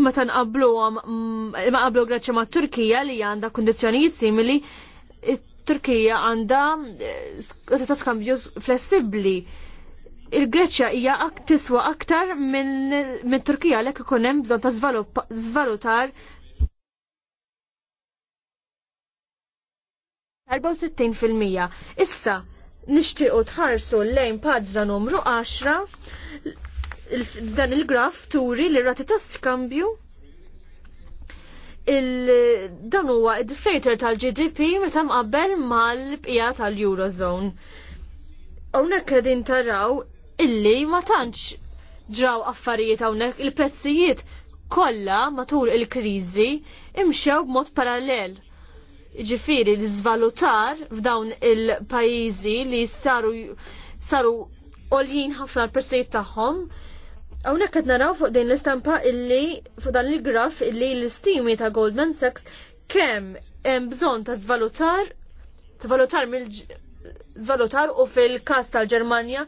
Meta mm, nqablu ma qablu Greċja ma' Turkija li għandha kundizzjonijiet simili, Turkija għandha eh, ta' skambju flessibbli. Il-Greċja hija tiswa aktar minn Turkija lek ikun hemm bżonn ta' zvalutar 64%. Issa, nixtiequ tħarsu lejn paġna numru 10 dan il-graf turi li rati ta' skambju dan huwa id-deflator tal-GDP meta mqabbel mal-bqija tal-Eurozone. Hawnhekk qegħdin taraw illi ma tantx ġraw affarijiet hawnhekk il-prezzijiet kollha matul il-kriżi imxew b'mod parallel ġifiri l-izvalutar f'dawn il-pajizi li saru saru oljin ħafna l-persijiet tagħhom. Hawnhekk qed naraw fuq din l-istampa illi fuq dan il-graf illi l-istimi ta' Goldman Sachs kemm hemm bżonn ta' zvalutar ta' valutar mill zvalutar u fil-każ tal-Ġermanja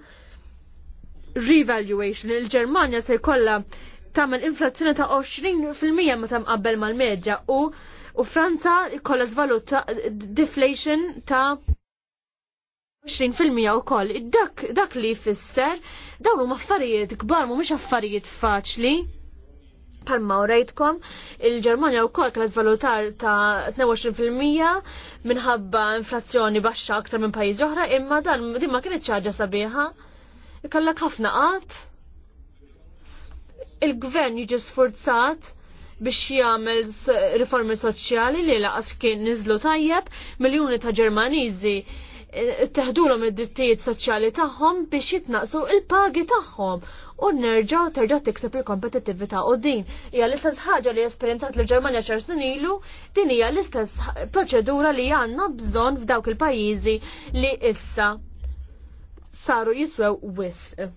revaluation. Il-Ġermanja se jkollha tagħmel inflazzjoni ta' 20% meta mqabbel mal-medja u U Franza kolla zvaluta deflation ta' 20% u koll. Dak, dak li fisser, dawn huma affarijiet kbar, mhumiex affarijiet faċli. Palma u rejtkom, il-Ġermanja u koll kalla zvalutar ta' 22% minħabba inflazzjoni baxxa aktar minn pajjiż oħra, imma dan dimma kienet ċaġa sabiħa. Kallak ħafna qatt. Il-gvern jiġi sforzat biex jagħmel riformi soċjali li laqas kien niżlu tajjeb, miljuni ta' Ġermaniżi eh, teħdulhom id-drittijiet soċjali tagħhom biex jitnaqsu l pagi tagħhom u nerġgħu terġa' tikseb il-kompetittività u din hija l-istess ħaġa li esperjenzat l ġermanja xar snin ilu, din hija l-istess proċedura li għandna bżonn f'dawk il-pajjiżi li issa saru jiswew wisq.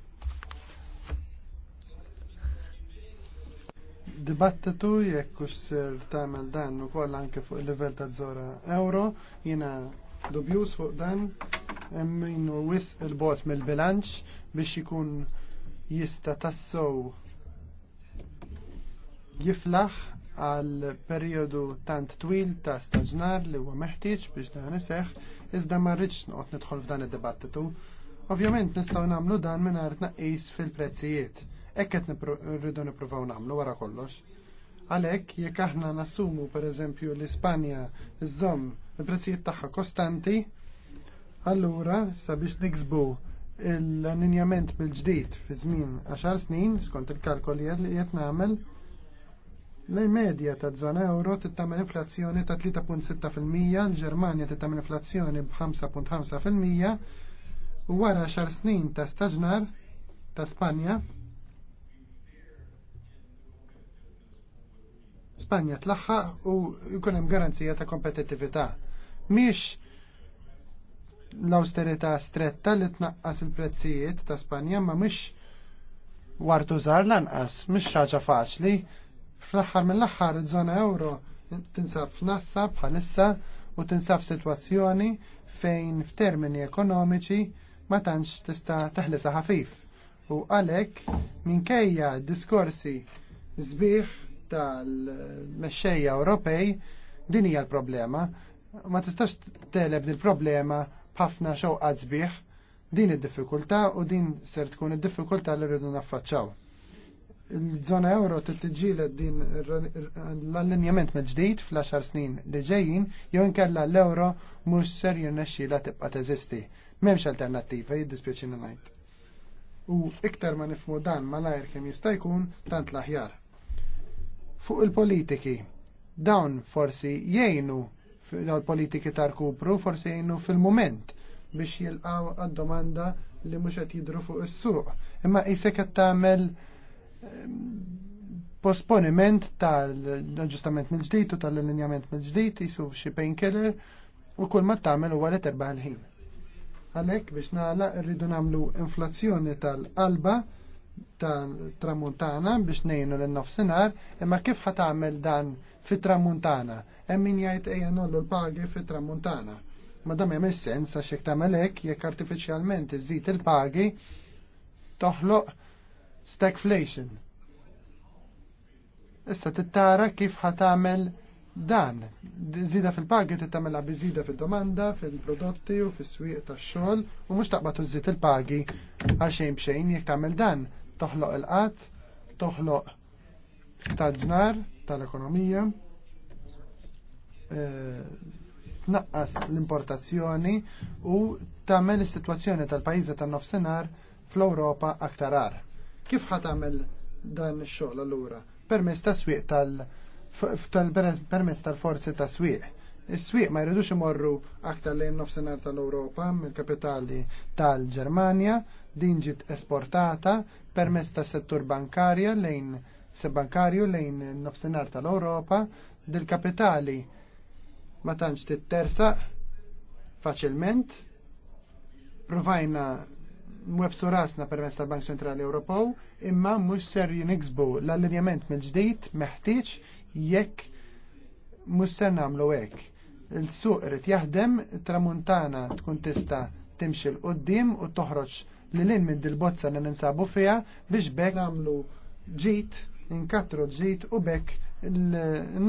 dibattitu jekk hux ser tagħmel dan ukoll anke fuq il-livell ta' żora euro, jiena dubjus fuq dan hemm min wisq il-bot mill-bilanċ biex ikun jista' tassow jiflaħ għal perjodu tant twil ta' staġnar li huwa meħtieġ biex dan iseħħ iżda ma rridx noqgħod nidħol f'dan id-dibattitu. Ovvjament nistgħu nagħmlu dan mingħajr tnaqqis fil-prezzijiet. Ekk qed rridu nippruvaw nagħmlu wara kollox. Għalhekk jekk aħna nassumu pereżempju l Ispanja z-zom, il-prezzijiet tagħha kostanti, allura sabiex niksbu l anninjament bil ġdid fi żmien 10 snin skont il-kalkoli li qed nagħmel l-medja ta' żona euro tittamel inflazzjoni ta' 3.6%, l-Ġermanja tittamel inflazzjoni b'5.5% u wara 10 snin ta' staġnar ta' Spanja Spanja tlaħħa u jkun hemm garanzija ta' kompetittività. Miex l-austerità stretta li tnaqqas il-prezzijiet ta' Spanja ma mhix wartu żar lanqas, mhix ħaġa faċli. Fl-aħħar mill-aħħar iż-żona euro tinsab f'nassa bħalissa u tinsab f'sitwazzjoni fejn f'termini ekonomiċi ma tantx tista' teħlisa ħafif. U għalhekk minkejja diskorsi sbieħ tal-mexxejja Ewropej din hija l-problema. Ma tistax teleb din il-problema b'ħafna xewqat sbieħ din id-diffikultà u din ser tkun id-diffikultà li rridu naffaċċaw. Il-żona euro titġila din l-allinjament mill-ġdid fl-10 snin li ġejjin jew inkella l-euro mhux ser jirnexxila tibqa' teżisti. M'hemmx alternattiva jiddispjaċini ngħid. U iktar ma nifmu dan malajr kemm jista' jkun tant l-aħjar fuq il-politiki. Dawn forsi jgħinu dal-politiki ta' rkupru, forsi jgħinu fil-moment biex jilqaw għad-domanda li mhux qed jidhru fuq is-suq. Imma qisek qed tagħmel ehm, posponiment tal-aġġustament mill-ġdid u tal-allinjament mill-ġdid jisu xi painkiller u kull ma tagħmel huwa li terbaħ il-ħin. Għalhekk biex nagħlaq irridu nagħmlu inflazzjoni tal-qalba ta' tramuntana biex nejnu l-nofsinar, imma kif ħatamel dan fit-tramuntana? Hemm min ejan ullu l-pagi fit-tramuntana. Ma dam hemm sens għax jekk tagħmel hekk jekk artifiċjalment iżid il-pagi toħloq stagflation. Issa tittara kif ħatamel dan. Zida fil-pagi titamela bizida fil-domanda, fil-prodotti u fil-swieq tax xogħol u mhux taqbad użid il-pagi għaxejn xejn b'xejn jekk tagħmel dan toħloq il-qatt, toħloq staġnar tal-ekonomija, eh, tnaqqas l-importazzjoni u tagħmel is-sitwazzjoni tal-pajjiżi tan-nofsinhar fl-Ewropa aktar ar. Kif ħat tagħmel dan ix-xogħol allura? Permezz ta' swieq tal- permezz tal-forzi ta' swieq. Is-swieq ma jridux imorru aktar lejn nofsinhar tal-Ewropa mill-kapitali tal-Ġermanja, din ġiet esportata permess ta' settur bankarja lejn se bankarju lejn nofsinhar tal-Ewropa dil-kapitali ma tantx tittersaq faċilment provajna mwebsu rasna permess tal-Bank Centrali Ewropew imma mhux ser jiniksbu l-allinjament mill-ġdid meħtieġ jekk mhux ser nagħmlu hekk. Il-suq irid jaħdem, tramuntana tkun tista' timxi l qudiem u toħroġ li l-in minn dil-bozza li ninsabu fija biex bekk namlu ġit, inkatru ġit u bekk il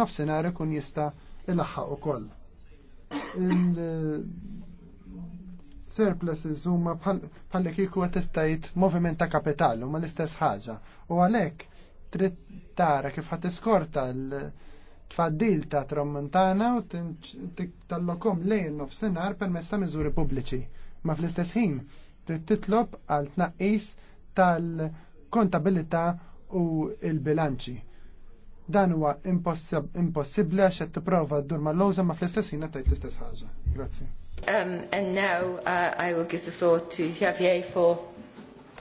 nofsenari ikun jista il-ħaq u koll. Il-surpluses huma bħalli kiku għatistajt moviment ta' kapital huma l-istess ħaġa u għalek trid tara kif ħat iskorta l- tfaddil ta' tramontana u tallokom lejn nofsinhar permezz ta' miżuri pubbliċi. Ma fl-istess ħin trid titlob għal tnaqqis tal-kontabilità u l-bilanċi. Dan huwa impossibbli għax qed tipprova ddur mal-lowża ma fl-istess ħin tgħid l-istess ħaġa. Grazzi. Um, and now uh, I will give the floor to Javier for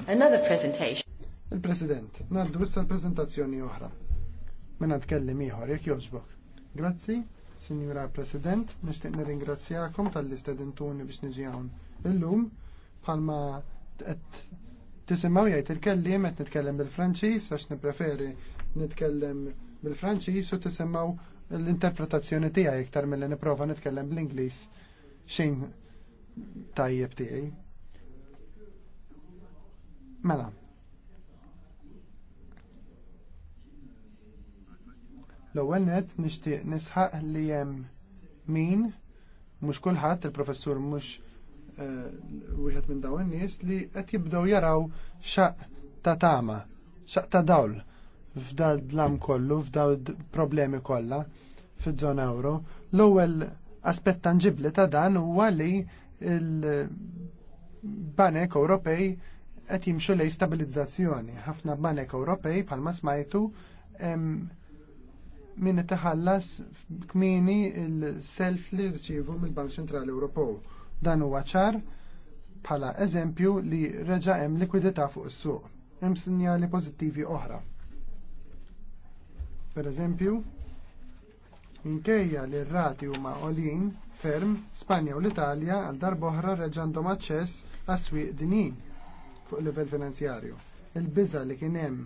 another presentation. Il-President, naddu issa l-prezentazzjoni oħra. Minna tkellim ieħor, jekk jogħġbok. Grazzi, Signora President, nixtieq nirringrazzjakom tal-istedentuni biex niġi hawn illum bħalma tisimaw jgħid il-kellim qed nitkellem bil-Franċiż għax nippreferi nitkellem bil-Franċiż u tisimaw l-interpretazzjoni tiegħi iktar milli nipprova nitkellem bl-Ingliż xejn tajjeb tiegħi. Mela. L-ewwel nett nixtieq nisħaq li hemm min mhux kulħadd il-professur mhux Eh, wieħed minn dawn in-nies li qed jibdew jaraw xaq ta' tama, xaq ta' dawl f'dal dlam kollu, f'dal problemi kollha fiż-żona euro. L-ewwel aspett tangibli ta' dan huwa li l-Banek Ewropej qed jimxu lejn stabilizzazzjoni. Ħafna Banek Ewropej bħalma smajtu min itħallas kmini il-self li rċivu mill-Bank Ċentrali Ewropew Dan huwa ċar bħala eżempju li reġa' hemm likwidità fuq is-suq. Hemm sinjali pożittivi oħra. Pereżempju, minkejja li r-rati huma għolin ferm, Spanja u l-Italja għal darb'oħra reġa' għandhom aċċess għas-swieq dinin fuq livell finanzjarju. Il-biża li kien hemm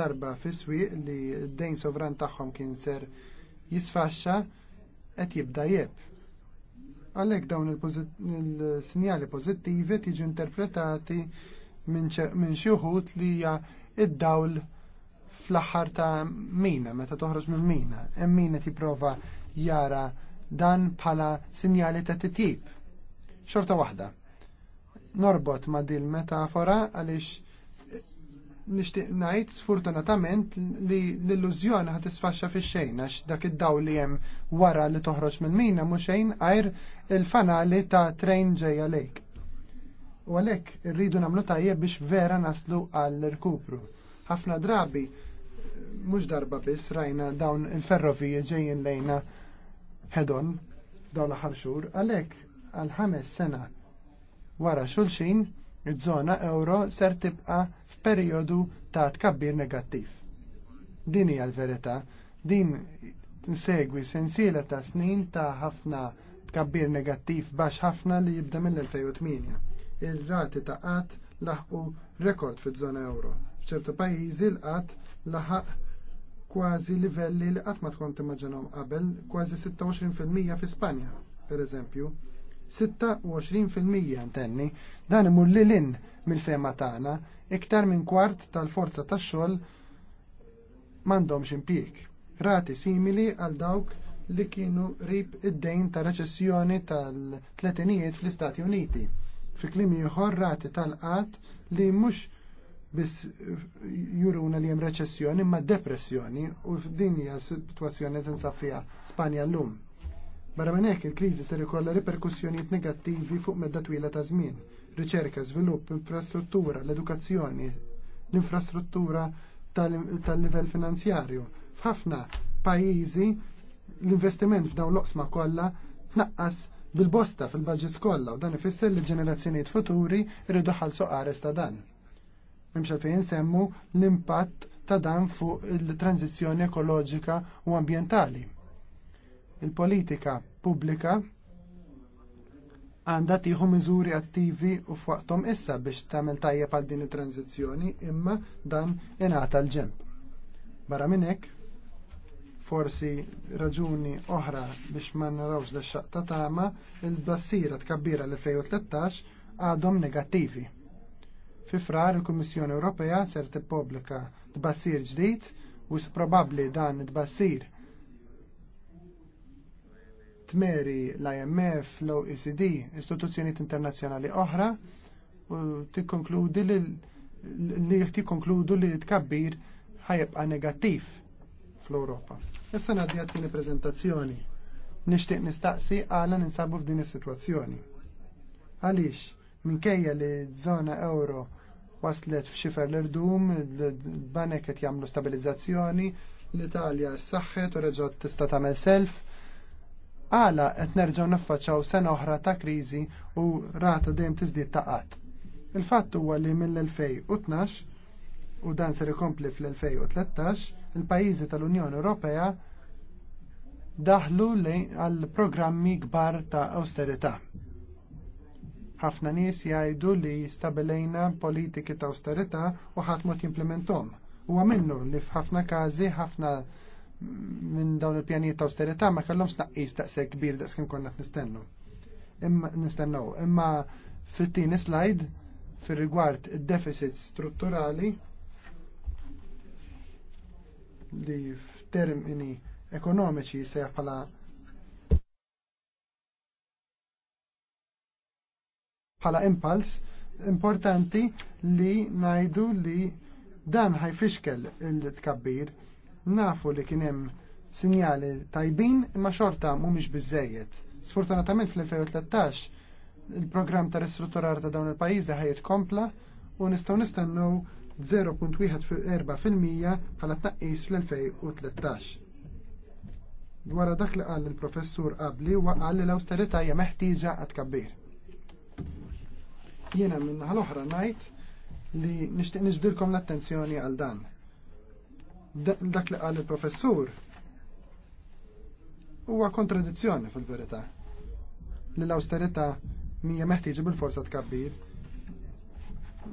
darba fis-swieq li d-dejn sovran tagħhom kien ser jisfaxxa qed jibda jeb. Għalhekk dawn il-sinjali pożittivi tiġi interpretati minn xi wħud li hija id-dawl fl-aħħar ta' mina, meta toħroġ minn mina. Hemm min qed jipprova jara dan bħala sinjali ta' titjib. Xorta waħda. Norbot ma' dil metafora għaliex nixtieq ngħid sfortunatament li l-illużjoni ħat tisfaxxa fix-xejn għax dak id-daw li hemm wara li toħroġ minn mina mhux xejn għajr il-fanali ta' trejn ġej għalejk. U għalhekk irridu nagħmlu tajjeb biex vera naslu għall-irkupru. Ħafna drabi mhux darba biss rajna dawn il-ferroviji ġejjin lejna hedon dawn l-aħħar xhur, għalhekk għal ħames sena wara xulxin iż-żona euro ser tibqa' f'perjodu ta' tkabbir negattiv. Din hija l-verità, din tinsegwi sensiela ta' snin ta' ħafna tkabbir negattiv bax ħafna li jibda mill-2008. Ir-rati ta' qatt laħqu rekord fiż-żona euro. F'ċertu pajjiżi l-qatt laħaq kważi livelli li qatt ma tkun timmaġinhom qabel, kważi 26% fi Spanja, pereżempju. 26% intenni, dan imur lil-in mill-fema tagħna, iktar minn kwart tal-forza tax-xogħol m'għandhomx impjieg. Rati simili għal dawk li kienu rib id-dejn ta' reċessjoni tal-tletinijiet fl-Istati Uniti. Fi klim ieħor rati tal-qat li mhux biss juruna li hemm reċessjoni imma depressjoni u f'din hija sitwazzjoni tinsab fiha Spanja llum. Barra minn hekk il-kriżi ser ikollha riperkussjonijiet negattivi fuq medda twila ta' żmien riċerka, svilupp, infrastruttura, l-edukazzjoni, l-infrastruttura tal-livell finanzjarju. F'ħafna pajjiżi l-investiment f'dawn l-oqsma kollha tnaqqas bil-bosta fil-budgets kollha u dan ifisser li ġenerazzjonijiet futuri jridu ħalsu qares ta' dan. Memx għalfejn semmu l-impatt ta' dan fuq il-tranzizzjoni ekoloġika u ambjentali. Il-politika pubblika għandha tieħu miżuri attivi u f'waqthom issa biex tagħmel tajjeb għal din it-tranzizzjoni imma dan ingħata l ġenb Barra minn hekk, forsi raġuni oħra biex ma narawx da xaqta tama, il-bassira tkabbira l-2013 għadhom negattivi. Fi frar il-Kummissjoni Ewropea ser tippubblika tbassir ġdid u probabbli dan it-tbassir tmeri l-IMF, l-OECD, istituzzjonijiet internazzjonali oħra u tikkonkludi li li tikkonkludu li tkabbir ħajibqa' negattiv fl-Ewropa. Issa ngħaddi għat-tieni preżentazzjoni. Nixtieq nistaqsi għala ninsabu f'din is-sitwazzjoni. Għaliex minkejja li żona euro waslet f'xifer l-irdum, l-banek qed jagħmlu stabilizzazzjoni, l-Italja s u reġgħet tista' tagħmel self, għala qed nerġgħu niffaċċaw sena oħra ta' kriżi u rata dejjem tiżdied ta' qatt. Il-fatt huwa li mill-2012 u dan ser ikompli fl-2013 il-pajjiżi tal-Unjoni Ewropea daħlu għal programmi kbar ta' austerità. Ħafna nies jgħidu li stabilejna politiki ta' austerità u ħadd mod jimplementhom. Huwa minnu li f'ħafna każi ħafna minn dawn il-pjanijiet ta' austerità ma kellhomx tnaqqis daqshekk kbir daqs kien konna nistennu. Imma nistennu, imma fit-tieni slide fir-rigward id-deficit strutturali li f'termini ekonomiċi se bħala bħala impuls importanti li najdu li dan ħajfixkel il-tkabbir Nafu li kien hemm sinjali tajbin imma xorta mhumiex bizzejiet. Sfortunatament fl-2013 il-programm ta' ristrutturar ta' dawn il-pajjiżi ħajet kompla u nistgħu nistennew 0.14% bħala tnaqqis fl-2013. Dwar dak li qal il-professur qabli huwa qal li l austerita hija meħtieġa għad kabbir. Jiena minn l-oħra ngħid li nixtieq niġbdilkom l-attenzjoni għal dan dak li qal il-professur huwa kontradizzjoni fil-verità li l-austerità mija meħtieġa bil-forza tkabbir.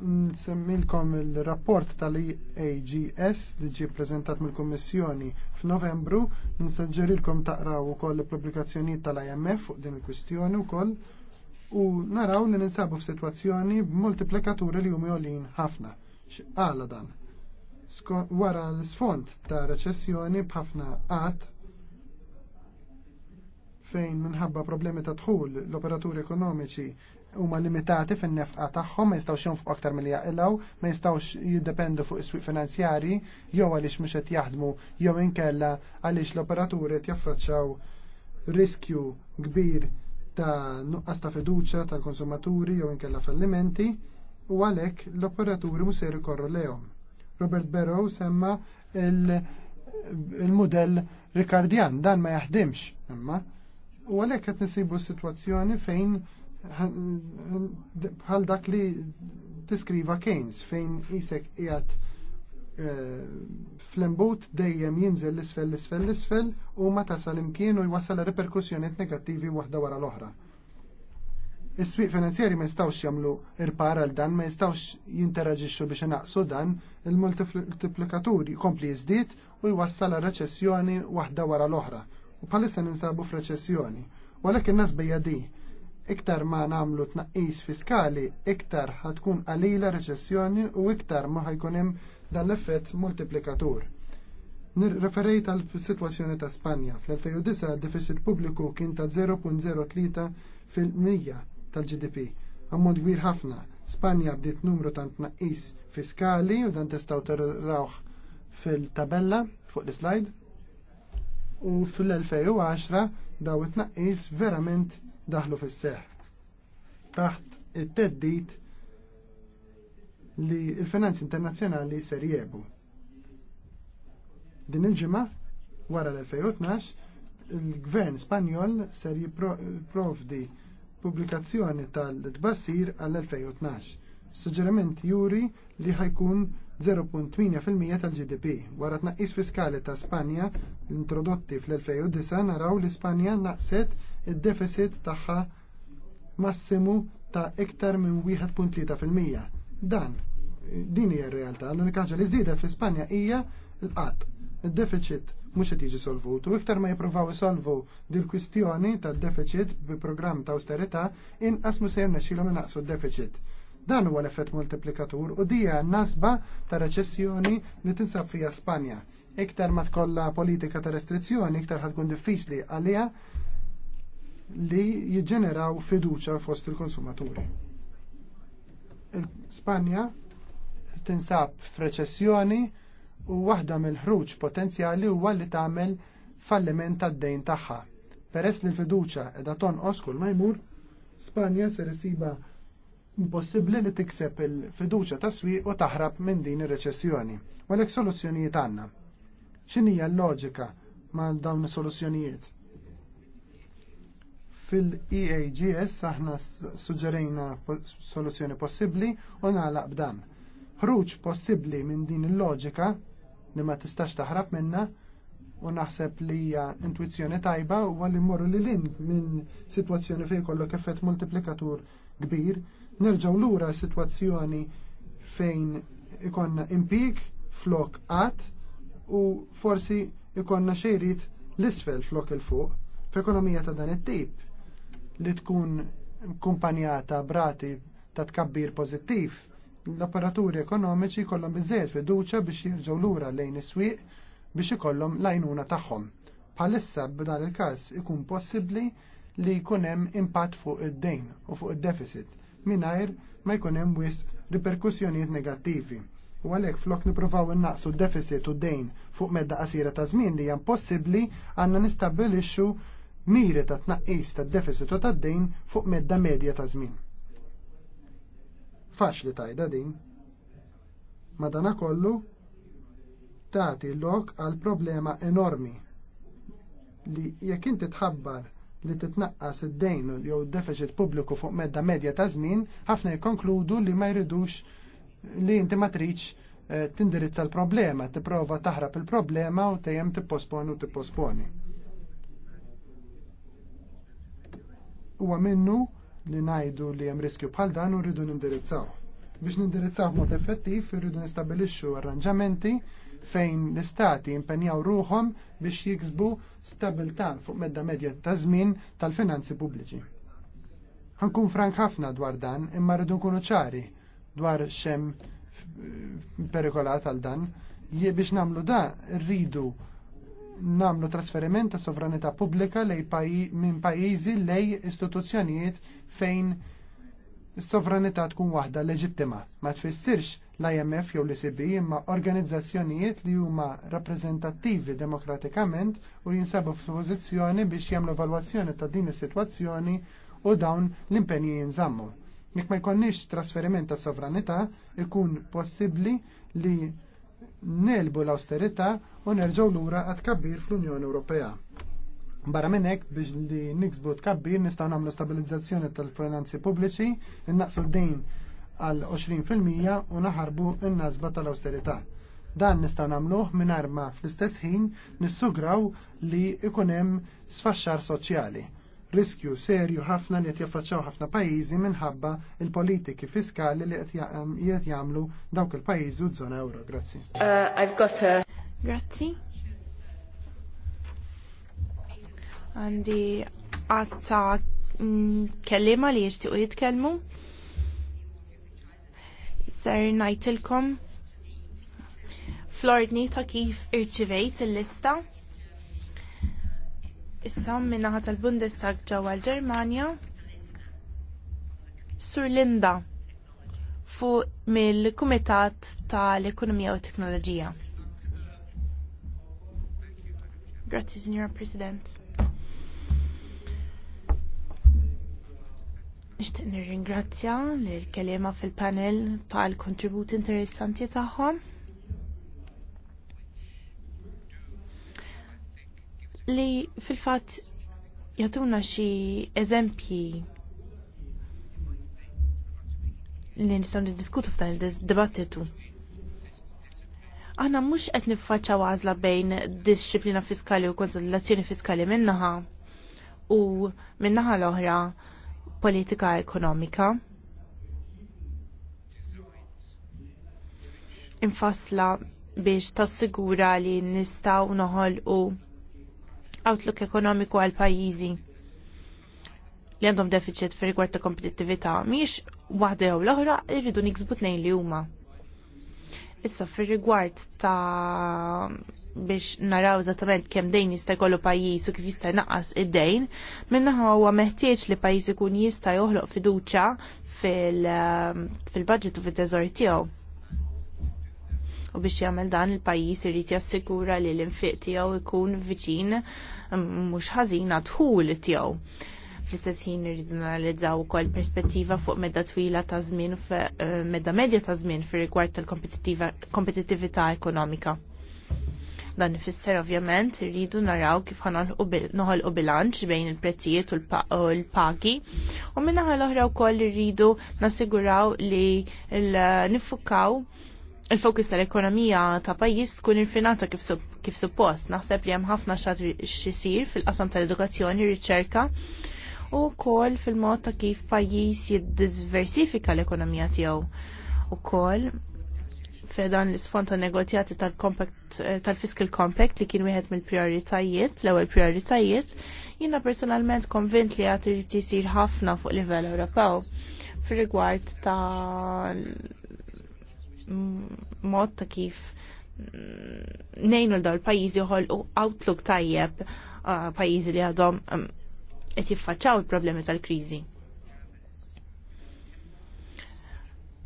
Nsemmilkom il-rapport tal-EAGS li ġie ppreżentat mill-Kummissjoni f'Novembru, nsaġġerilkom taqraw ukoll il-pubblikazzjonijiet tal-IMF fuq din il-kwistjoni wkoll u naraw li ninsabu f'sitwazzjoni b'multiplikaturi li jumjolin ħafna. X'qala dan? wara l-sfond ta' reċessjoni b'ħafna qatt fejn minħabba problemi ta' dħul l-operaturi ekonomiċi huma limitati fin-nefqa tagħhom ma jistgħux jonfqu aktar milli jaqilgħu, ma jistgħux jiddependu fuq is-swieq finanzjarji jew għaliex mhux qed jaħdmu jew inkella għaliex l-operaturi qed jaffaċċaw riskju kbir ta' nuqqas ta' fiduċja tal-konsumaturi jew inkella fallimenti u għalhekk l-operaturi mhux se jkorru lejhom. Robert Barrow semma il-modell Ricardian, dan ma jaħdimx, imma. U għalhekk qed nisibu sitwazzjoni fejn bħal dak li tiskriva Keynes, fejn isek qiegħed eh, flembut dejjem jinżel l-isfel l-isfel l-isfel u ma tasal imkien u jwassal reperkussjoniet negattivi waħda wara l-oħra. Is-swieq finanzjeri ma jistawx jagħmlu irpar għal dan, ma jistawx jinteraġixxu biex inaqsu dan, il-multiplikatur jkompli jiżdied u jwassal għal reċessjoni waħda wara l-oħra. U bħalissa ninsabu f'reċessjoni. Walekin nas bejja di, iktar ma nagħmlu tnaqqis fiskali, iktar ħatkun qalila reċessjoni u iktar ma ħajkun hemm dan l-effett multiplikatur. Nirreferejt għal situazzjoni ta' Spanja. Fl-2009 deficit pubbliku kien ta' 0.03 fil-mija tal-GDP. Ammont kbir ħafna. Spanja bdiet numru ta' tnaqqis fiskali u dan testaw tarawh fil-tabella fuq l-slide. U fil-2010 daw it-tnaqqis verament daħlu fis seħħ Taħt it-teddit li l-finanzi internazzjonali ser jiebu. Din il-ġimgħa wara l-2012 il-gvern Spanjol ser jipprovdi pubblikazzjoni tal-tbassir għall-2012. Suġġerament juri li ħajkun 0.8% tal-GDP. Wara tnaqqis fiskali ta' Spanja introdotti fl-2009 naraw li Spanja naqset id-deficit tagħha massimu ta' iktar minn 1.3%. Dan din hija r-realtà. L-unika ħaġa li żdiedet fl-Ispanja hija l-qatt. Id-deficit mhux qed jiġi solvut u iktar ma jippruvaw isolvu dil kwistjoni tad deficit bi programm ta' austerità inqas mu se jirnexxilhom inaqsu d-deficit. Dan huwa l-effett multiplikatur u dija nasba ta' reċessjoni li tinsab fija Spanja. Iktar ma tkollha politika ta' restrizzjoni, iktar ħadkun diffiċli għaliha li jiġġeneraw fiduċa fost il-konsumaturi. Il Spanja tinsab f'reċessjoni u waħda mill-ħruġ potenzjali huwa li tagħmel falliment tad-dejn tagħha. Peress li l-fiduċa qiegħda tonqos kull ma jmur, Spanja se isiba impossibbli li tikseb il-fiduċa ta' swieq u taħrab minn din ir-reċessjoni. Walek soluzzjonijiet għandna. X'inhija l-loġika ma' dawn is-soluzzjonijiet? Fil-EAGS aħna suġġerejna soluzzjoni possibbli u nagħlaq b'dan. Ħruġ possibbli minn din il-loġika li ma tistax taħrab minna u naħseb li hija intuizzjoni tajba u għalli mmorru li lin minn sitwazzjoni fejn jkollok effett multiplikatur kbir, nerġgħu lura sitwazzjoni fejn ikonna impik flok qatt u forsi ikonna xejrit l-isfel flok il-fuq f'ekonomija ta' dan it-tip li tkun kumpanjata brati ta' tkabbir pożittiv l apparaturi ekonomiċi jkollhom biżżejjed fiduċja biex jirġgħu lura lejn is-swieq biex ikollhom l-għajnuna tagħhom. Bħalissa b'dan il-każ ikun possibbli li jkun hemm impatt fuq id-dejn u fuq id-deficit mingħajr ma jkun hemm wis riperkussjonijiet negattivi. U għalhekk flok nippruvaw innaqsu d-deficit u dejn fuq medda qasira ta' żmien li hija possibbli għandna nistabbilixxu miri ta' tnaqqis tad-deficit u tad-dejn fuq medda medja ta' żmien. Faċli tajda din. dana kollu tagħti lok għal problema enormi li jekk inti tħabbar li titnaqqas id-dejn jew deficit pubbliku fuq medda medja ta' żmien, ħafna jkonkludu li ma jridux li inti ma tridx eh, tindirizza l-problema, tipprova taħrab il-problema u tejjem tipposponi u tipposponi. Huwa minnu li ngħidu li hemm riskju bħal dan u rridu nindirizzaw. Biex nindirizzaw b'mod effettiv irridu nistabilixxu arranġamenti fejn l-istati impenjaw ruhom biex jiksbu stabbiltà fuq medda medja ta' żmien tal-finanzi pubbliċi. Ħankun frank ħafna dwar dan imma rridu nkunu ċari dwar xem perikolat għal dan. Jie biex namlu da rridu namlu trasferiment ta' sovranità pubblika minn pajjiżi lej istituzzjonijiet fejn sovranità tkun waħda leġittima. Ma tfissirx l-IMF jew l-ECB imma organizzazzjonijiet li huma rappreżentattivi demokratikament u jinsabu f'pożizzjoni biex jagħmlu evalwazzjoni ta' din is-sitwazzjoni u dawn l-impenji jinżammu. Jekk ma jkollniex trasferiment ta' sovranità, ikun possibbli li nelbu l austerita u nerġgħu lura għad kabbir fl-Unjoni Ewropea. Barra minn hekk biex li niksbu tkabbir nistgħu nagħmlu stabilizzazzjoni tal-finanzi pubbliċi, innaqsu d-dejn għal 20% u naħarbu n-nazba tal austerita Dan nistgħu namlu mingħajr ma fl-istess ħin nissugraw li ikunem hemm sfaxxar soċjali riskju serju ħafna li qed jaffaċċaw ħafna pajjiżi minħabba il-politiki fiskali li qed jagħmlu dawk il-pajjiżi u żona euro. Grazzi. Uh, I've got a... Grazzi. Għandi għatta mm, kellima li jixtiequ jitkellmu. Ser najtilkom. Flordni ta' kif irċivejt il-lista. Issa min-naħa tal-Bundestag ġewwa l-Ġermanja. Sur Linda fuq mill-Kumitat tal-Ekonomija u Teknoloġija. Grazzi, Signora President. Nixtieq nirringrazzja lill kelliema fil-panel tal-kontributi interessanti tagħhom. li fil-fatt jagħtuna xi eżempji li nistgħu niddiskutu f'dan id-dibattitu. Aħna mhux qed niffaċċaw għażla bejn disċiplina fiskali u konsolidazzjoni fiskali minnaħa u minnaħa l-oħra politika ekonomika. Infasla biex tassigura li nistaw noħol u outlook ekonomiku għal pajjiżi li għandhom deficit fi rigward ta' kompetittività miex waħda jew l-oħra irridu niksbu tnejn li huma. Issa fir rigward ta' biex naraw eżattament kemm dejn jista' jkollu pajjiż u kif jista' jnaqqas id-dejn, minnaħa huwa meħtieġ li pajjiż ikun jista' joħloq fiduċja fil-budget u fid-teżor tiegħu u biex jagħmel dan il-pajjiż irid jassigura li l-infiq tiegħu jkun viċin mm, mhux ħażin dħul tiegħu. Fl-istess ħin irridu analizzaw ukoll perspettiva fuq medda twila ta' żmien eh, medda medja ta' żmien fir-rigward tal-kompetittività ekonomika. Dan ifisser ovvjament irridu naraw kif noħolqu bilanċ bejn il-prezzijiet u l-pagi u min-naħa l-oħra wkoll irridu nassiguraw li nifukaw il-fokus tal-ekonomija ta' pajjiż tkun il-finanza kif suppost. Naħseb li hemm ħafna xatri xisir fil-qasam tal-edukazzjoni, riċerka u kol fil-mod ta' kif pajjiż jiddiversifika l-ekonomija tiegħu. U kol fedan l-isfond ta' negozjati eh, tal-Fiscal Compact li kien wieħed mill-prioritajiet, l-ewwel prioritajiet, jiena personalment konvint li għad irid isir ħafna fuq livell Ewropew fir-rigward ta' mod ta' kif mm, nejnu l dol pajizi uħol u outlook tajjeb uh, pajizi li għadhom um, qed jiffaċċaw il-problemi tal-kriżi.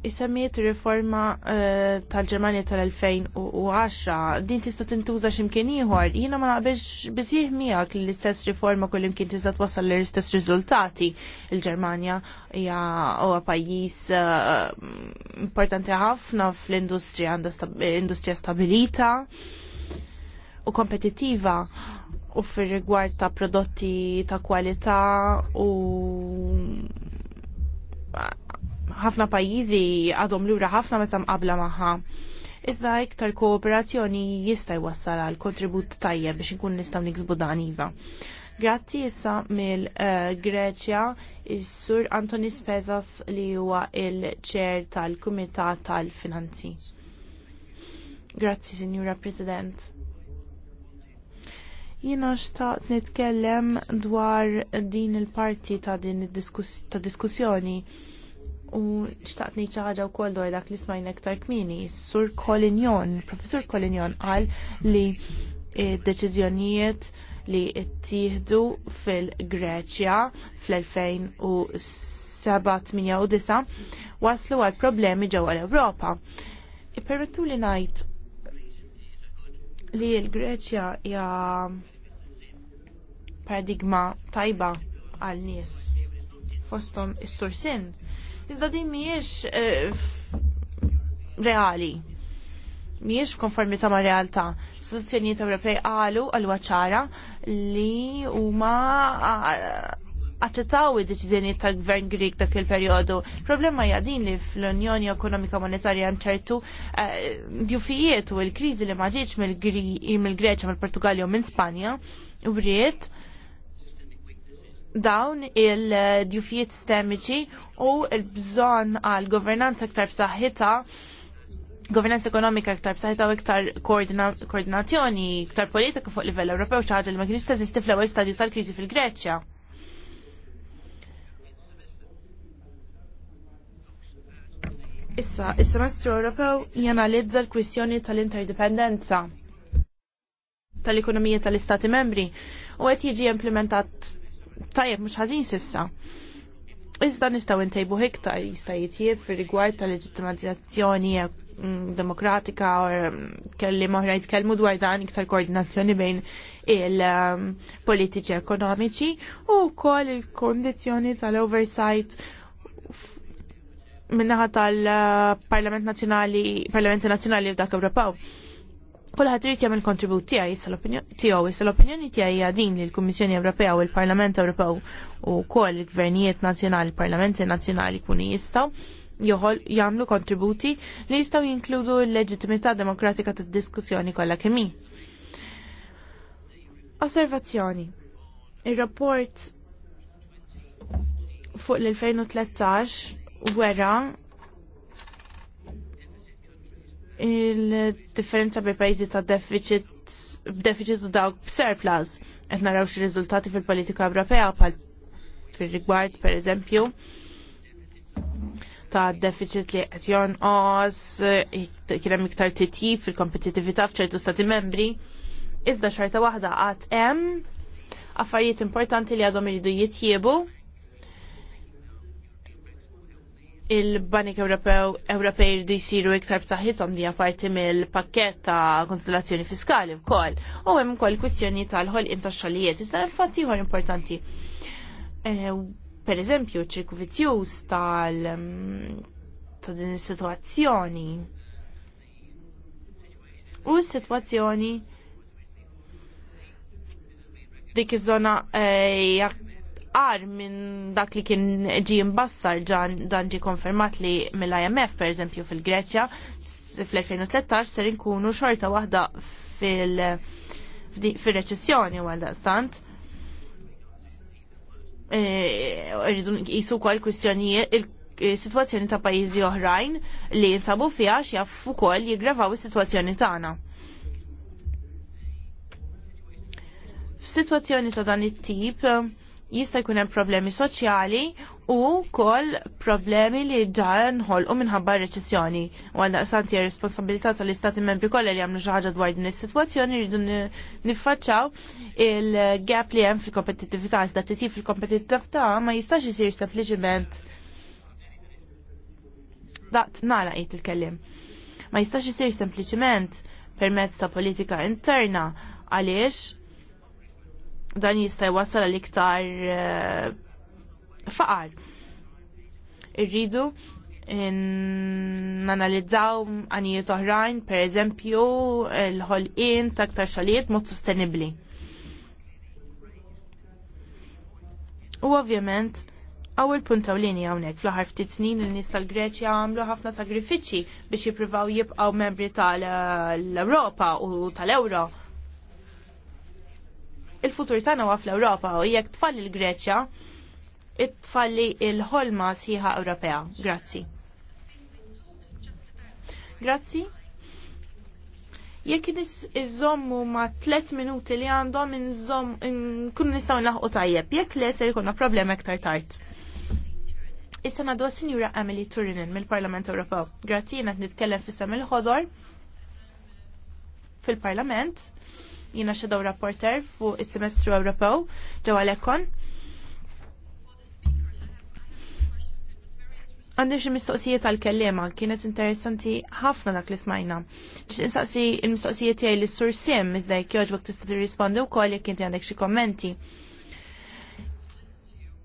Isemmiet riforma uh, tal-Ġermanja tal-2010, din tista' tintuża x'imkien ieħor. Jiena ma naqbilx biżjih miegħek li l-istess riforma kollim kien tista' twassal l-istess riżultati. Il-Ġermanja hija huwa pajjiż uh, importanti ħafna fl-industrija għandha industrija stabilita u kompetittiva u fir-rigward ta' prodotti ta' kwalità u ħafna pajjiżi għadhom lura ħafna meta mqabla magħha. Iżda iktar kooperazzjoni jista' jwassal għal kontribut tajjeb biex inkun nistgħu niksbu dan iva. Grazzi issa mill-Greċja eh, is-Sur Antonis Pezas li huwa il-ċer tal-Kumitat tal-Finanzi. Grazzi, Signora President. Jiena xtaqt nitkellem dwar din il-parti ta' din ta' diskussjoni u xtaqt ngħid xi ħaġa wkoll dwar dak li smajna aktar kmini. Sur Kolinjon, Professur Kolinjon qal li d-deċiżjonijiet li ttieħdu fil-Greċja fl-2007-2009 waslu għal problemi ġewwa l-Ewropa. Ipermettu li ngħid li l-Greċja hija paradigma tajba għal nies fostom is-sursin. Iżda din mhijiex eh, reali. Mhijiex f'konformità ma' realtà. Istituzzjonijiet Ewropej qalu għal ċara li huma eh, aċċettaw id-deċiżjonijiet tal-Gvern Grik dak il-perjodu. Problema hija din li fl-Unjoni Ekonomika Monetarja hemm ċertu eh, djufijiet u l-kriżi li ma ġietx mill-Greċja, mill-Portugalja u minn Spanja u rrid dawn il-djufijiet sistemiċi u l-bżonn għal governanza aktar b'saħħitha governanza ekonomika aktar b'saħħitha u iktar koordinazzjoni, iktar politika fuq livell Ewropew xi ħaġa li ma kienx teżisti fl-ewwel stadju tal-kriżi fil-Greċja. Issa, is-semestru Ewropew janalizza l-kwistjoni tal-interdipendenza tal-ekonomija tal-Istati membri u qed jiġi implementat tajjeb mhux ħażin sissa. Iżda nistgħu intajbu iktar jista' jitjieb fir-rigward tal-leġittimizzazzjoni mm, demokratika u mm, kelli moħra jitkellmu dwar dan iktar koordinazzjoni bejn il-politiċi mm, ekonomiċi u wkoll il kondizjoni tal-oversight minnaħat tal-Parlament Nazzjonali, Parlamenti Nazzjonali f'dak Ewropew Kulħadd irid jagħmel kontribut tiegħi tiegħu issa l-opinjoni tiegħi hija din li l-Kummissjoni Ewropea u l-Parlament Ewropew u wkoll il-gvernijiet nazzjonali, parlamenti nazzjonali kunu jistgħu joħol jagħmlu kontributi li jistgħu jinkludu l-leġittimità demokratika tad-diskussjoni kollha kemm hi. Osservazzjoni. Ir-rapport fuq l-2013 wera il-differenza bej pajjiżi ta' deficit deficit u dawk surplus qed naraw xi riżultati fil-politika Ewropea bħal fir-rigward pereżempju ta' deficit li qed jonqos, kien hemm iktar titjib fil-kompetittività f'ċertu stati membri. Iżda xorta waħda għat hemm affarijiet importanti li għadhom iridu jitjiebu il-Banik Ewropew Ewropej jridu jsiru iktar b'saħħithom li apparti mill-pakkett ta' konsultazzjoni fiskali wkoll. U hemm ukoll kwistjoni tal-ħolqien tax-xogħlijiet. Iżda hemm fatt ieħor importanti. Eh, per eżempju, ċirku tal mm, ta' din is-sitwazzjoni. U s-sitwazzjoni dik iż-żona eh, jak għar minn dak li kien ġi imbassar dan ġi konfermat li mill-IMF per eżempju fil-Greċja fl-2013 ser inkunu xorta waħda fil-reċessjoni għal stant. E, irridu jisu kol kwistjonijiet il-situazzjoni ta' pajizi oħrajn li jinsabu fija xjaff ukoll jiggravaw is-sitwazzjoni tagħna. F'sitwazzjoni ta' dan it-tip jista' jkun hemm problemi soċjali u wkoll problemi li ġar nħolqu minħabba r-reċessjoni. U għal naqsanti responsabilità tal-istati membri kollha li jagħmlu xi ħaġa dwar din is-sitwazzjoni jridu niffaċċaw il-gap li hemm fil-kompetittività iżda titjib fil-kompetittività ma jistax isir sempliċement daqt nara qed il-kellim. Ma jistax isir sempliċement permezz ta' politika interna għaliex dan jista' jwassal għal iktar eh, faqar. Irridu nanalizzaw għanijiet oħrajn, per eżempju, l-ħolqien ta' ktar xalijiet mod sostenibli. U ovvjament, Awil punta u lini għawnek fl-ħar ftit snin l-nis tal-Greċja għamlu ħafna sagrifiċi biex jipruvaw jibqaw membri tal-Europa u tal-Euro il-futur tagħna huwa fl-Ewropa u jekk tfalli l-Greċja, it tfalli il-ħolma sħiħa Ewropea. Grazzi. Grazzi. Jekk iżommu ma tliet minuti li għandhom inżomm nkunu nistgħu naħqu tajjeb, jekk le ser ikunna problema iktar tard. Issa nadu sinjura Emily Turinen mill-Parlament Ewropew. Grazzi jiena qed nitkellem fis-sem il-ħodor fil-Parlament. fil parlament Jina xedaw rapporter fuq is-semestru Ewropew ġewa l-Ekon. Għandi xi mistoqsijiet għal kellema kienet interessanti ħafna dak li smajna. Biex insaqsi il-mistoqsijiet tiegħi lis sur Sim iżda jekk jogħġbok tista' tirrispondi wkoll jekk inti għandek xi kommenti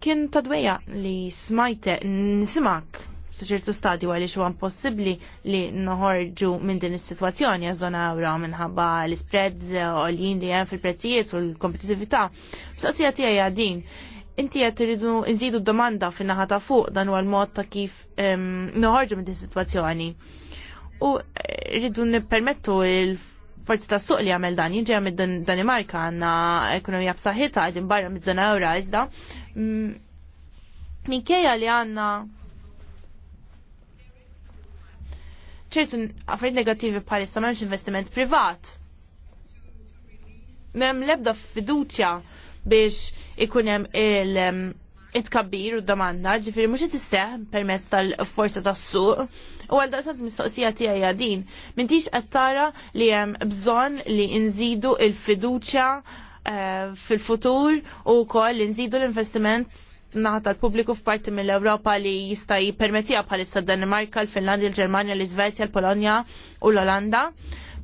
kien tadweja li smajte nismak, ċertu stadju għaliex huwa impossibbli li noħorġu minn din is-sitwazzjoni għaż-żona ewra minħabba l-spreads l-jien li hemm fil-prezzijiet u l-kompetitività. Mistoqsija tiegħi għadin inti qed iridu nżidu domanda fin-naħa ta' fuq dan huwa l-mod ta' kif ehm, noħorġu minn din is-sitwazzjoni. U eh, rridu nippermettu il forzi ta' suq li għamel dan, jinġi għamil Danimarka għanna ekonomija b'saħħita għadin barra mid-żona ewra iżda. Mm, minkejja li għanna ċertu affarijiet negattivi bħalissa m'hemmx investiment privat. M'hemm l-ebda fiduċja biex ikun hemm il-tkabbir um, u domanda, ġifieri mhux qed isseħ permezz tal-forza tas-suq. U għal daqsant mistoqsija tiegħi għadin, m'intix qed tara li hemm bżonn li nżidu il-fiduċja eh, fil-futur u koll nżidu l-investiment naħat tal-pubbliku f'parti mill-Ewropa li jista' jippermettiha bħalissa Danimarka, l-Finlandja, l-Ġermanja, l-Iżvezja, l-Polonja u l-Olanda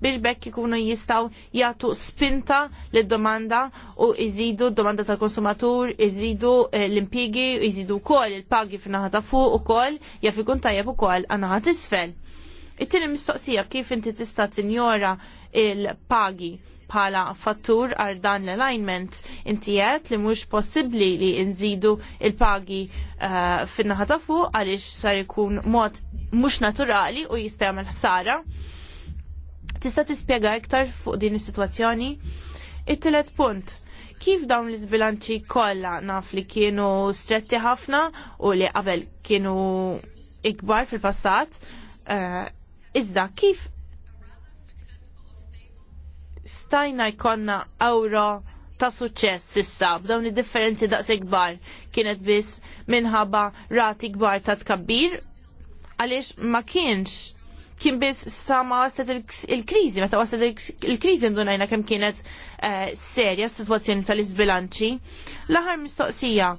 biex bekk ikunu jistaw jagħtu spinta lid-domanda u jżidu d-domanda tal-konsumatur, jżidu eh, l-impigi, jżidu wkoll il-pagi f'naħa ta' fuq ukoll jaf ikun tajjeb ukoll għan-naħa tisfel. It-tieni mistoqsija kif inti tista' tinjora il-pagi bħala fattur għal dan l-alignment intijet li mhux possibbli li nżidu il-pagi uh, fin-naħa ta' fuq għaliex sar ikun mod mhux naturali u jista' jagħmel ħsara. Tista' tispjega iktar fuq din is-sitwazzjoni? It-tielet punt kif dawn l-izbilanċi kollha naf li kienu stretti ħafna u li qabel kienu ikbar fil-passat, uh, iżda kif stajna jkollna awra ta' suċċess issa b'dawn id-differenzi daqs kbar kienet biss minħabba rati kbar ta' tkabbir għaliex ma kienx kien biss sa ma waslet il-krizi, meta waslet il-krizi ndunajna kemm kienet eh, serja s-situazzjoni tal-izbilanċi. L-aħħar mistoqsija,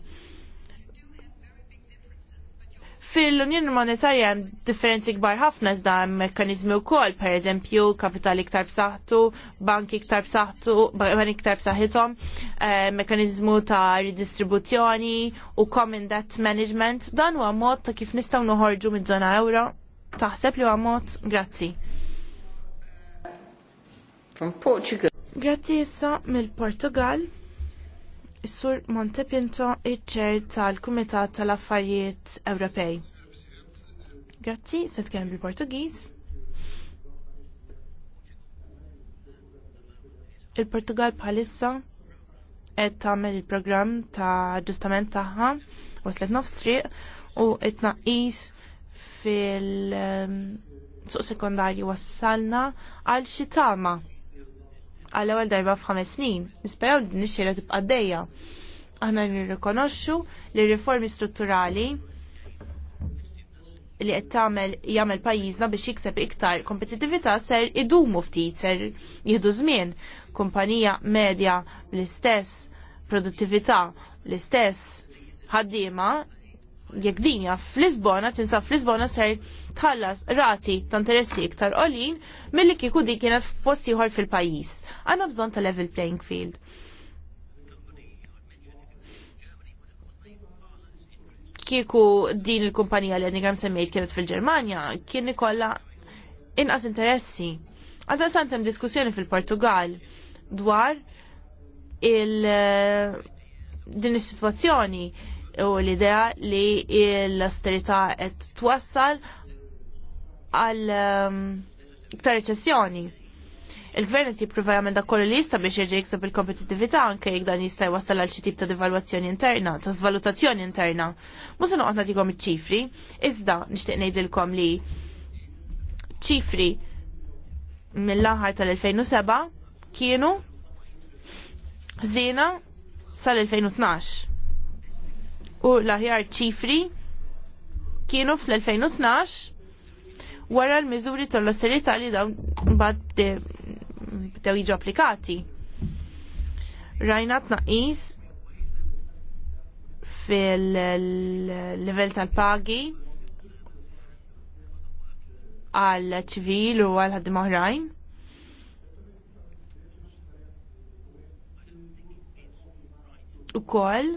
Fil-Unjoni Monetarja hemm differenzi kbar ħafna iżda hemm mekkaniżmi wkoll, pereżempju kapital iktar b'saħħtu, banki iktar b'saħħtu, bank iktar b'saħħithom, eh, mekkaniżmu ta' ridistribuzzjoni u common debt management. Dan huwa mod ta' kif nistgħu noħorġu mid-żona euro. Taħseb li huwa mod? Grazzi. From Portugal. Grazzi issa mill-Portugal. Is-Sur Montepinto iċ-ċer tal-Kumitat tal-Affarijiet Ewropej. Grazzi, se tkellem bil-Portugiż. Il-Portugal bħalissa qed tagħmel il-programm ta' ġustament tagħha waslet triq u it-tnaqqis fil-suq um, sekondarju wassalna għal xi tama għal-ewel darba f'ħames snin. Nisperaw li din ix xira tibqa' dejja. Aħna nirrikonoxxu li riformi strutturali li qed tagħmel jagħmel pajjiżna biex jikseb iktar kompetittività ser idumu ftit ser jieħdu żmien. Kumpanija medja l-istess produttività l-istess ħaddiema jekk dinja fl-Lisbona tinsab fl-Lisbona ser tħallas rati ta' interessi iktar qolin milli kieku di kienet f'post ieħor fil-pajjiż għandna bżonn ta' level playing field. Kieku din il-kumpanija li għedni semmejt kienet fil-Germania, kien ikolla inqas interessi. Għadda santem diskussjoni fil-Portugal dwar il- eh, din is-sitwazzjoni u l-idea li l-austerità qed twassal għal eh, iktar reċessjoni. Il-gvern qed jippruva jagħmel dak kollu li jista' biex jerġa' jikseb il-kompetittività anke jekk dan jista' jwassal għal xi tip ta' devalwazzjoni interna, ta' svalutazzjoni interna. Mhux se noqgħod nagħtikom iċ-ċifri, iżda nixtieq ngħidilkom li ċifri mill-aħħar tal-2007 kienu zina sal-2012. U l-aħjar ċifri kienu fl-2012 wara l-miżuri tal osterita li dawn bdew jiġu applikati. Rajna tnaqis fil-level tal-pagi għal ċivil u għal ħaddim oħrajn. U koll,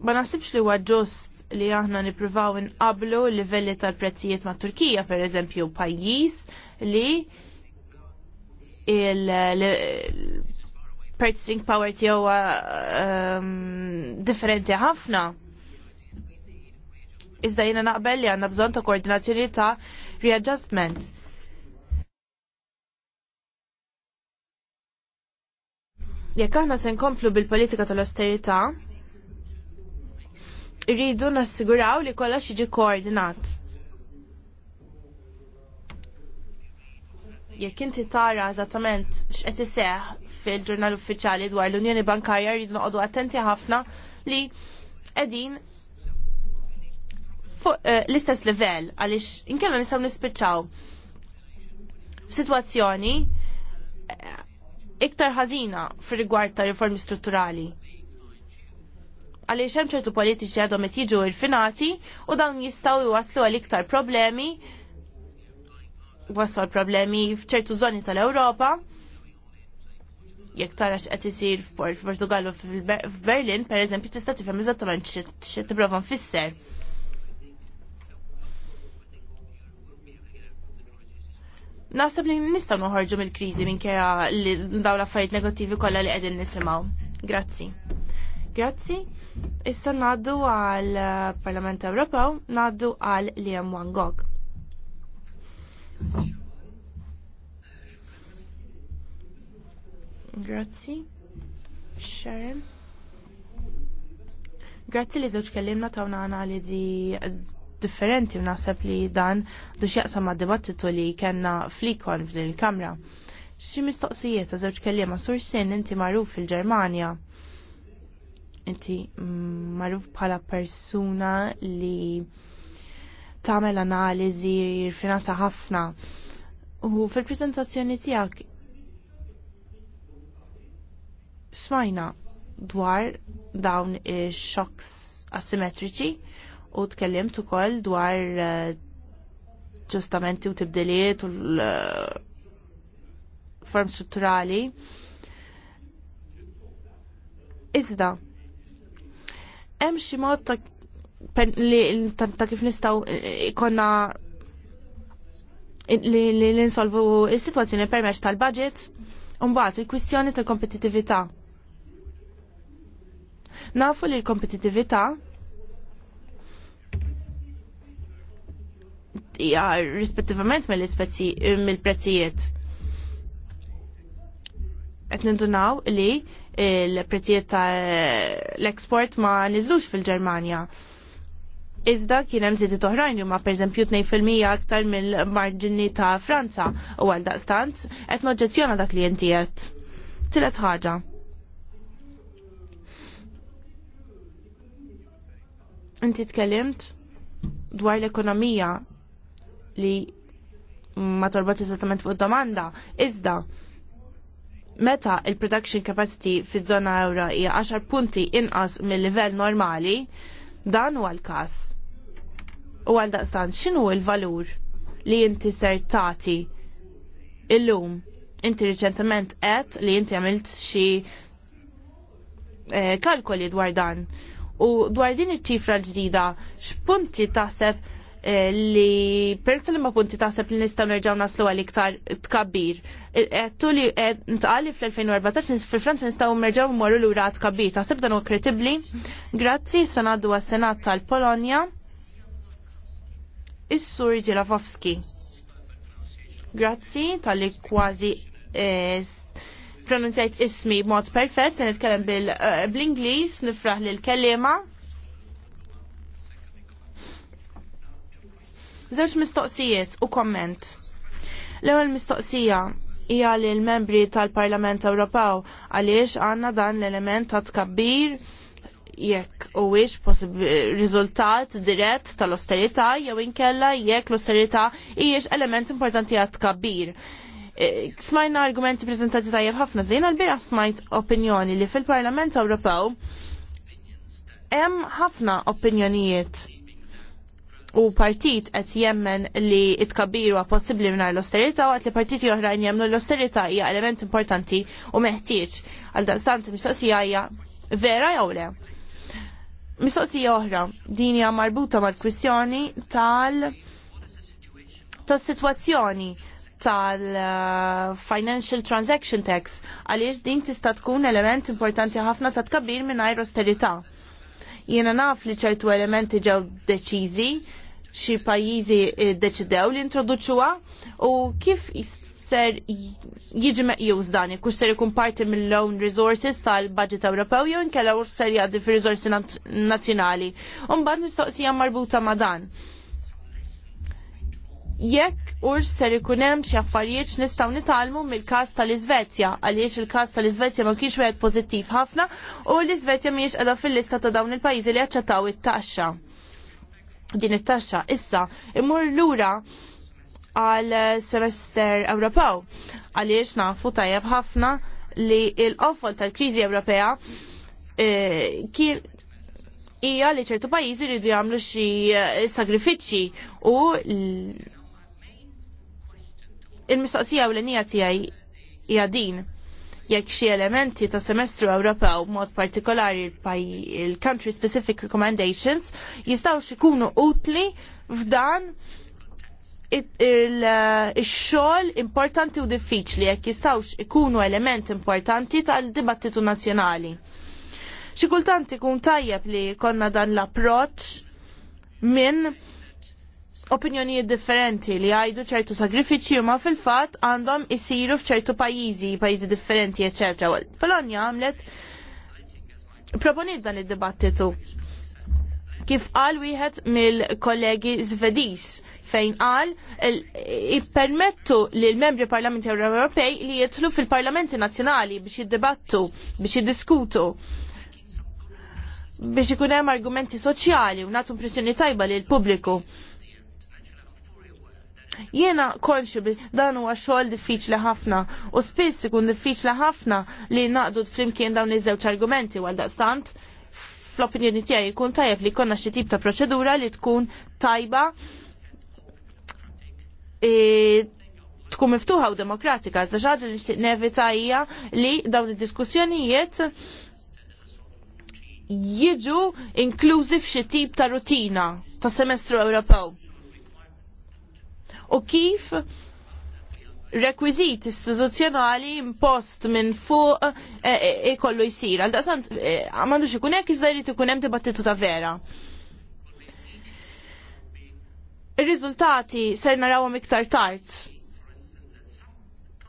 ma nasibx li huwa ġust li aħna nippruvaw inqablu livelli tal-prezzijiet ma' Turkija, per eżempju, pajjiż li il-purchasing power tiegħu um, differenti ħafna. Iżda jiena naqbel li għandna bżonn ta' koordinazzjoni ta' readjustment. Jekk aħna se nkomplu bil-politika tal-austerità, rridu nassiguraw li kollox jiġi koordinat. Jekk inti tara eżattament x'qed iseħħ fil-ġurnal uffiċjali dwar l-Unjoni Bankarja rridu noqogħdu attenti ħafna li qegħdin fuq eh, l-istess livell għaliex inkella nistgħu nispiċċaw f'sitwazzjoni eh, iktar ħażina fir-rigward ta' riformi strutturali għaliex hemm ċertu politiċi għadhom qed jiġu irfinati u dawn jistgħu jwaslu għal iktar problemi waslu għal problemi f'ċertu żoni tal-Ewropa jekk tara x'qed isir f'Portugallu f'Berlin, per eżempju, tista' tifhem eżattament xi tipprova nfisser. Naħseb li nistgħu noħorġu mill-kriżi kera li dawn l-affarijiet negattivi kollha li qegħdin nisimgħu. Grazzi. Grazzi. Issa naddu għal eh, Parlament Ewropew, naddu għal Liam Wangog. Grazzi. Sharon. Grazzi li żewġ kellimna tawna di differenti naħseb li dan du xieqsa ma' dibattitu li kena flikon f'din il-kamra. Xi mistoqsijiet ta' żewġ kelliema sur sin inti magħruf fil-Ġermanja inti marruf bħala persuna li tagħmel analiżi rfinata ħafna. U fil-preżentazzjoni tiegħek smajna dwar dawn ix-shocks asimetriċi u tkellimt ukoll dwar eh, ġustamenti u tibdiliet u l-form eh, strutturali. Iżda, hemm xi mod ta' ta' kif nistgħu ikonna eh, eh, li ninsolvu s sitwazzjoni permezz tal-budget u mbagħad il-kwistjoni tal-kompetittività. Nafu li l-kompetittività hija rispettivament eh, mill-prezzijiet. Qed nindunaw li il-prezzijiet l export ma niżlux fil-Ġermanja. Iżda kien hemm żieti oħrajn huma pereżempju 2% aktar mill-marġini ta' Franza u għal daqstant qed noġġezzjona dak li inti Tilet ħaġa. Inti tkellimt dwar l-ekonomija li ma torbotx eżattament fuq domanda, iżda meta il-production capacity fiż-żona euro hija 10 punti inqas mill-livell normali, dan huwa l-każ. U għal daqsan, x'inhu l-valur li inti ser il-lum? Inti riċentement qed li inti għamilt xi eh, kalkoli dwar dan. U dwar din iċ-ċifra ġdida x'punti taħseb Eh, li persa li ma punti taħseb li nistaw nerġaw naslu għal iktar tkabbir. Għettu e, li e, fl-2014 fil-Franza nistaw nerġaw morru l-ura tkabbir. Taħseb dan u kretibli. Grazzi, sanaddu għas-Senat tal-Polonja. Is-Sur Ġilafowski. Grazzi tal-li kważi e, pronunzjajt ismi b'mod perfett, se nitkellem bil-Inglis, nifraħ l kelliema Zewġ mistoqsijiet u komment. L-ewwel mistoqsija hija l membri tal-Parlament Ewropew għaliex għandna dan l-element ta' tkabbir jekk u wix riżultat dirett tal osterità jew inkella jekk l osterità hijiex element importanti għat tkabbir. E, smajna argumenti prezentati tajjeb ħafna żejn għal-bira smajt opinjoni li fil-Parlament Ewropew hemm ħafna opinjonijiet u partit qed jemmen li itkabbiru possibbli mingħajr l osterita għat li partiti oħrajn jemmnu l osterita hija element importanti u meħtieġ għal dastant mistoqsija hija vera jew le. Mistoqsija oħra din hija marbuta mal-kwistjoni tal tas-sitwazzjoni tal-Financial uh, Transaction Tax għaliex din tista' tkun element importanti ħafna ta' tkabbir mingħajr austerità. Jiena naf li ċertu elementi ġew deċiżi xi pajjiżi eh, deċidew li introduċuha u kif ser jiġi meqjus dan, kux ser ikun parti mill-own resources tal-budget Ewropew jew inkella u ser jgħaddi fir resorsi nazzjonali. mbagħad mistoqsija marbuta ma' dan. Jekk urx ser ikun hemm xi affarijiet nistgħu nitalmu mill-każ tal-Iżvezja għaliex il-każ tal-Iżvezja ma kienx wieħed pożittiv ħafna u l-Iżvezja mhijiex qiegħda fil-lista ta' dawn il-pajjiżi li aċċettaw it-taxxa din it-taxxa. Issa, immur lura għal semester Ewropew għaliex nafu tajjeb ħafna li l-qofol tal-kriżi Ewropea eh, kien hija li ċertu pajjiżi jridu jagħmlu xi eh, sagrifiċċji u l-mistoqsija u l tiegħi hija din jekk xi elementi ta' semestru Ewropew mod partikolari il-country specific recommendations jistgħux ikunu utli f'dan il-xol importanti u diffiċli jekk jistawx ikunu element importanti tal-dibattitu nazjonali. Xikultant ikun tajjeb li konna dan l-approċ minn opinjonijiet differenti li għajdu ċertu sagrifiċi ma fil-fat għandhom isiru fċertu pajizi, pajizi differenti, eccetera. Polonja għamlet proponiet dan id-dibattitu. Kif qal wieħed mill-kollegi Zvedis fejn qal ippermettu li l-membri Parlamenti Ewropej li jitlu fil-Parlamenti Nazzjonali biex jiddibattu, biex jiddiskutu biex ikun hemm argumenti soċjali u nagħtu impressjoni tajba lil pubbliku Jiena konxu biz dan huwa xogħol diffiċli ħafna u spiss ikun diffiċli ħafna li naqdu flimkien dawn iż-żewġ argumenti għal daqstant fl-opinjoni tiegħi jkun tajjeb li jkollna xi tip ta' proċedura li tkun tajba e, tkun miftuħa u demokratika. Iżda xaġa li nixtieq nevita hija li dawn id-diskussjonijiet jiġu inklużi f'xi tip ta' rutina ta' semestru Ewropew u kif rekwizit istituzzjonali impost minn fuq eh, eh, ikollu jsir. Għal daqsant, eh, għamandu ikun hekk iżda jrid ikun hemm dibattitu ta' vera. Ir-riżultati ser narawhom iktar tard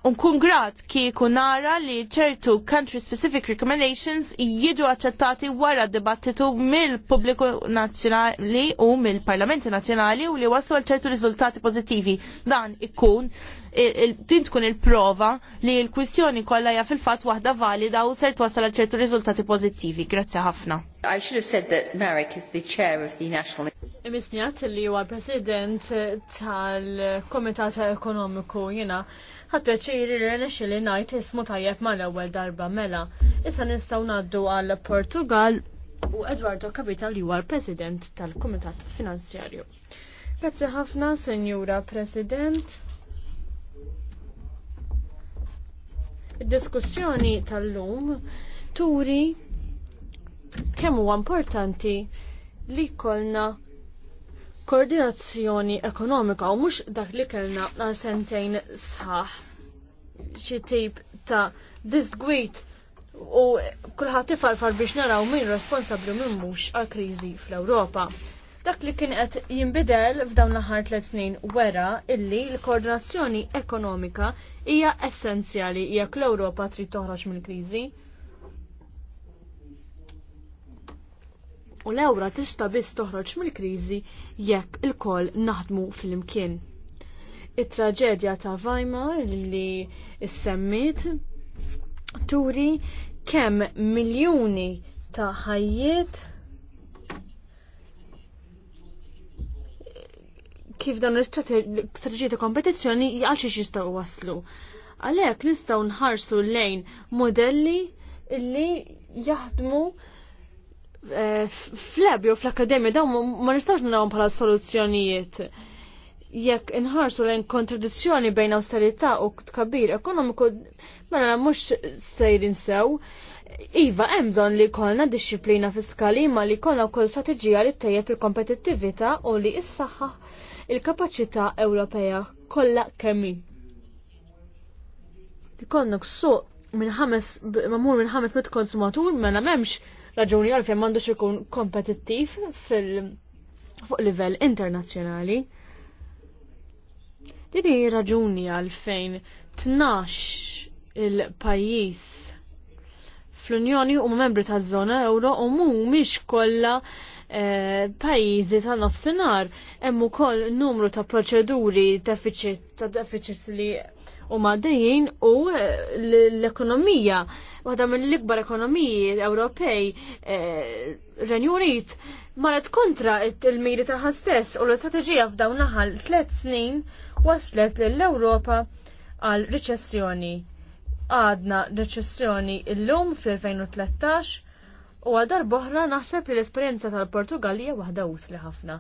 unkun grat kieku nara li ċertu country specific recommendations jiġu aċċettati wara dibattitu mill-pubbliku nazzjonali u mill-parlamenti nazzjonali u li waslu għal ċertu riżultati pozittivi. Dan ikkun din tkun il-prova li l-kwistjoni kollha hija fil-fatt waħda valida u ser twassal għal ċertu rizultati pożittivi. Grazzi ħafna. I should have said that Marek is the chair of the National Imisnijat li huwa president tal-Komitat Ekonomiku, jina, ħat pjaċir irrelexi li ngħid ismu tajjeb mal-ewwel darba mela. Issa nistgħu ngħaddu għal Portugal u Edwardo Capita li huwa l-President tal-Kumitat Finanzjarju. Grazie ħafna, Senjura President. Id-diskussjoni tal-lum turi kemm huwa importanti li jkollna koordinazzjoni ekonomika u mhux dak li kellna għal sentejn sħaħ xi tip ta' disgwit u kulħadd ifarfar biex naraw min responsabbli minn mhux għal kriżi fl-Ewropa. Dak li kien qed jinbidel f'dawn l-aħħar tliet snin wera illi l-koordinazzjoni ekonomika hija essenzjali jekk l-Ewropa trid toħroġ mill-kriżi. U l-ewra tista' biss toħroġ mill-kriżi jekk il-koll naħdmu fl-imkien it-traġedja ta' Weimar li semmit turi kemm miljuni ta' ħajjiet kif dan l-istrateġiji ta' kompetizzjoni għal xiex jistgħu waslu. Għalhekk nistgħu nħarsu lejn modelli li jaħdmu eh, fleb jew fl-akademja dawn ma nistgħux nagħhom bħala soluzzjonijiet jekk inħarsu lejn kontradizzjoni bejn awsterità u tkabbir ekonomiku mela mhux sejrin sew. Iva hemm bżonn li jkollna disċiplina fiskali ma li jkollna wkoll strateġija li tejjeb il-kompetittività u li issaħħaħ il-kapaċità Ewropea kollha kemm Li kolna suq minn ħames mamur minn ħames mit konsumatur mela m'hemmx raġuni għalfejn m'għandux ikun kompetittiv fil fuq livell internazzjonali. Din hi raġuni għalfejn tnax il-pajjiż fl-Unjoni u membri ta' zona euro u mhumiex kollha eh, pajjiżi ta' nofsinhar hemm ukoll numru ta' proċeduri deficit ta' deficit li huma dejjin u eh, l-ekonomija waħda mill-ikbar ekonomiji Ewropej e, Renju Unit marret kontra il-miri tagħha stess u l-istrateġija f'dawn naħal tliet snin waslet l-Ewropa għal riċessjoni. Għadna riċessjoni lum fl-2013 u għadar boħra naħseb li l-esperienza tal portugalija waħda utli ħafna.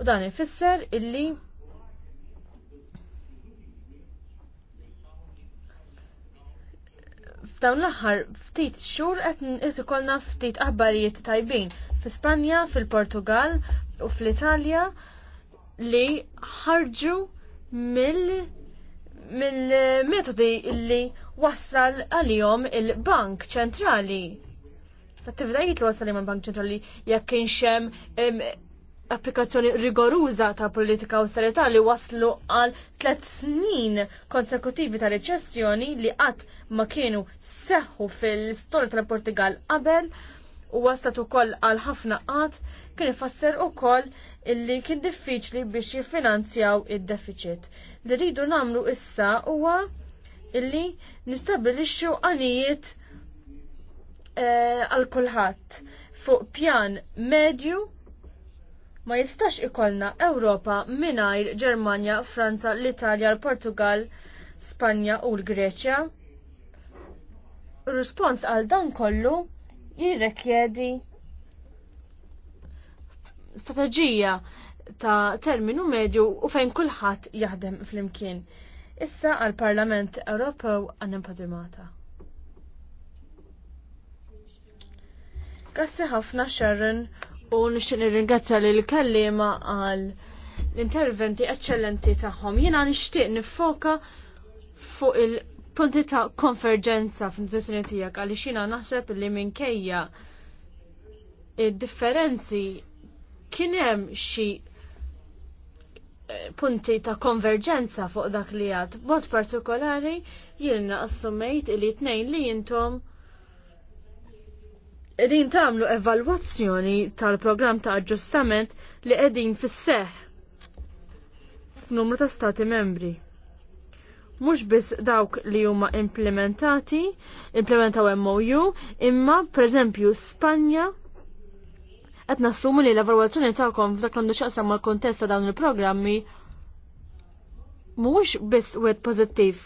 U dan ifisser illi f'dawn l-aħħar ftit xhur qed ikollna ftit aħbarijiet tajbin fl-Ispanja, fil-Portugal u fl-Italja li ħarġu mill-metodi mill illi wassal għal-jom il-Bank Ċentrali. l jitlu li jom il-Bank Ċentrali jekk kienx hemm applikazzjoni rigoruża ta' politika austerità li waslu għal tlet snin konsekutivi ta' reċessjoni li qatt ma kienu seħħu fil-storja tal-Portugal qabel u waslet ukoll għal ħafna qatt kien ifasser ukoll illi kien diffiċli biex jiffinanzjaw id-deficit. Li rridu namlu issa huwa illi nistabilixxu għanijiet eh, għal e, kulħadd fuq pjan medju ma jistax ikollna Ewropa mingħajr Ġermanja, Franza, l-Italja, l-Portugal, Spanja u l-Greċja. Rispons għal dan kollu jirrekjedi strateġija ta' terminu medju u fejn kulħadd jaħdem flimkien. Issa għall Parlament Ewropew għan impadimata. Grazzi ħafna Sharon u nixtieq nirringrazzja lil kellima għal l-interventi eċċellenti tagħhom. Jiena nixtieq niffoka fuq il-punti ta' konverġenza f'intuizzjoni tiegħek għaliex jiena naħseb li minkejja id-differenzi kien hemm xi eh, punti ta' konverġenza fuq dak li għad. Mod partikolari jilna assumejt li tnejn li jintom edin tamlu evalwazzjoni tal-program ta' aġġustament li edin fis f'numru ta' stati membri. Mhux biss dawk li huma implementati, implementaw MOU, imma pereżempju Spanja qed nassumu li l-evalwazzjoni ta'kom f'dak l-għandu x'aqsam mal kontesta ta' dawn il-programmi bis u għed pożittiv.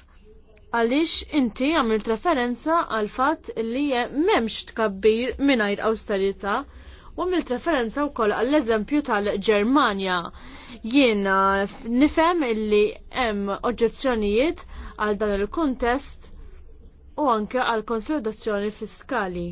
Għaliex inti għamilt referenza għal fatt li m'hemmx tkabbir mingħajr austerita u għamilt referenza wkoll għall-eżempju tal-Ġermanja. Jiena nifhem illi hemm oġġezzjonijiet għal dan il kontest u anke għal konsolidazzjoni fiskali.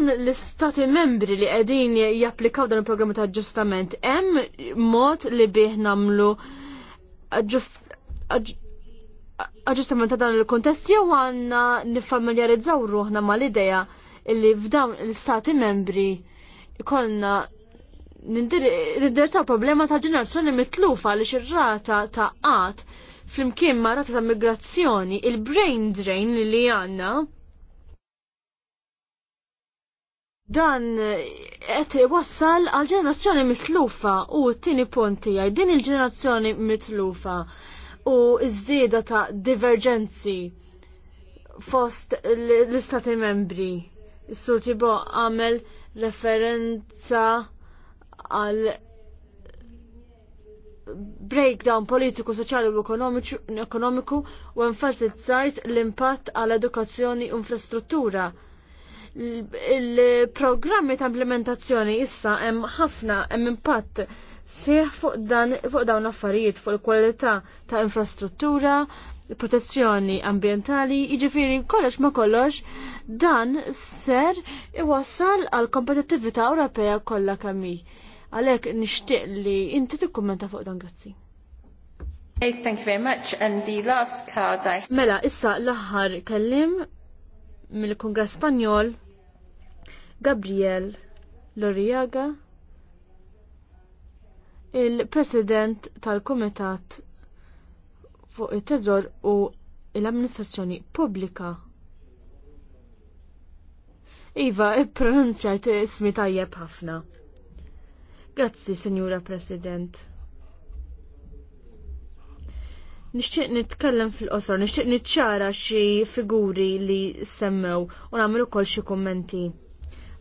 dawn l-istati membri li qegħdin japplikaw dan il-programmi ta' aġġustament hemm mod li bih nagħmlu aġġustament ta' dan il-kontest jew għandna niffamiljarizzaw ruħna mal-idea li f'dawn l-istati membri ikollna nindirtaw problema ta' ġenerazzjoni mitlufa li xirrata ta' qat fl-imkien ma' rata ta' migrazzjoni il-brain drain li għanna dan eh, qed iwassal għal ġenerazzjoni mitlufa u t-tieni għaj din il-ġenerazzjoni mitlufa u iż żieda ta' divergenzi fost l-istati membri. Sur Tibo għamel referenza għal breakdown politiku, soċjali u ekonomiku u enfasizzajt l-impatt għal edukazzjoni u infrastruttura il-programmi ta' implementazzjoni issa hemm ħafna hemm impatt sieħ fuq dan fuq dawn affarijiet fuq il-kwalità ta' infrastruttura, protezzjoni ambientali, jiġifieri kollox ma kollox dan ser iwassal għal kompetittività Ewropea kollha kemm Għalhekk nixtieq li inti tikkummenta fuq dan grazzi. Hey, thank you very much. And the last card I... Mela, issa l-aħħar kellim mill-Kongress Spanjol Gabriel Loriaga il-President tal-Kumitat fuq it-Teżor u l-Amministrazzjoni Pubblika. Iva, pronunzjajt ismi tajjeb ħafna. Grazzi, Sinjura President. Nixtieq nitkellem fil-qosor, nixtieq niċċara xi figuri li semmew u nagħmel ukoll xi kummenti.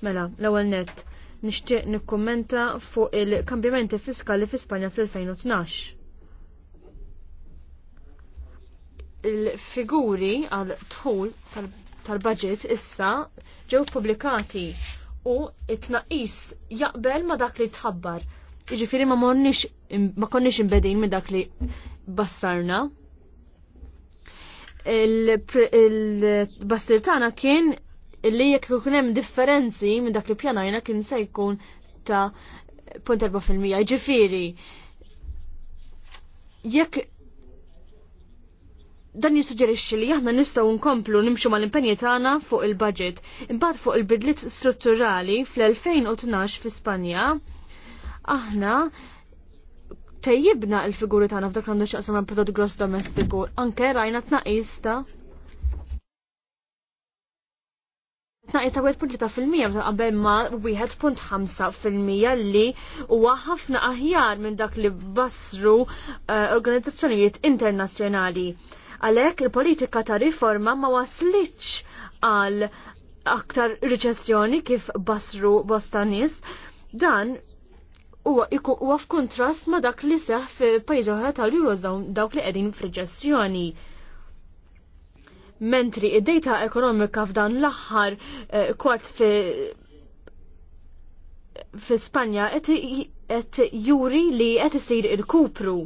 Mela, l-ewwel nett, nixtieq nikkummenta fuq il-kambjamenti fiskali fi Spanja fl-2012. il-figuri għal tħul tal-budget issa ġew publikati u it naqis jaqbel ma dak li tħabbar. Iġifiri ma konniex imbedin minn dak li bassarna il-bassir tagħna kien li jekk ikun hemm differenzi minn dak li pjanajna kien se jkun ta' punt 4%. Ġifieri jekk dan jissuġġerixxi li aħna nistgħu nkomplu nimxu mal-impenji tagħna fuq il-budget. Imbagħad fuq il-bidliet strutturali fl-2012 fi Spanja aħna tejjibna l-figuri tagħna f'dak għandu x'aqsam prodott gross domestiku, anke rajna tnaqis ta' Tnaqis ta' 1.3% ta' qabel ma punt fil-mija li huwa ħafna aħjar minn dak li basru eh, organizzazzjonijiet internazzjonali. Għalhekk il-politika ta' riforma ma waslitx għal aktar riċessjoni kif basru bosta nies, dan huwa f'kuntrast ma dak li seħ f'pajjiżi oħra tal-Eurozone dawk li qegħdin f'riġessjoni. Mentri id-data ekonomika f'dan l-aħħar eh, kwart fi Spanja qed juri li qed isir il-kupru.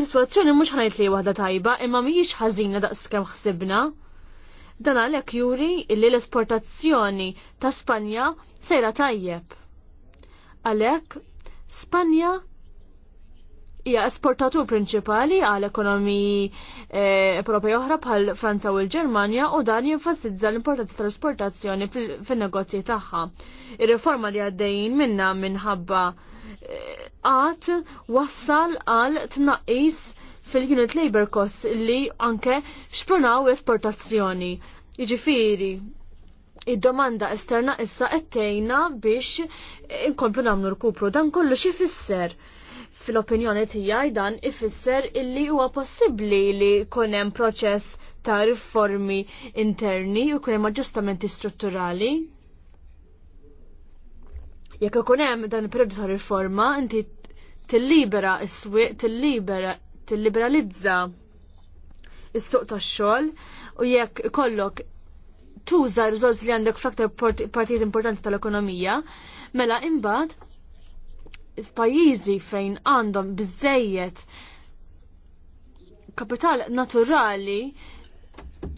Is-sitwazzjoni mhux ħanajt li waħda tajba imma mhijiex ħażina daqskemm ħsibna. Dan għalhekk juri li l-esportazzjoni ta' Spanja sejra tajjeb Għalhekk Spanja hija esportatur prinċipali għal ekonomiji eh, Ewropej oħra bħal Franza u l-Ġermanja u dan jinfasizza l-importanza tal-esportazzjoni fin-negozji tagħha. Ir-riforma li għaddejjin minna minħabba eh, għat wassal għal tnaqqis fil-unit labor costs li anke xprunaw esportazzjoni Jiġifieri, id-domanda esterna issa qedtejna biex inkomplu nagħmlu rkupru dan kollu xie fisser fil-opinjoni tiegħi dan ifisser illi huwa possibbli li jkun hemm proċess ta' riformi interni u jkun hemm aġġustamenti strutturali. Jekk ikun hemm dan il periodu ta' riforma, inti tillibera s-swieq, tillibera tilliberalizza is-suq tax-xogħol u jekk ikollok tuża r li għandek f'aktar partijiet importanti tal-ekonomija, mela imbagħad f'pajjiżi fejn għandhom biżejjed kapital naturali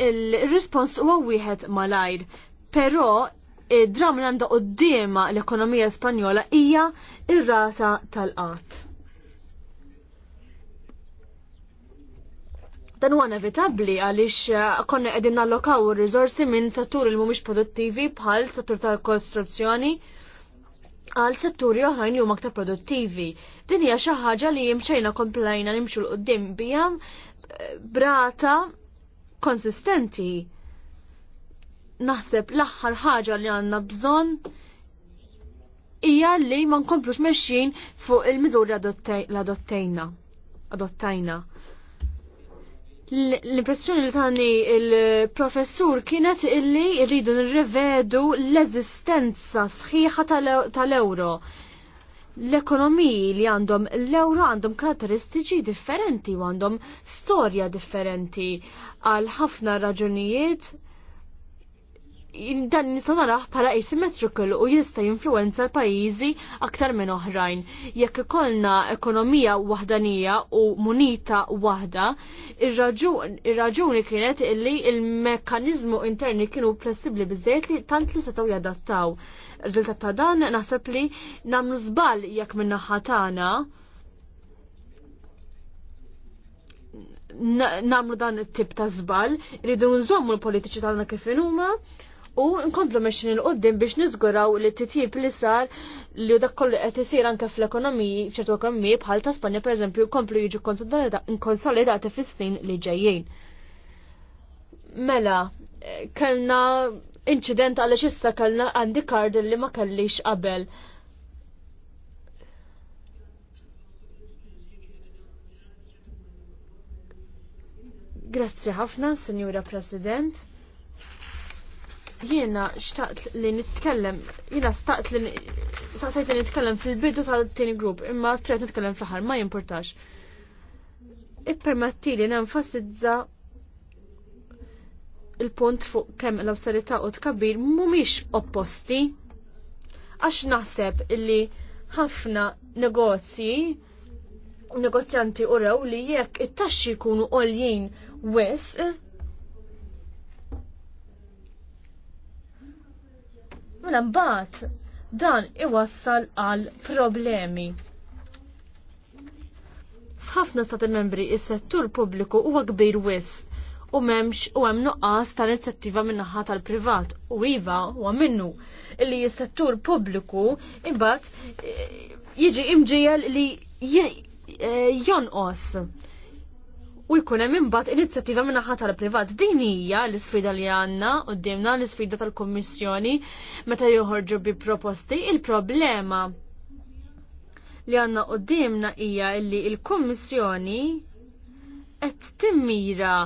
il rispons huwa wieħed malajr. Però id-dram li għandha qudiema l-ekonomija Spanjola hija ir-rata tal-qatt. Dan huwa inevitabbli għaliex eh, konna qegħdin nallokaw ir-riżorsi minn setturi li mhumiex produttivi bħal settur tal-kostruzzjoni għal setturi oħrajn li huma aktar produttivi. Din hija xi ħaġa li jimxejna komplejna nimxu l qudiem biha eh, brata konsistenti. Naħseb l-aħħar ħaġa li għandna bżonn hija li ma nkomplux mexxin fuq il-miżuri l-adottejna. Adottajna l-impressjoni li tani il-professur kienet illi rridu nirrivedu l-eżistenza sħiħa tal-euro. L-ekonomiji li għandhom l-euro għandhom karatteristiċi differenti u għandhom storja differenti għal ħafna raġunijiet dan nista' naraħ bħala asymmetrical u jista' jinfluwenza l-pajjiżi aktar minn oħrajn. Jekk ikollna ekonomija waħdanija u munita waħda, ir-raġuni kienet illi il-mekkaniżmu interni kienu flessibbli biżejjed li tant li setgħu jadattaw. Riżultat ta' dan naħseb li nagħmlu żball jekk minn naħa tagħna namlu dan it-tip ta' żball, iridu nżommu l-politiċi tagħna kif huma u nkomplu meċin il-qoddim biex nizguraw li t-tip li sar li u dak kollu qed isir anke fl-ekonomiji, f'ċertu ekonomiji bħal ta' Spanja eżempju, komplu jiġu konsolidati fis-snin li ġejjin. Mela, kellna inċident għaliex issa kellna għandi kard li ma kellix qabel. Grazzi ħafna, Signora President jiena xtaqt li nitkellem, jiena staqt li saqsajt li nitkellem fil-bidu tal-tieni grupp, imma tret nitkellem fl-aħħar, ma jimpurtax. Ippermetti li nenfasizza il-punt fuq kemm l awsarita u tkabbir mhumiex opposti għax naħseb illi ħafna negozji negozjanti u raw li jekk it-taxxi jkunu għoljin wess, Mela mbagħad dan iwassal għal problemi. F'ħafna stati membri is-settur pubbliku huwa kbir wis u memx u hemm nuqqas tal inizjattiva min-naħa tal-privat u iva huwa minnu li s-settur pubbliku imbagħad eh, jiġi imġiel li eh, jonqos u jkun hemm imbagħad inizjattiva minn naħa tal-privat. Din hija l-isfida li għandna qudiemna l-isfida tal-Kummissjoni meta joħorġu bi proposti il-problema li għandna qudiemna hija li l-Kummissjoni qed timmira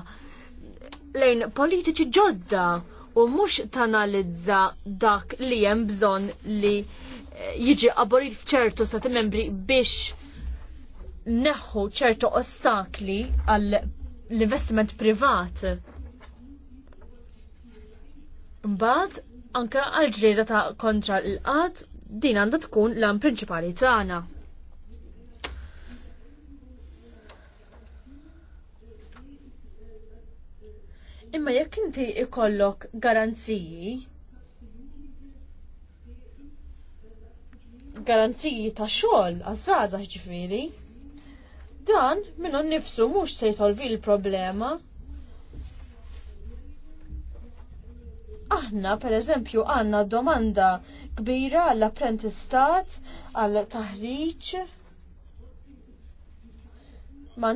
lejn politiċi ġodda u mhux tanalizza dak li hemm bżonn li jiġi aborit f'ċertu stati membri biex neħħu ċertu ostakli għall l-investiment privat. Mbagħad anke għal ġrieda ta' kontra l-qad din għandha tkun l-għan prinċipali tagħna. Imma jekk inti ikollok garanziji garanziji ta' xogħol għaż-żgħażagħ ġifieri dan minnu nifsu mhux se jsolvi l-problema. Aħna, per eżempju, għanna domanda kbira għall-apprentistat, għall-taħriċ.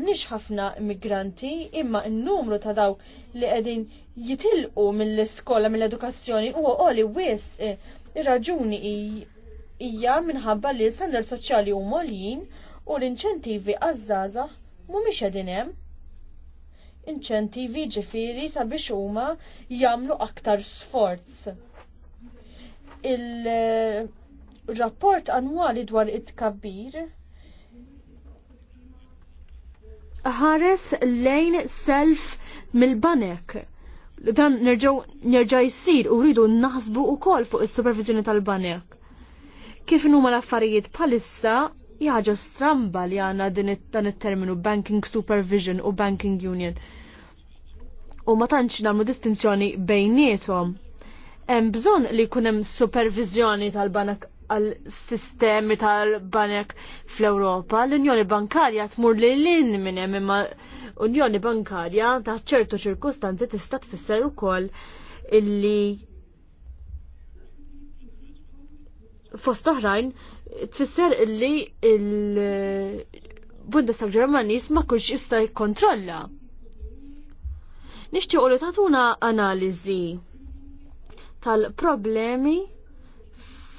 nix ħafna immigranti, imma n-numru ta' daw li qegħdin jitilqu mill-iskola, mill-edukazzjoni, huwa qoli wis eh, ir-raġuni hija minħabba li l-standard soċjali u molin u l-inċentivi għazzaza mhumiex qegħdin hemm. Inċentivi ġifiri sabiex huma jagħmlu aktar sforz. Il-rapport annwali dwar it-tkabbir ħares lejn self mill-banek dan nerġaw jissir u rridu naħsbu u kol fuq il-supervizjoni tal-banek. Kif numa l-affarijiet palissa jaġa stramba li għandna din dan it-terminu banking supervision u banking union. U ma tantx nagħmlu distinzjoni bejniethom. Hemm bżonn li jkun hemm supervizjoni tal-banak għal-sistemi tal-banek fl-Europa, l-Unjoni Bankarja tmur li l-in minnem imma Unjoni Bankarja ta' ċertu ċirkustanzi tista' tfisser ukoll illi fost oħrajn tfisser illi il-Bundestag Ġermanis ma kunx jista' jikkontrolla. Nixtiequ li tagħtuna analiżi tal-problemi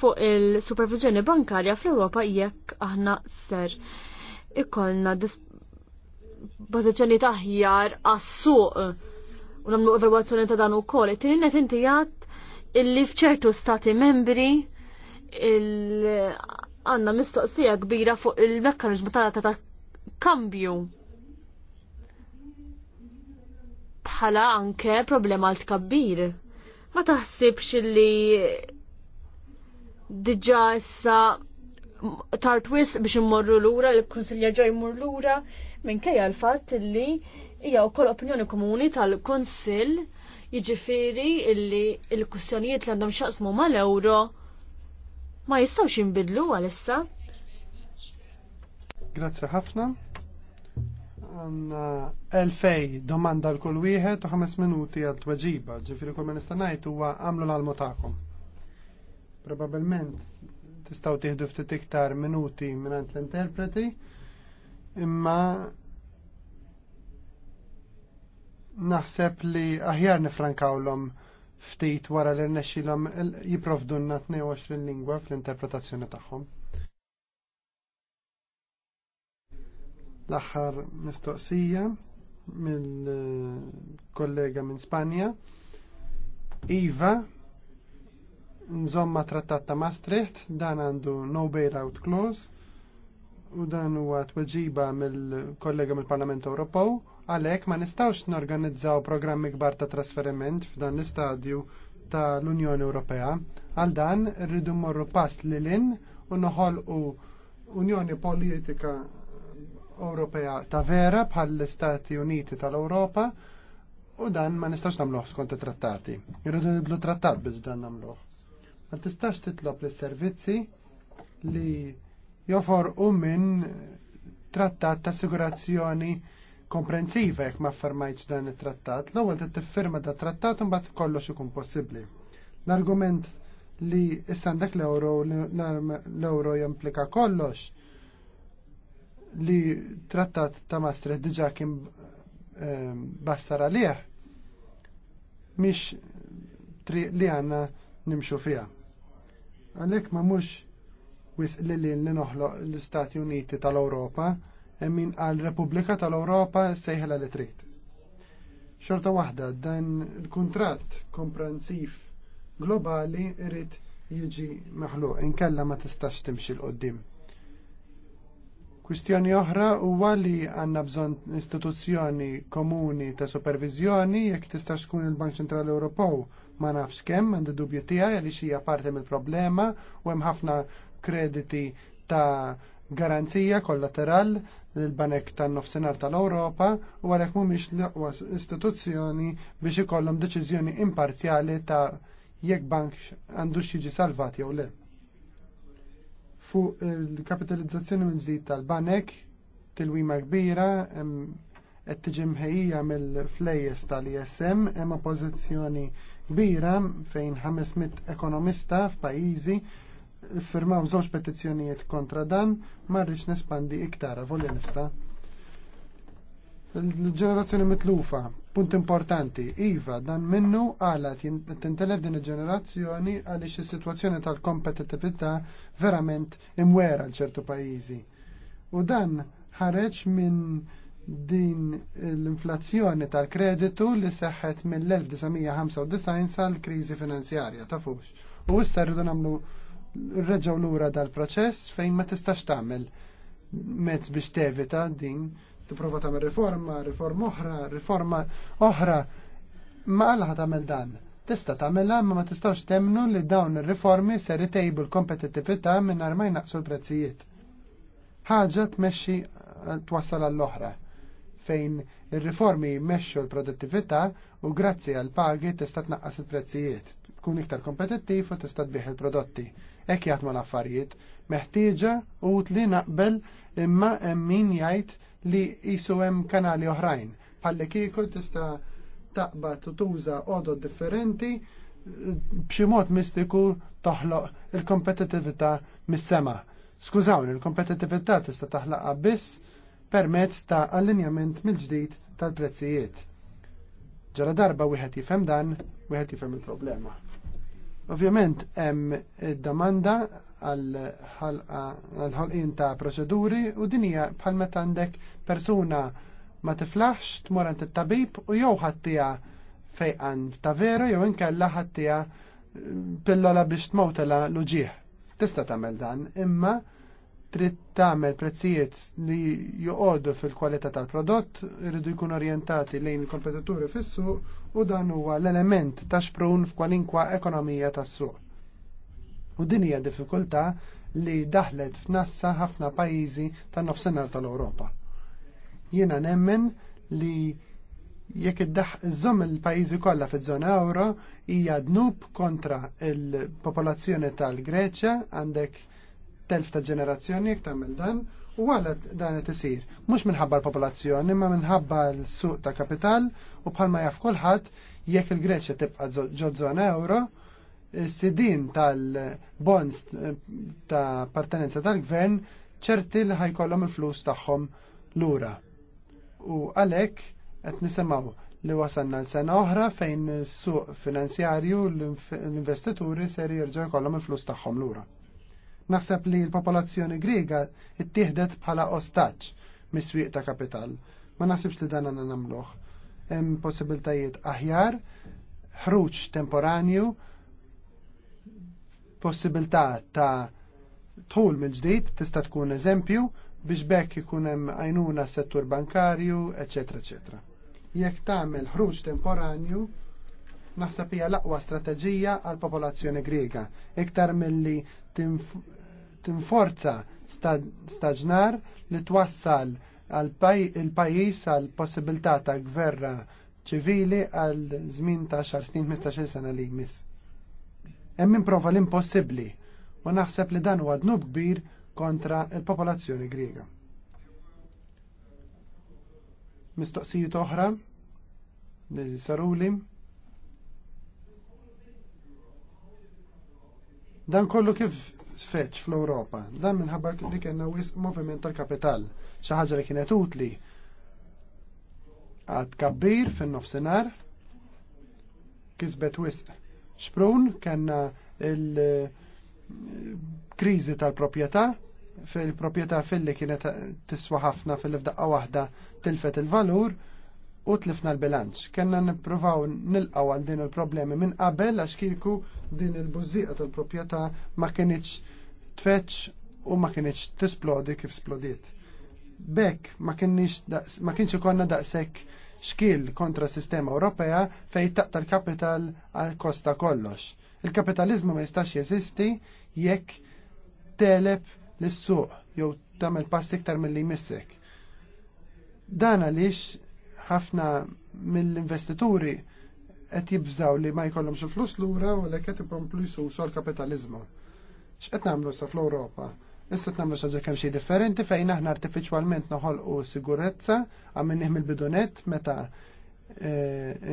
fuq il-supervizjoni bankarja fl-Ewropa jekk aħna ser ikollna pożizzjoni taħjar għas-suq u nagħmlu evalwazzjoni ta' dan ukoll. It-tieni qed inti illi fċertu stati membri għanna mistoqsija kbira fuq il-mekkanizmu tagħna ta' kambju. Bħala anke problema għal tkabbir. Ma taħsibx li diġa issa tartwis biex immorru lura, l-Kunsilja ġaj jmur lura, minkejja l-fatt li hija wkoll opinjoni komuni tal-Kunsill jiġifieri illi l-kussjonijiet li għandhom xaqsmu mal-euro ma jistawx jinbidlu għalissa. Grazzi ħafna. Għanna 2000 domanda l-kull wieħed u 5 minuti għal tweġiba, ġifiri kull ma najt huwa għamlu l-almu tagħkom. Probabilment tistaw tieħdu ftit iktar minuti mingħand l-interpreti, imma naħseb li aħjar nifrankawlhom ftit wara li rnexxilhom jipprovdunna 22 lingwa fl-interpretazzjoni tagħhom. L-aħħar mistoqsija mill-kollega minn Spanja. Iva, nżomma trattat ta' Maastricht, dan għandu no bailout clause u dan huwa tweġiba mill-kollega mill-Parlament Ewropew Għalhekk ma nistgħux norganizzaw programmi kbar ta' trasferiment f'dan l-istadju ta' l-Unjoni Ewropea. Għal dan rridu mmorru pass li lin u noħolqu Unjoni Politika Ewropea ta' vera bħall-Istati Uniti tal-Ewropa u dan ma nistax nagħmluh skont it-trattati. Irridu nidlu trattat biex dan nagħmluh. Ma tistax titlob lis servizzi li joforqu minn trattat ta' assigurazzjoni komprensiva jekk ma affermajtx dan it-trattat. L-ewwel trid tiffirma da trattat u mbagħad kollox ikun possibbli. L-argument li issa għandek l-euro l-euro jimplika kollox li trattat ta' Maastricht diġà kien ehm, bassar għalih mhix triq li għandna nimxu fiha. Għalhekk ma mhux wisq li li noħloq l-Istati Uniti tal-Ewropa min għal Repubblika tal-Europa sejħela li trid. Xorta waħda, dan il-kontrat komprensif globali irrid jiġi maħluq, inkella ma tistax timxil l-qoddim. Kwistjoni oħra huwa li għandna bżonn istituzzjoni komuni ta' supervizjoni jekk tista' tkun il-Bank Ċentrali Ewropew ma nafx kemm għandi dubju tiegħi għaliex hija parti mill-problema u hemm ħafna krediti ta' garanzija kollateral l-Banek tan-Nofsinhar tal-Ewropa u għalhekk mhumiex l-aqwa istituzzjoni biex ikollhom deċiżjoni imparzjali ta' jekk bank għandux jiġi salvat jew le. Fuq il-kapitalizzazzjoni minn ġdid tal-banek tilwima kbira qed tiġi mħejjija mill-flejjes tal-ISM hemm pożizzjoni kbira fejn 500 ekonomista f'pajjiżi firmaw żewġ petizzjonijiet kontra dan, ma rridx nespandi iktar avoljonista. Il-ġenerazzjoni mitlufa, punt importanti, Iva, dan minnu għala tintelef din il-ġenerazzjoni għaliex is-sitwazzjoni tal-kompetitività verament imwera l-ċertu pajjiżi. U dan ħareġ minn din l-inflazzjoni tal-kreditu li seħħet mill-1995 sal-kriżi finanzjarja tafux. U issa rridu nagħmlu reġaw lura dal-proċess fejn ma tistax tagħmel mezz biex tevita din tipprova tagħmel riforma, riforma oħra, riforma oħra. Ma għalħa tagħmel dan. Tista' tagħmelha ma ma tistax temnu li dawn ir-riformi ser tejbu l-kompetittività mingħajr ma jnaqsu l-prezzijiet. Ħaġa tmexxi eh, twassal għall-oħra fejn ir-riformi jmexxu l-produttività u grazzi għal pagi tista' tnaqqas il-prezzijiet, tkun iktar kompetittiv u tista' tbieħ il-prodotti ekki jgħatma l-affarijiet, meħtieġa u li naqbel imma min jgħid li jisu hemm kanali oħrajn. Palli kieku tista' taqbad u tuża għodod differenti b'xi mod mistiku toħloq il-kompetitività mis-sema. Skużawni, il-kompetitività tista' taħlaqa biss permezz ta' allinjament mill-ġdid tal-prezzijiet. Ġara darba wieħed jifhem dan, wieħed jifhem il-problema. Ovvjament hemm domanda għal-ħolqien ta' proċeduri u dinija bħal meta għandek persuna ma tiflaħx tmur għand it-tabib u jew ħattija fejqan ta' vera jew inkella ħattija pillola biex tmowtela l-uġieħ. Tista' tagħmel dan, imma trid tagħmel prezzijiet li joqogħdu fil-kwalità tal-prodott, irridu jkun orjentati lejn il-kompetituri fis-suq u dan huwa l-element ta' xprun f'kwalinkwa ekonomija tas-suq. U din hija diffikultà li daħlet f'nassa ħafna pajjiżi tan-nofsinhar tal-Ewropa. Jiena nemmen li jekk iżżomm il-pajjiżi kollha fiż-żona euro hija dnub kontra l popolazzjoni tal-Greċja għandek telf ta' ġenerazzjoni jek tagħmel dan u għala dan qed isir. Mhux minħabba l-popolazzjoni, ma minħabba l-suq ta' kapital u bħalma jaf kulħadd jekk il-Greċja tibqa' ġodżona euro, sidin tal-bonds eh, ta' partenenza tal-gvern ċerti li ħajkollhom il-flus tagħhom lura. U għalhekk qed nisimgħu li wasanna l-sena oħra fejn is-suq finanzjarju l-investituri ser jerġgħu jkollhom il-flus tagħhom lura. Naħseb li l-popolazzjoni Griega ittieħdet bħala ostaġġ mis-swieq ta' kapital. Ma naħsibx li dan għanna nagħmluh. Hemm possibiltajiet aħjar, ħruġ temporanju, possibilità ta' tul mill-ġdid tista' tkun eżempju biex bekk ikun hemm għajnuna settur bankarju, eċetera, eċetera. Jekk tagħmel ħruġ temporanju, naħseb hija l-aqwa strateġija għal popolazzjoni Griega, iktar milli tinforza staġnar li twassal il-pajis għal possibilità ta' gverra ċivili għal żmien ta' xar snin 15 sena li jmiss. Hemm prova l-impossibbli u naħseb li dan huwa dnub kbir kontra il-popolazzjoni Griega. Mistoqsijiet oħra li saruli Dan kollu kif tfeċ fl-Ewropa. Dan minħabba li kena wis moviment tal-kapital, xi ħaġa li kienet utli għad kabbir fin-nofsinhar kisbet wisq xprun kena il-kriżi eh, tal-proprjetà fil-proprjetà fil-li kienet tiswa ħafna fil-fdaqqa waħda tilfet il-valur u tlifna l-bilanċ. Kenna nipruvaw nilqaw għal din il-problemi minn qabel għax kieku din il-bużiqa tal-proprjetà ma kienieċ tfetx u ma kienieċ tisplodi kif splodiet. Bekk ma kienx ikonna daqshekk xkil kontra s-sistema Ewropea fej taqta l-kapital għal kosta kollox. Il-kapitalizmu ma jistax jeżisti jekk teleb l-suq jew tagħmel pass iktar mill-li jmissek. Dan għaliex ħafna mill-investituri qed jibżaw li ma jkollhomx il-flus lura u l qed ikomplu jsusu l-kapitaliżmu. X'qed nagħmlu sa fl-Ewropa? Issa qed nagħmlu xaġa kemm xi differenti fejn aħna artifiċwalment noħolqu sigurezza għamminnih mill-bidunet meta e,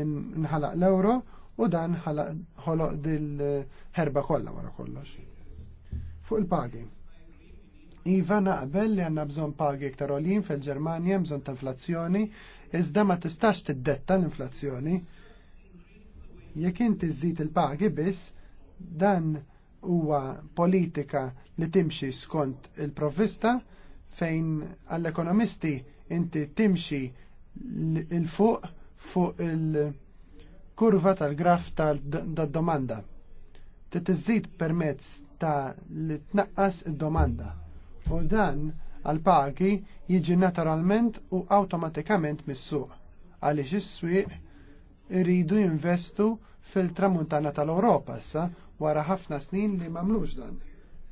nħalaq l-euro u dan ħoloq dil-ħerba kollha wara kollox. Fuq il-pagi. Iva naqbel li għanna bżon pagi iktar olin fil-Ġermanja bżon ta' inflazzjoni, iżda ma tistax tiddetta l-inflazzjoni. Jekk inti żżid il-pagi biss, dan huwa politika li timxi skont il-provvista fejn għall-ekonomisti inti timxi il-fuq fuq il-kurva tal-graf tal-domanda. Titizzid permezz ta' li tnaqqas id-domanda. U dan għal-pagi jiġi naturalment u awtomatikament mis-suq. Għaliex is-swieq iridu jinvestu fil-tramuntana tal-Ewropa issa wara ħafna snin li mamlux dan.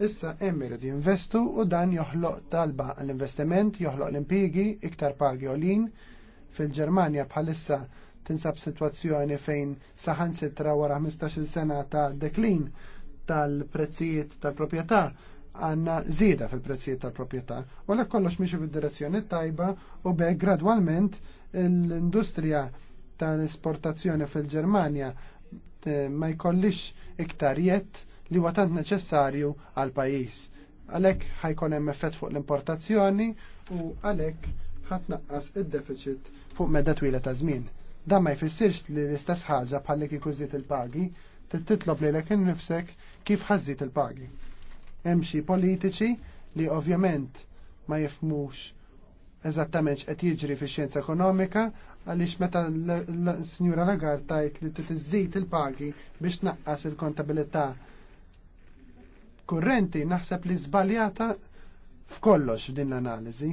Issa hemm irid jinvestu u dan joħloq talba l-investiment, joħloq l-impjiegi, iktar pagi olin. Fil-Ġermanja bħalissa tinsab situazzjoni fejn saħansitra wara 15-il sena ta' deklin tal-prezzijiet tal-proprjetà għanna zida fil-prezzijiet tal propjetà U l kollox miexu fil-direzzjoni tajba u be gradualment l-industrija tal-esportazzjoni fil ġermanja ma jkollix iktar jett li huwa tant neċessarju għal pajjiż. Għalhekk ħajkun hemm effett fuq l-importazzjoni u għalhekk ħadd naqqas id-deficit fuq medda twila ta' żmien. Dan ma jfissirx li l-istess ħaġa bħallek ikużiet il-pagi, titlob lilek innifsek kif ħażit il-pagi. Hemm xi politiċi li ovvjament ma jifmux eżattament qed jiġri fix-xjenza ekonomika għaliex meta l-Sinjura Lagar tajt li t-tizzit il-pagi biex tnaqqas il-kontabilità kurrenti naħseb li żbaljata f'kollox din l-analiżi.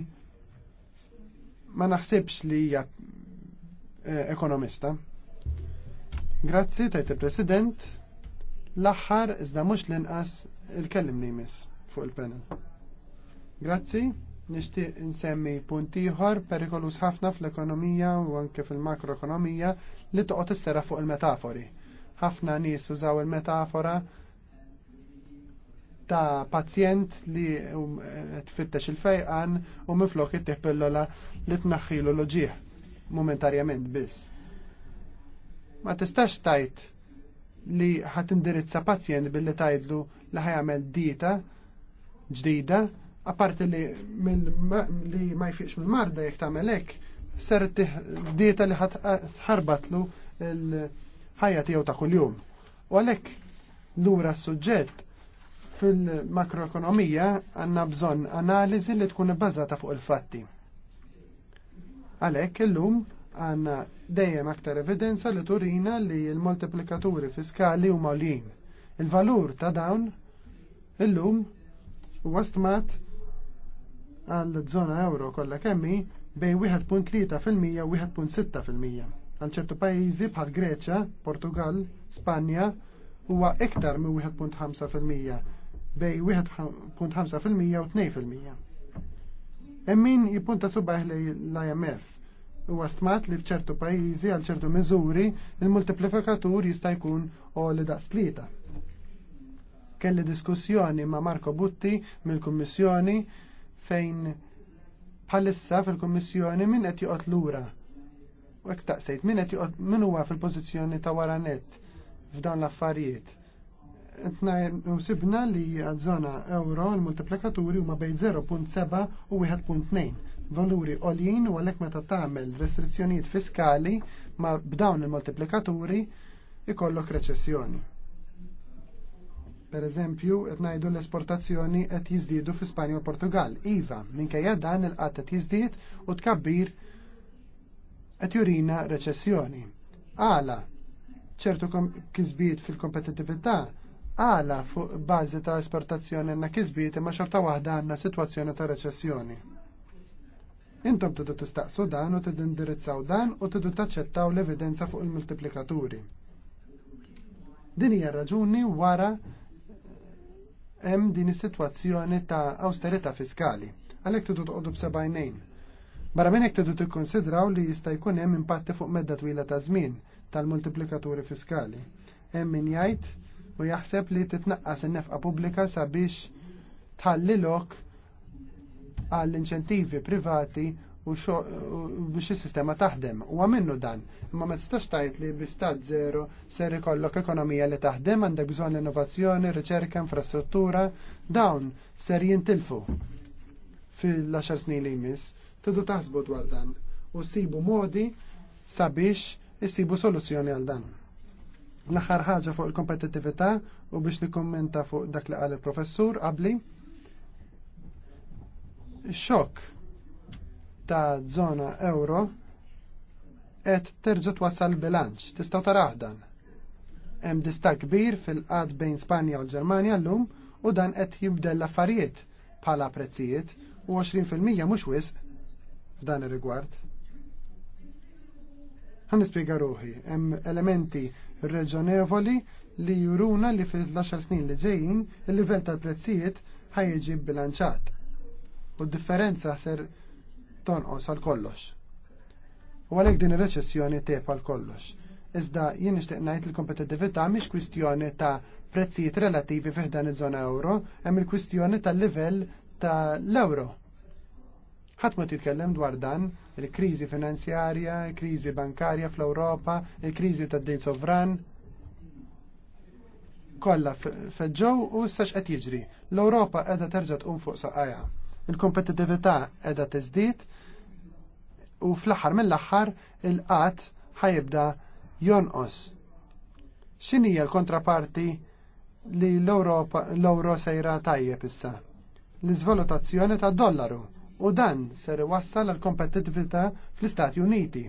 Ma naħsibx li hija eh, ekonomista. Grazzi tajt il-President l-aħħar iżda mhux l-inqas il-kellimni jmiss fuq il-panel. Grazzi. Nixtieq insemmi punt ieħor perikolus ħafna fl-ekonomija u anke fil-makroekonomija li toqgħod issera fuq il-metafori. Ħafna nies użaw il-metafora ta' pazjent li um, tfittex il-fejqan u miflok ittih pillola li tnaħħilu l-ġieħ momentarjament biss. Ma tistax tajt li ħat indirizza pazjent billi tajdlu li ħajamel dieta ġdida apparti li, li ma jfiqx mill-marda jek tagħmel hekk, ser dieta li ħarbatlu l-ħajja tiegħu ta' kuljum. U għalhekk lura s-suġġett fil-makroekonomija għandna bżonn analiżi li tkun ibbażata fuq il-fatti. Għalhekk illum għandna dejjem aktar evidenza li turina li l-multiplikaturi fiskali huma lin. Il-valur ta' dawn illum huwa stmat għal żona euro kollha kemmi bejn 1.3% u 1.6%. Għal ċertu pajjiżi bħal Greċja, Portugal, Spanja huwa iktar minn 1.5% bejn 1.5% u 2%. Emmin jippunta subaħ l-IMF u għastmat li fċertu pajizi għal ċertu miżuri il-multiplifikatur jista' jkun o li tlieta. Kelli diskussjoni ma' Marko Butti mill-Kummissjoni fejn bħalissa fil-Kummissjoni min qed joqgħod lura. U hekk staqsejt min qed joqgħod min huwa fil-pożizzjoni ta' wara nett f'dawn l-affarijiet. Qed sibna li għaż-żona euro l-multiplikaturi huma bejn 0.7 u 1.2 valuri għoljin u għalhekk meta tagħmel restrizzjonijiet fiskali ma b'dawn il-multiplikaturi ikollok reċessjoni. Per eżempju, qed ngħidu l-esportazzjoni qed jiżdiedu fi Spanja u Portugal. Iva, minkejja dan il-qatt qed jizdid u tkabbir qed jurina reċessjoni. Għala ċertu kisbiet fil-kompetitività għala fuq bażi ta' esportazzjoni għanna kisbiet imma xorta waħda għanna situazzjoni ta' reċessjoni. Intom tiddu tistaqsu dan u tiddu indirizzaw dan u tiddu taċċettaw l-evidenza fuq il-multiplikaturi. Din hija raġuni wara hemm din is-sitwazzjoni ta' austerità fiskali. Għalhekk tridu toqgħodu b'sebgħinejn. Barra minn hekk tridu tikkonsidraw li jista' jkun hemm impatti fuq medda twila ta' żmien tal-multiplikaturi fiskali. Hemm min jgħid u jaħseb li titnaqqas in-nefqa pubblika sabiex tħalli lok għall-inċentivi privati u biex is-sistema taħdem. U għamennu dan, imma ma tistax tajt li bi zero ser ikollok ekonomija li taħdem għandek bżonn innovazzjoni, riċerka, infrastruttura, dawn ser jintilfu fil-10 snin li jmiss. Tidu taħsbu dwar dan u sibu modi sabiex issibu soluzzjoni għal dan. L-aħħar ħaġa fuq il-kompetittività u biex nikkommenta fuq dak li qal il-professur qabli. Xokk ta' zona euro qed terġa' twassal bilanċ. Tistaw taraħdan. dan. Hemm dista kbir fil-qad bejn Spanja u l-Ġermanja llum u dan qed jibdel l-affarijiet bħala prezzijiet u 20% mhux wisq f'dan ir-rigward. Ħan nispjega ruħi, hemm elementi reġonevoli li juruna li fil-10 snin li ġejjin il-livell tal-prezzijiet ħajġi bilanċat. U d-differenza ser tonqos għal kollox. U għalhekk din ir-reċessjoni tep għal kollox. Iżda jien nixtieq ngħid il-kompetittività mhix kwistjoni ta' prezzijiet relattivi fih dan iż-żona euro, hemm il-kwistjoni tal-livell tal-euro. Ħadd ma titkellem dwar dan, il-kriżi finanzjarja, il-kriżi bankarja fl-Ewropa, il-kriżi tad-dejn sovran, kollha feġġew u issa x'qed jiġri. L-Ewropa qiegħda terġa' tqum fuq saqajja il-kompetitività edha tiżdied u fl-aħħar mill-aħħar il-qatt ħajibda jonqos. Xinija l-kontraparti li l-euro sejra tajjeb issa? l izvalutazzjoni ta' dollaru u dan ser wassal l kompetitività fl-Istati Uniti.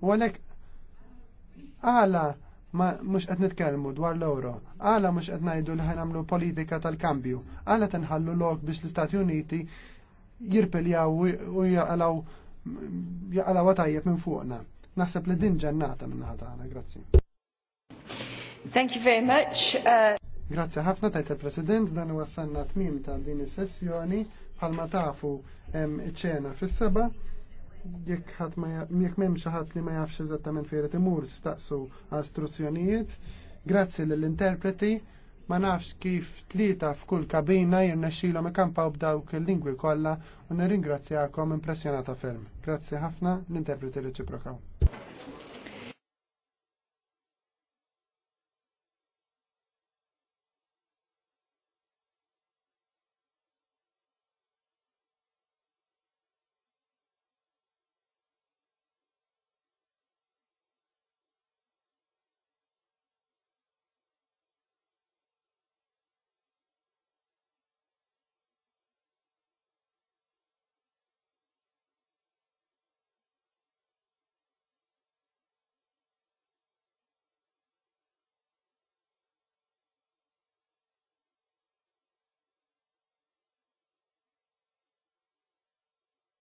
U għalhekk għala ma mux qed nitkellmu dwar l-euro, għala mux qed ngħidu li ħanamlu politika tal-kambju, għala tenħallu lok biex l-Istati Uniti jirpeljaw u jaqalaw jaqalaw għatajjeb minn fuqna. Naħseb li din ġennata minn ħatana, grazzi. Thank you very much. Uh, grazzi ħafna tajt il-President, dan u wassanna tmim ta' din is-sessjoni bħalma tafu ċena fis-seba' jekk ħadd ma jekk m'hemm xi ħadd li ma jafx eżattament fejn imur staqsu għal struzzjonijiet Grazzi lill-interpreti ma nafx kif tlieta f'kull kabina jirnexxilhom ikampaw b'dawk il-lingwi kollha u nirringrazzjakom impressjonata ferm. Grazzi ħafna l-interpreti reċiprokaw.